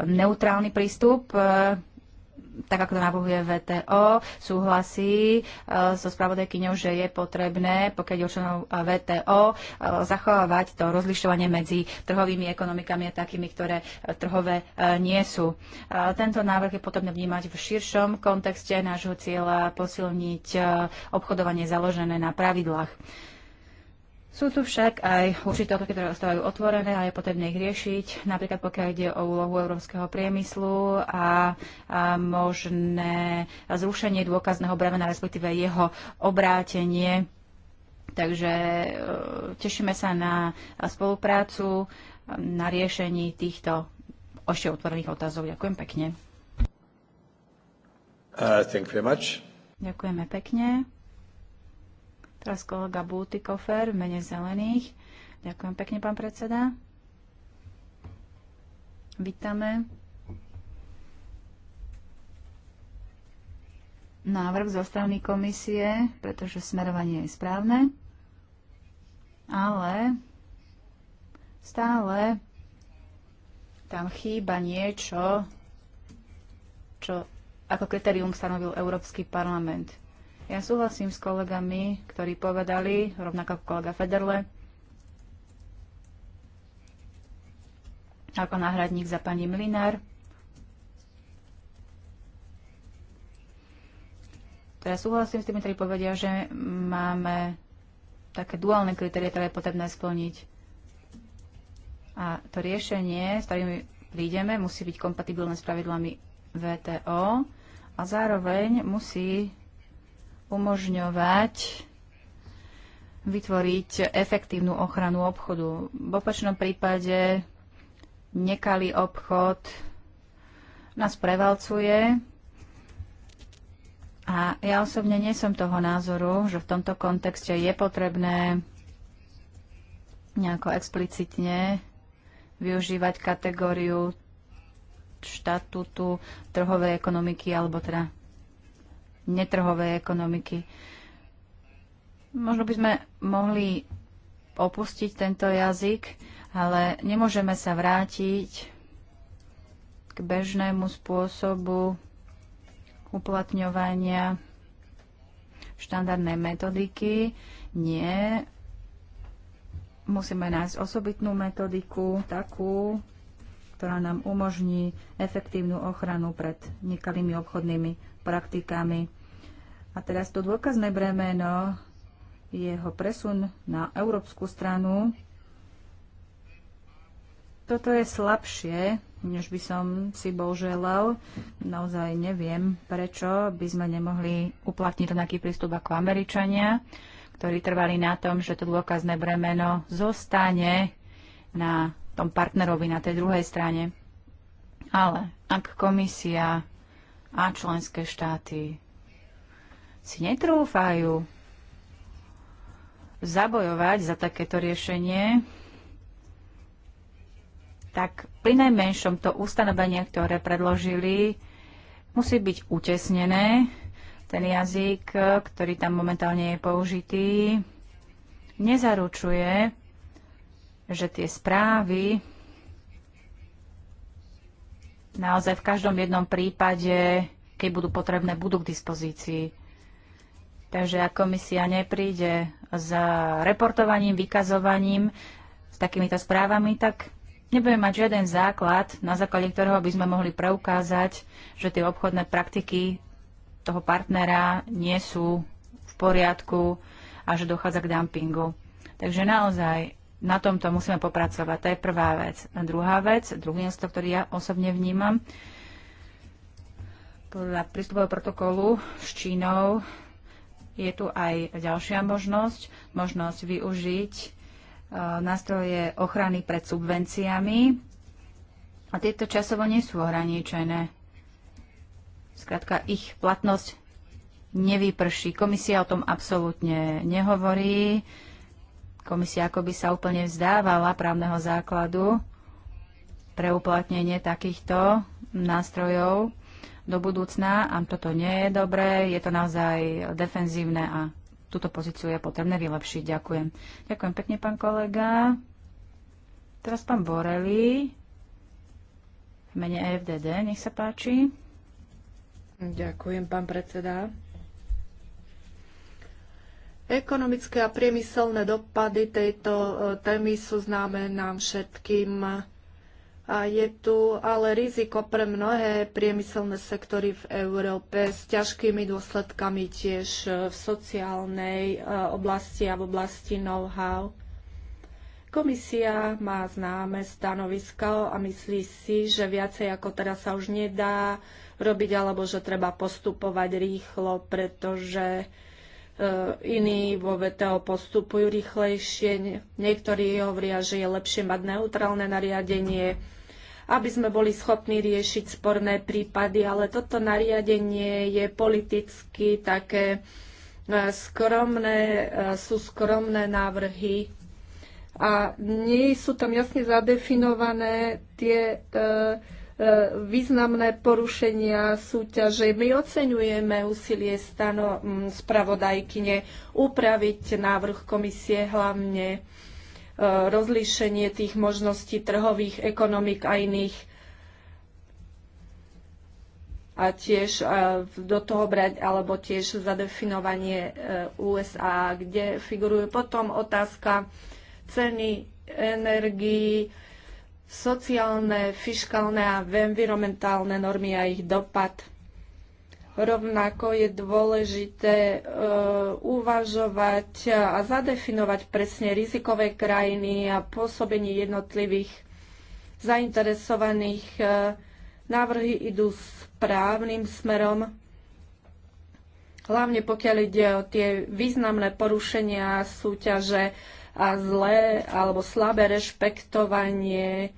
S2: neutrálny prístup, uh, tak ako to navrhuje VTO, súhlasí uh, so spravodajkyňou, že je potrebné, pokiaľ je členov uh, VTO, uh, zachovávať to rozlišovanie medzi trhovými ekonomikami a takými, ktoré trhové nie sú. Tento návrh je potrebné vnímať v širšom kontexte nášho cieľa posilniť obchodovanie založené na pravidlách. Sú tu však aj určité otázky, ktoré ostávajú otvorené a je potrebné ich riešiť, napríklad pokiaľ ide o úlohu európskeho priemyslu a, a možné zrušenie dôkazného bremena, respektíve jeho obrátenie. Takže e, tešíme sa na spoluprácu, na riešení týchto ešte otvorených otázov. Ďakujem pekne. Uh, Ďakujeme pekne. Teraz kolega Bultikofer, v mene zelených. Ďakujem pekne, pán predseda. Vítame. Návrh zo strany komisie, pretože smerovanie je správne, ale stále tam chýba niečo, čo ako kritérium stanovil Európsky parlament ja súhlasím s kolegami, ktorí povedali, rovnako ako kolega Federle, ako náhradník za pani Mlinár. Teda súhlasím s tými, ktorí povedia, že máme také duálne kritérie, ktoré je potrebné splniť. A to riešenie, s ktorým prídeme, musí byť kompatibilné s pravidlami VTO a zároveň musí umožňovať vytvoriť efektívnu ochranu obchodu. V opačnom prípade nekalý obchod nás prevalcuje a ja osobne nie som toho názoru, že v tomto kontexte je potrebné nejako explicitne využívať kategóriu štatútu trhovej ekonomiky alebo teda netrhovej ekonomiky. Možno by sme mohli opustiť tento jazyk, ale nemôžeme sa vrátiť k bežnému spôsobu uplatňovania štandardnej metodiky. Nie. Musíme nájsť osobitnú metodiku, takú, ktorá nám umožní efektívnu ochranu pred nekalými obchodnými praktikami a teraz to dôkazné bremeno, jeho presun na európsku stranu, toto je slabšie, než by som si bol želal. Naozaj neviem, prečo by sme nemohli uplatniť rovnaký prístup ako Američania, ktorí trvali na tom, že to dôkazné bremeno zostane na tom partnerovi na tej druhej strane. Ale ak komisia a členské štáty si netrúfajú zabojovať za takéto riešenie, tak pri najmenšom to ustanovenie, ktoré predložili, musí byť utesnené. Ten jazyk, ktorý tam momentálne je použitý, nezaručuje, že tie správy naozaj v každom jednom prípade, keď budú potrebné, budú k dispozícii. Takže ak komisia nepríde s reportovaním, vykazovaním, s takýmito správami, tak nebudeme mať žiaden základ, na základe ktorého by sme mohli preukázať, že tie obchodné praktiky toho partnera nie sú v poriadku a že dochádza k dumpingu. Takže naozaj na tomto musíme popracovať. To je prvá vec. A druhá vec, druhý miesto, ktorý ja osobne vnímam, podľa prístupového protokolu s Čínou je tu aj ďalšia možnosť, možnosť využiť e, nástroje ochrany pred subvenciami. A tieto časovo nie sú ohraničené. Skrátka, ich platnosť nevyprší. Komisia o tom absolútne nehovorí. Komisia ako by sa úplne vzdávala právneho základu pre uplatnenie takýchto nástrojov do budúcna a toto nie je dobré, je to naozaj defenzívne a túto pozíciu je potrebné vylepšiť. Ďakujem. Ďakujem pekne, pán kolega. Teraz pán Borelli v mene EFDD, nech sa páči. Ďakujem, pán predseda.
S3: Ekonomické a priemyselné dopady tejto e, témy sú známe nám všetkým. A je tu ale riziko pre mnohé priemyselné sektory v Európe s ťažkými dôsledkami tiež v sociálnej e, oblasti a v oblasti know-how. Komisia má známe stanovisko a myslí si, že viacej ako teraz sa už nedá robiť, alebo že treba postupovať rýchlo, pretože e, iní vo VTO postupujú rýchlejšie. Niektorí hovoria, že je lepšie mať neutrálne nariadenie aby sme boli schopní riešiť sporné prípady, ale toto nariadenie je politicky také e, skromné, e, sú skromné návrhy a nie sú tam jasne zadefinované tie e, významné porušenia súťaže. My oceňujeme úsilie stano, spravodajkyne upraviť návrh komisie hlavne rozlíšenie tých možností trhových ekonomik a iných a tiež e, do toho brať, alebo tiež zadefinovanie e, USA, kde figuruje potom otázka ceny energií, sociálne, fiskálne a environmentálne normy a ich dopad. Rovnako je dôležité e, uvažovať a zadefinovať presne rizikové krajiny a pôsobenie jednotlivých zainteresovaných. E, návrhy idú správnym smerom, hlavne pokiaľ ide o tie významné porušenia súťaže a zlé alebo slabé rešpektovanie,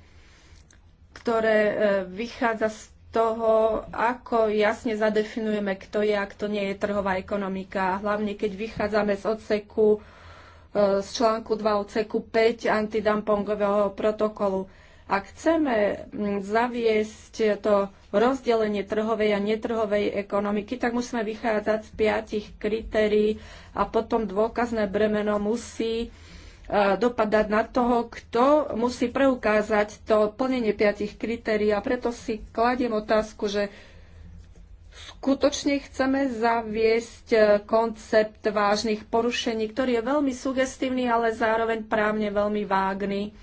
S3: ktoré e, vychádza z toho, ako jasne zadefinujeme, kto je a kto nie je trhová ekonomika. Hlavne, keď vychádzame z odseku, e, z článku 2 odseku 5 antidampongového protokolu. Ak chceme zaviesť to rozdelenie trhovej a netrhovej ekonomiky, tak musíme vychádzať z piatich kritérií a potom dôkazné bremeno musí dopadať na toho, kto musí preukázať to plnenie piatich kritérií. A preto si kladiem otázku, že skutočne chceme zaviesť e, koncept vážnych porušení, ktorý je veľmi sugestívny, ale zároveň právne veľmi vágný.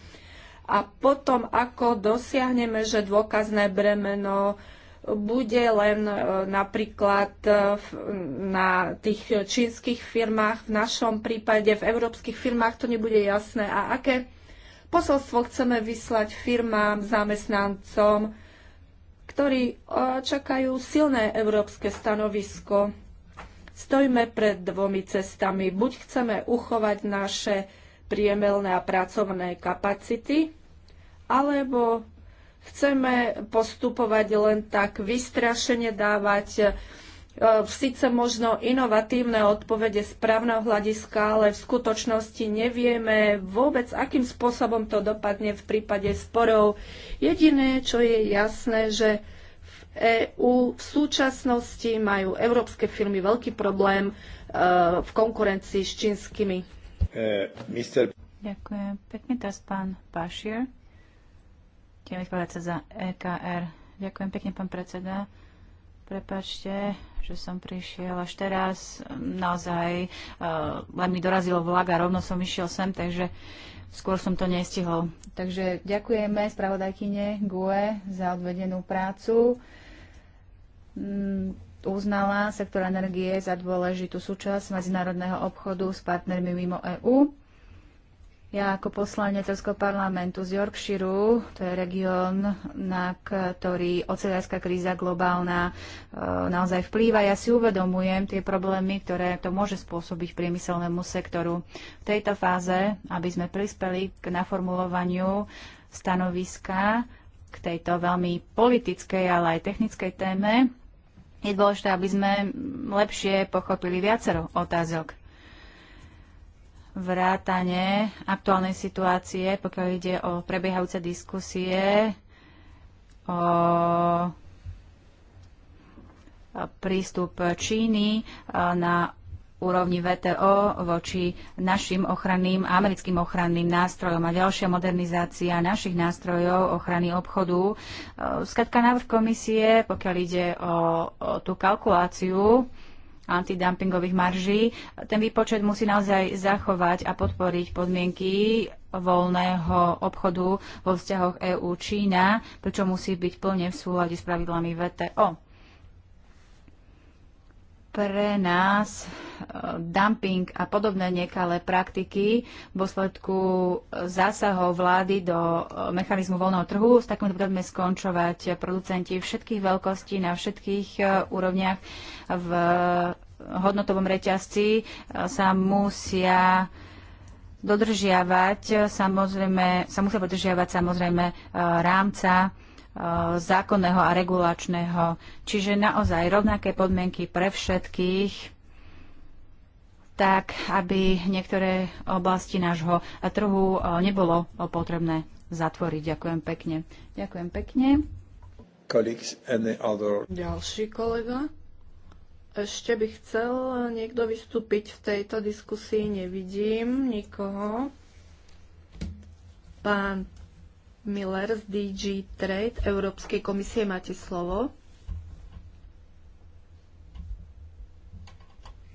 S3: A potom, ako dosiahneme, že dôkazné bremeno bude len e, napríklad e, na tých čínskych firmách, v našom prípade v európskych firmách to nebude jasné. A aké posolstvo chceme vyslať firmám, zamestnancom, ktorí e, čakajú silné európske stanovisko. Stojíme pred dvomi cestami. Buď chceme uchovať naše priemelné a pracovné kapacity, alebo Chceme postupovať len tak vystrašene dávať e, síce možno inovatívne odpovede z právneho hľadiska, ale v skutočnosti nevieme vôbec, akým spôsobom to dopadne v prípade sporov. Jediné, čo je jasné, že v EÚ v súčasnosti majú európske firmy veľký problém e,
S2: v konkurencii s čínskymi.
S1: E, mister...
S2: Ďakujem. Pekne teraz pán Bašir. Kevin Kováca za EKR. Ďakujem pekne, pán predseda. Prepačte, že som prišiel až teraz. Naozaj e, len mi dorazilo vlak a rovno som išiel sem, takže skôr som to nestihol. Takže ďakujeme spravodajkyne GUE za odvedenú prácu. Mm, uznala sektor energie za dôležitú súčasť medzinárodného obchodu s partnermi mimo EÚ ja ako poslanec Európskeho parlamentu z Yorkshireu, to je región, na ktorý ocelárska kríza globálna e, naozaj vplýva, ja si uvedomujem tie problémy, ktoré to môže spôsobiť priemyselnému sektoru. V tejto fáze, aby sme prispeli k naformulovaniu stanoviska k tejto veľmi politickej, ale aj technickej téme, je dôležité, aby sme lepšie pochopili viacero otázok vrátane aktuálnej situácie, pokiaľ ide o prebiehajúce diskusie o prístup Číny na úrovni VTO voči našim ochranným, americkým ochranným nástrojom a ďalšia modernizácia našich nástrojov ochrany obchodu. Skladka návrh komisie, pokiaľ ide o, o tú kalkuláciu, antidumpingových marží. Ten výpočet musí naozaj zachovať a podporiť podmienky voľného obchodu vo vzťahoch EÚ-Čína, pričom musí byť plne v súlade s pravidlami VTO pre nás e, dumping a podobné nekalé praktiky v dôsledku zásahov vlády do e, mechanizmu voľného trhu. S takýmto budeme skončovať e, producenti všetkých veľkostí na všetkých úrovniach v hodnotovom reťazci sa musia dodržiavať, samozrejme, sa musia dodržiavať samozrejme rámca E, zákonného a regulačného. Čiže naozaj rovnaké podmienky pre všetkých tak aby niektoré oblasti nášho trhu e, nebolo potrebné zatvoriť. Ďakujem pekne. Ďakujem pekne.
S3: Ďalší kolega. Ešte by chcel niekto vystúpiť v tejto diskusii. Nevidím nikoho. Pán Miller z DG Trade Európskej komisie. Máte slovo.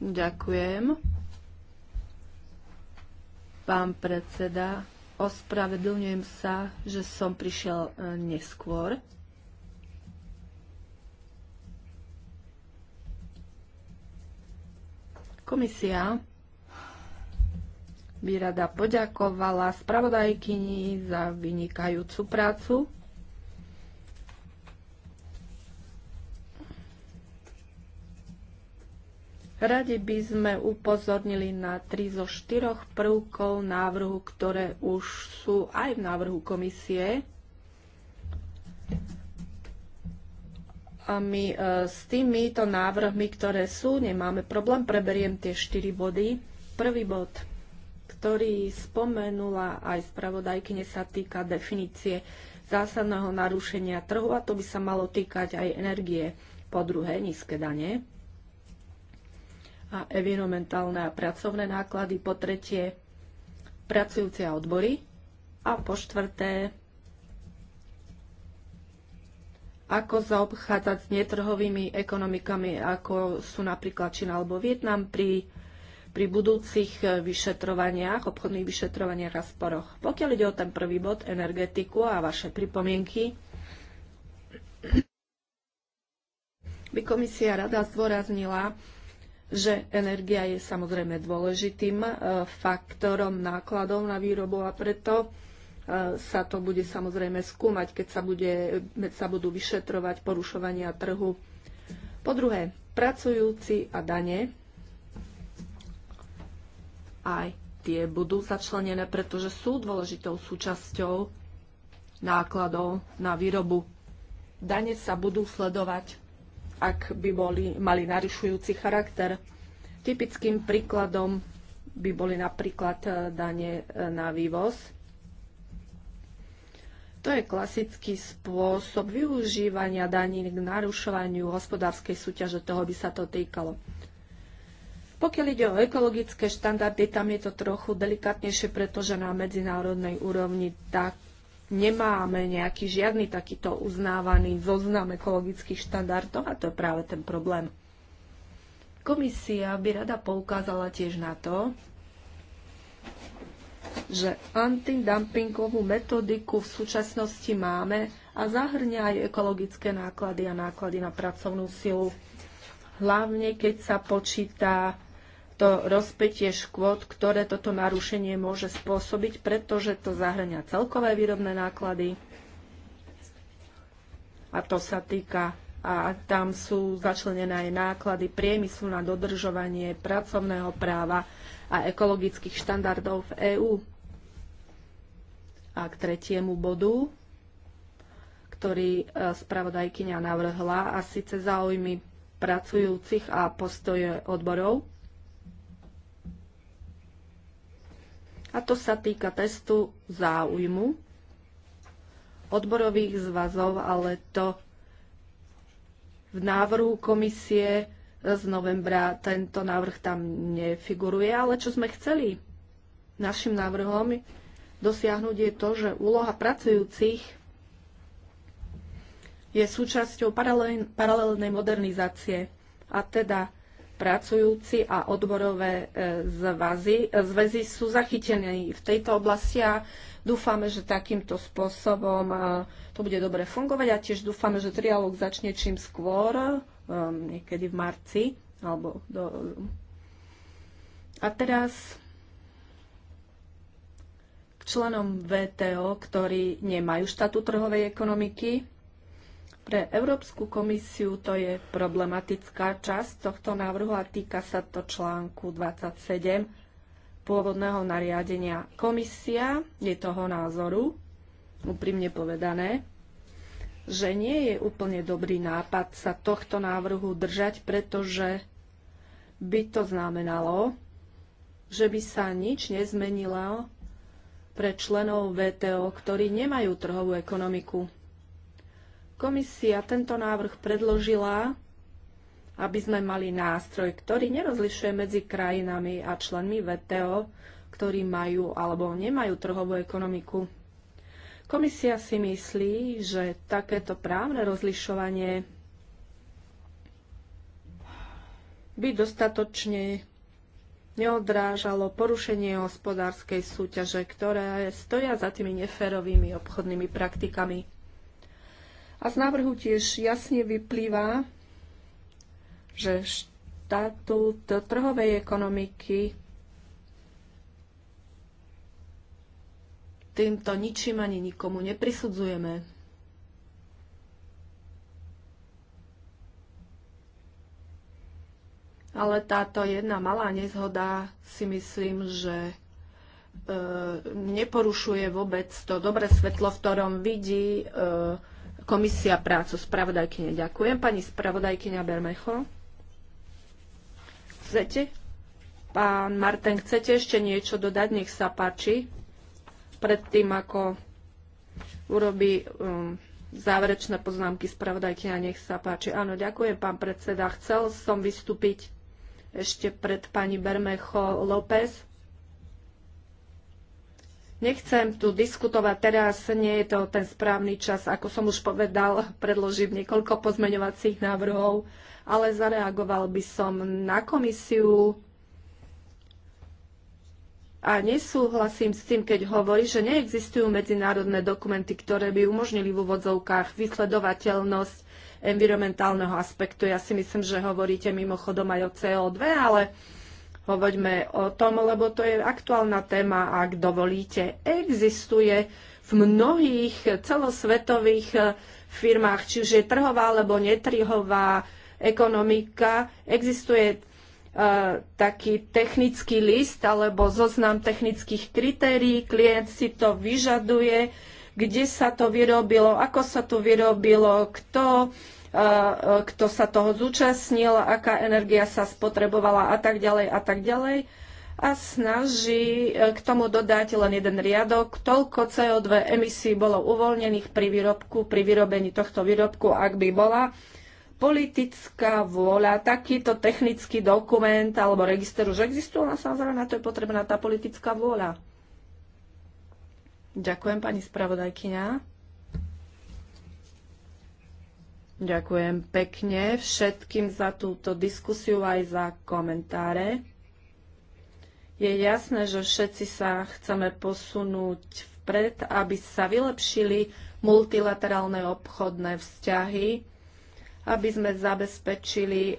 S3: Ďakujem. Pán predseda, ospravedlňujem sa, že som prišiel e, neskôr. Komisia by rada poďakovala spravodajkyni za vynikajúcu prácu. Radi by sme upozornili na tri zo štyroch prvkov návrhu, ktoré už sú aj v návrhu komisie. A my e, s týmito návrhmi, ktoré sú, nemáme problém. Preberiem tie štyri body. Prvý bod – ktorý spomenula aj spravodajkyne, sa týka definície zásadného narušenia trhu a to by sa malo týkať aj energie. Po druhé, nízke dane a environmentálne a pracovné náklady. Po tretie, pracujúce a odbory. A po štvrté, ako zaobchádzať s netrhovými ekonomikami, ako sú napríklad Čína alebo Vietnam pri pri budúcich e, vyšetrovaniach, obchodných vyšetrovaniach a sporoch. Pokiaľ ide o ten prvý bod, energetiku a vaše pripomienky, by komisia rada zdôraznila, že energia je samozrejme dôležitým e, faktorom nákladov na výrobu a preto e, sa to bude samozrejme skúmať, keď sa, bude, keď sa budú vyšetrovať porušovania trhu. Po druhé, pracujúci a dane aj tie budú začlenené, pretože sú dôležitou súčasťou nákladov na výrobu. Dane sa budú sledovať, ak by boli, mali narušujúci charakter. Typickým príkladom by boli napríklad e, dane e, na vývoz. To je klasický spôsob využívania daní k narušovaniu hospodárskej súťaže, toho by sa to týkalo. Pokiaľ ide o ekologické štandardy, tam je to trochu delikatnejšie, pretože na medzinárodnej úrovni tak nemáme nejaký žiadny takýto uznávaný zoznam ekologických štandardov a to je práve ten problém. Komisia by rada poukázala tiež na to, že antidumpingovú metodiku v súčasnosti máme a zahrňa aj ekologické náklady a náklady na pracovnú silu. Hlavne keď sa počíta to rozpetie škôd, ktoré toto narušenie môže spôsobiť, pretože to zahrania celkové výrobné náklady a to sa týka a tam sú začlenené aj náklady priemyslu na dodržovanie pracovného práva a ekologických štandardov v EÚ. A k tretiemu bodu, ktorý e, spravodajkyňa navrhla, a síce záujmy pracujúcich a postoje odborov. a to sa týka testu záujmu odborových zvazov, ale to v návrhu komisie z novembra tento návrh tam nefiguruje, ale čo sme chceli našim návrhom dosiahnuť je to, že úloha pracujúcich je súčasťou paralelnej modernizácie a teda pracujúci a odborové e, zvazy, e, zväzy sú zachytené v tejto oblasti a dúfame, že takýmto spôsobom e, to bude dobre fungovať a tiež dúfame, že trialóg začne čím skôr, niekedy v marci. Alebo do... A teraz k členom VTO, ktorí nemajú štatút trhovej ekonomiky. Pre Európsku komisiu to je problematická časť tohto návrhu a týka sa to článku 27 pôvodného nariadenia. Komisia je toho názoru, úprimne povedané, že nie je úplne dobrý nápad sa tohto návrhu držať, pretože by to znamenalo, že by sa nič nezmenilo pre členov VTO, ktorí nemajú trhovú ekonomiku. Komisia tento návrh predložila, aby sme mali nástroj, ktorý nerozlišuje medzi krajinami a členmi VTO, ktorí majú alebo nemajú trhovú ekonomiku. Komisia si myslí, že takéto právne rozlišovanie by dostatočne neodrážalo porušenie hospodárskej súťaže, ktoré stoja za tými neférovými obchodnými praktikami. A z návrhu tiež jasne vyplýva, že štatút trhovej ekonomiky týmto ničím ani nikomu neprisudzujeme. Ale táto jedna malá nezhoda si myslím, že e, neporušuje vôbec to dobré svetlo, v ktorom vidí e, komisia prácu spravodajkyne. Ďakujem. Pani spravodajkyňa Bermecho. Chcete? Pán Martin, chcete ešte niečo dodať? Nech sa páči. Predtým, ako urobí um, záverečné poznámky spravodajkyňa, nech sa páči. Áno, ďakujem, pán predseda. Chcel som vystúpiť ešte pred pani Bermecho López Nechcem tu diskutovať teraz, nie je to ten správny čas. Ako som už povedal, predložím niekoľko pozmeňovacích návrhov, ale zareagoval by som na komisiu a nesúhlasím s tým, keď hovorí, že neexistujú medzinárodné dokumenty, ktoré by umožnili v úvodzovkách vysledovateľnosť environmentálneho aspektu. Ja si myslím, že hovoríte mimochodom aj o CO2, ale Hovoďme o tom, lebo to je aktuálna téma, ak dovolíte. Existuje v mnohých celosvetových eh, firmách, či už je trhová alebo netrhová ekonomika, existuje eh, taký technický list alebo zoznam technických kritérií, klient si to vyžaduje, kde sa to vyrobilo, ako sa to vyrobilo, kto kto sa toho zúčastnil, aká energia sa spotrebovala a tak ďalej a tak ďalej a snaží e, k tomu dodať len jeden riadok, toľko CO2 emisí bolo uvoľnených pri výrobku, pri vyrobení tohto výrobku, ak by bola politická vôľa, takýto technický dokument alebo register už existuje, a samozrejme na to je potrebná tá politická vôľa. Ďakujem, pani spravodajkyňa. Ďakujem pekne všetkým za túto diskusiu aj za komentáre. Je jasné, že všetci sa chceme posunúť vpred, aby sa vylepšili multilaterálne obchodné vzťahy, aby sme zabezpečili e,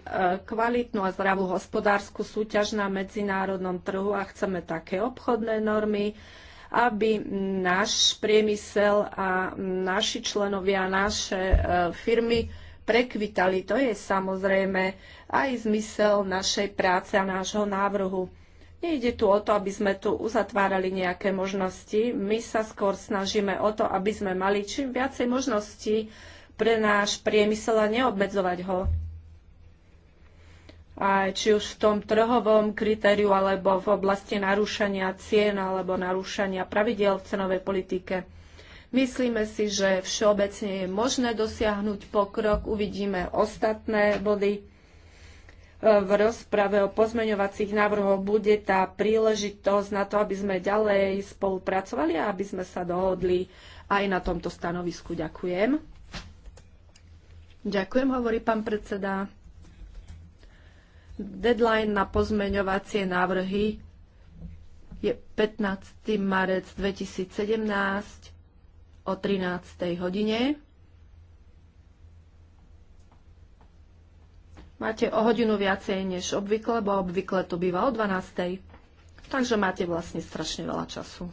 S3: kvalitnú a zdravú hospodárskú súťaž na medzinárodnom trhu a chceme také obchodné normy, aby náš priemysel a naši členovia, naše e, firmy prekvitali. To je samozrejme aj zmysel našej práce a nášho návrhu. Nejde tu o to, aby sme tu uzatvárali nejaké možnosti. My sa skôr snažíme o to, aby sme mali čím viacej možností pre náš priemysel a neobmedzovať ho či už v tom trhovom kritériu alebo v oblasti narúšania cien alebo narúšania pravidel v cenovej politike. Myslíme si, že všeobecne je možné dosiahnuť pokrok. Uvidíme ostatné body. E, v rozprave o pozmeňovacích návrhoch bude tá príležitosť na to, aby sme ďalej spolupracovali a aby sme sa dohodli aj na tomto stanovisku. Ďakujem. Ďakujem, hovorí pán predseda. Deadline na pozmeňovacie návrhy je 15. marec 2017 o 13. hodine. Máte o hodinu viacej než obvykle, bo obvykle to býva o 12. Takže máte vlastne strašne veľa času.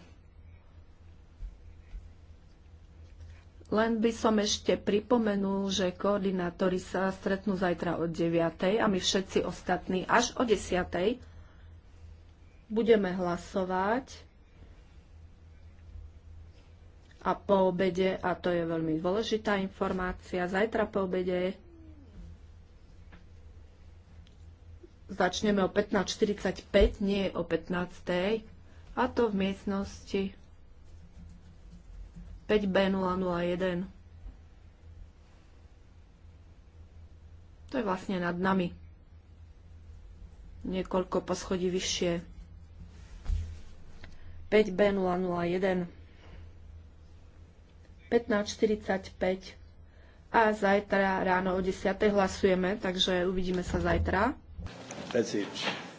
S3: Len by som ešte pripomenul, že koordinátori sa stretnú zajtra od 9. a my všetci ostatní až o 10. Budeme hlasovať a po obede, a to je veľmi dôležitá informácia, zajtra po obede začneme o 15.45, nie o 15.00 a to v miestnosti 5B001. To je vlastne nad nami. Niekoľko poschodí vyššie. 5B001. 15.45 a zajtra ráno o
S2: 10.00 hlasujeme, takže uvidíme sa zajtra. That's it.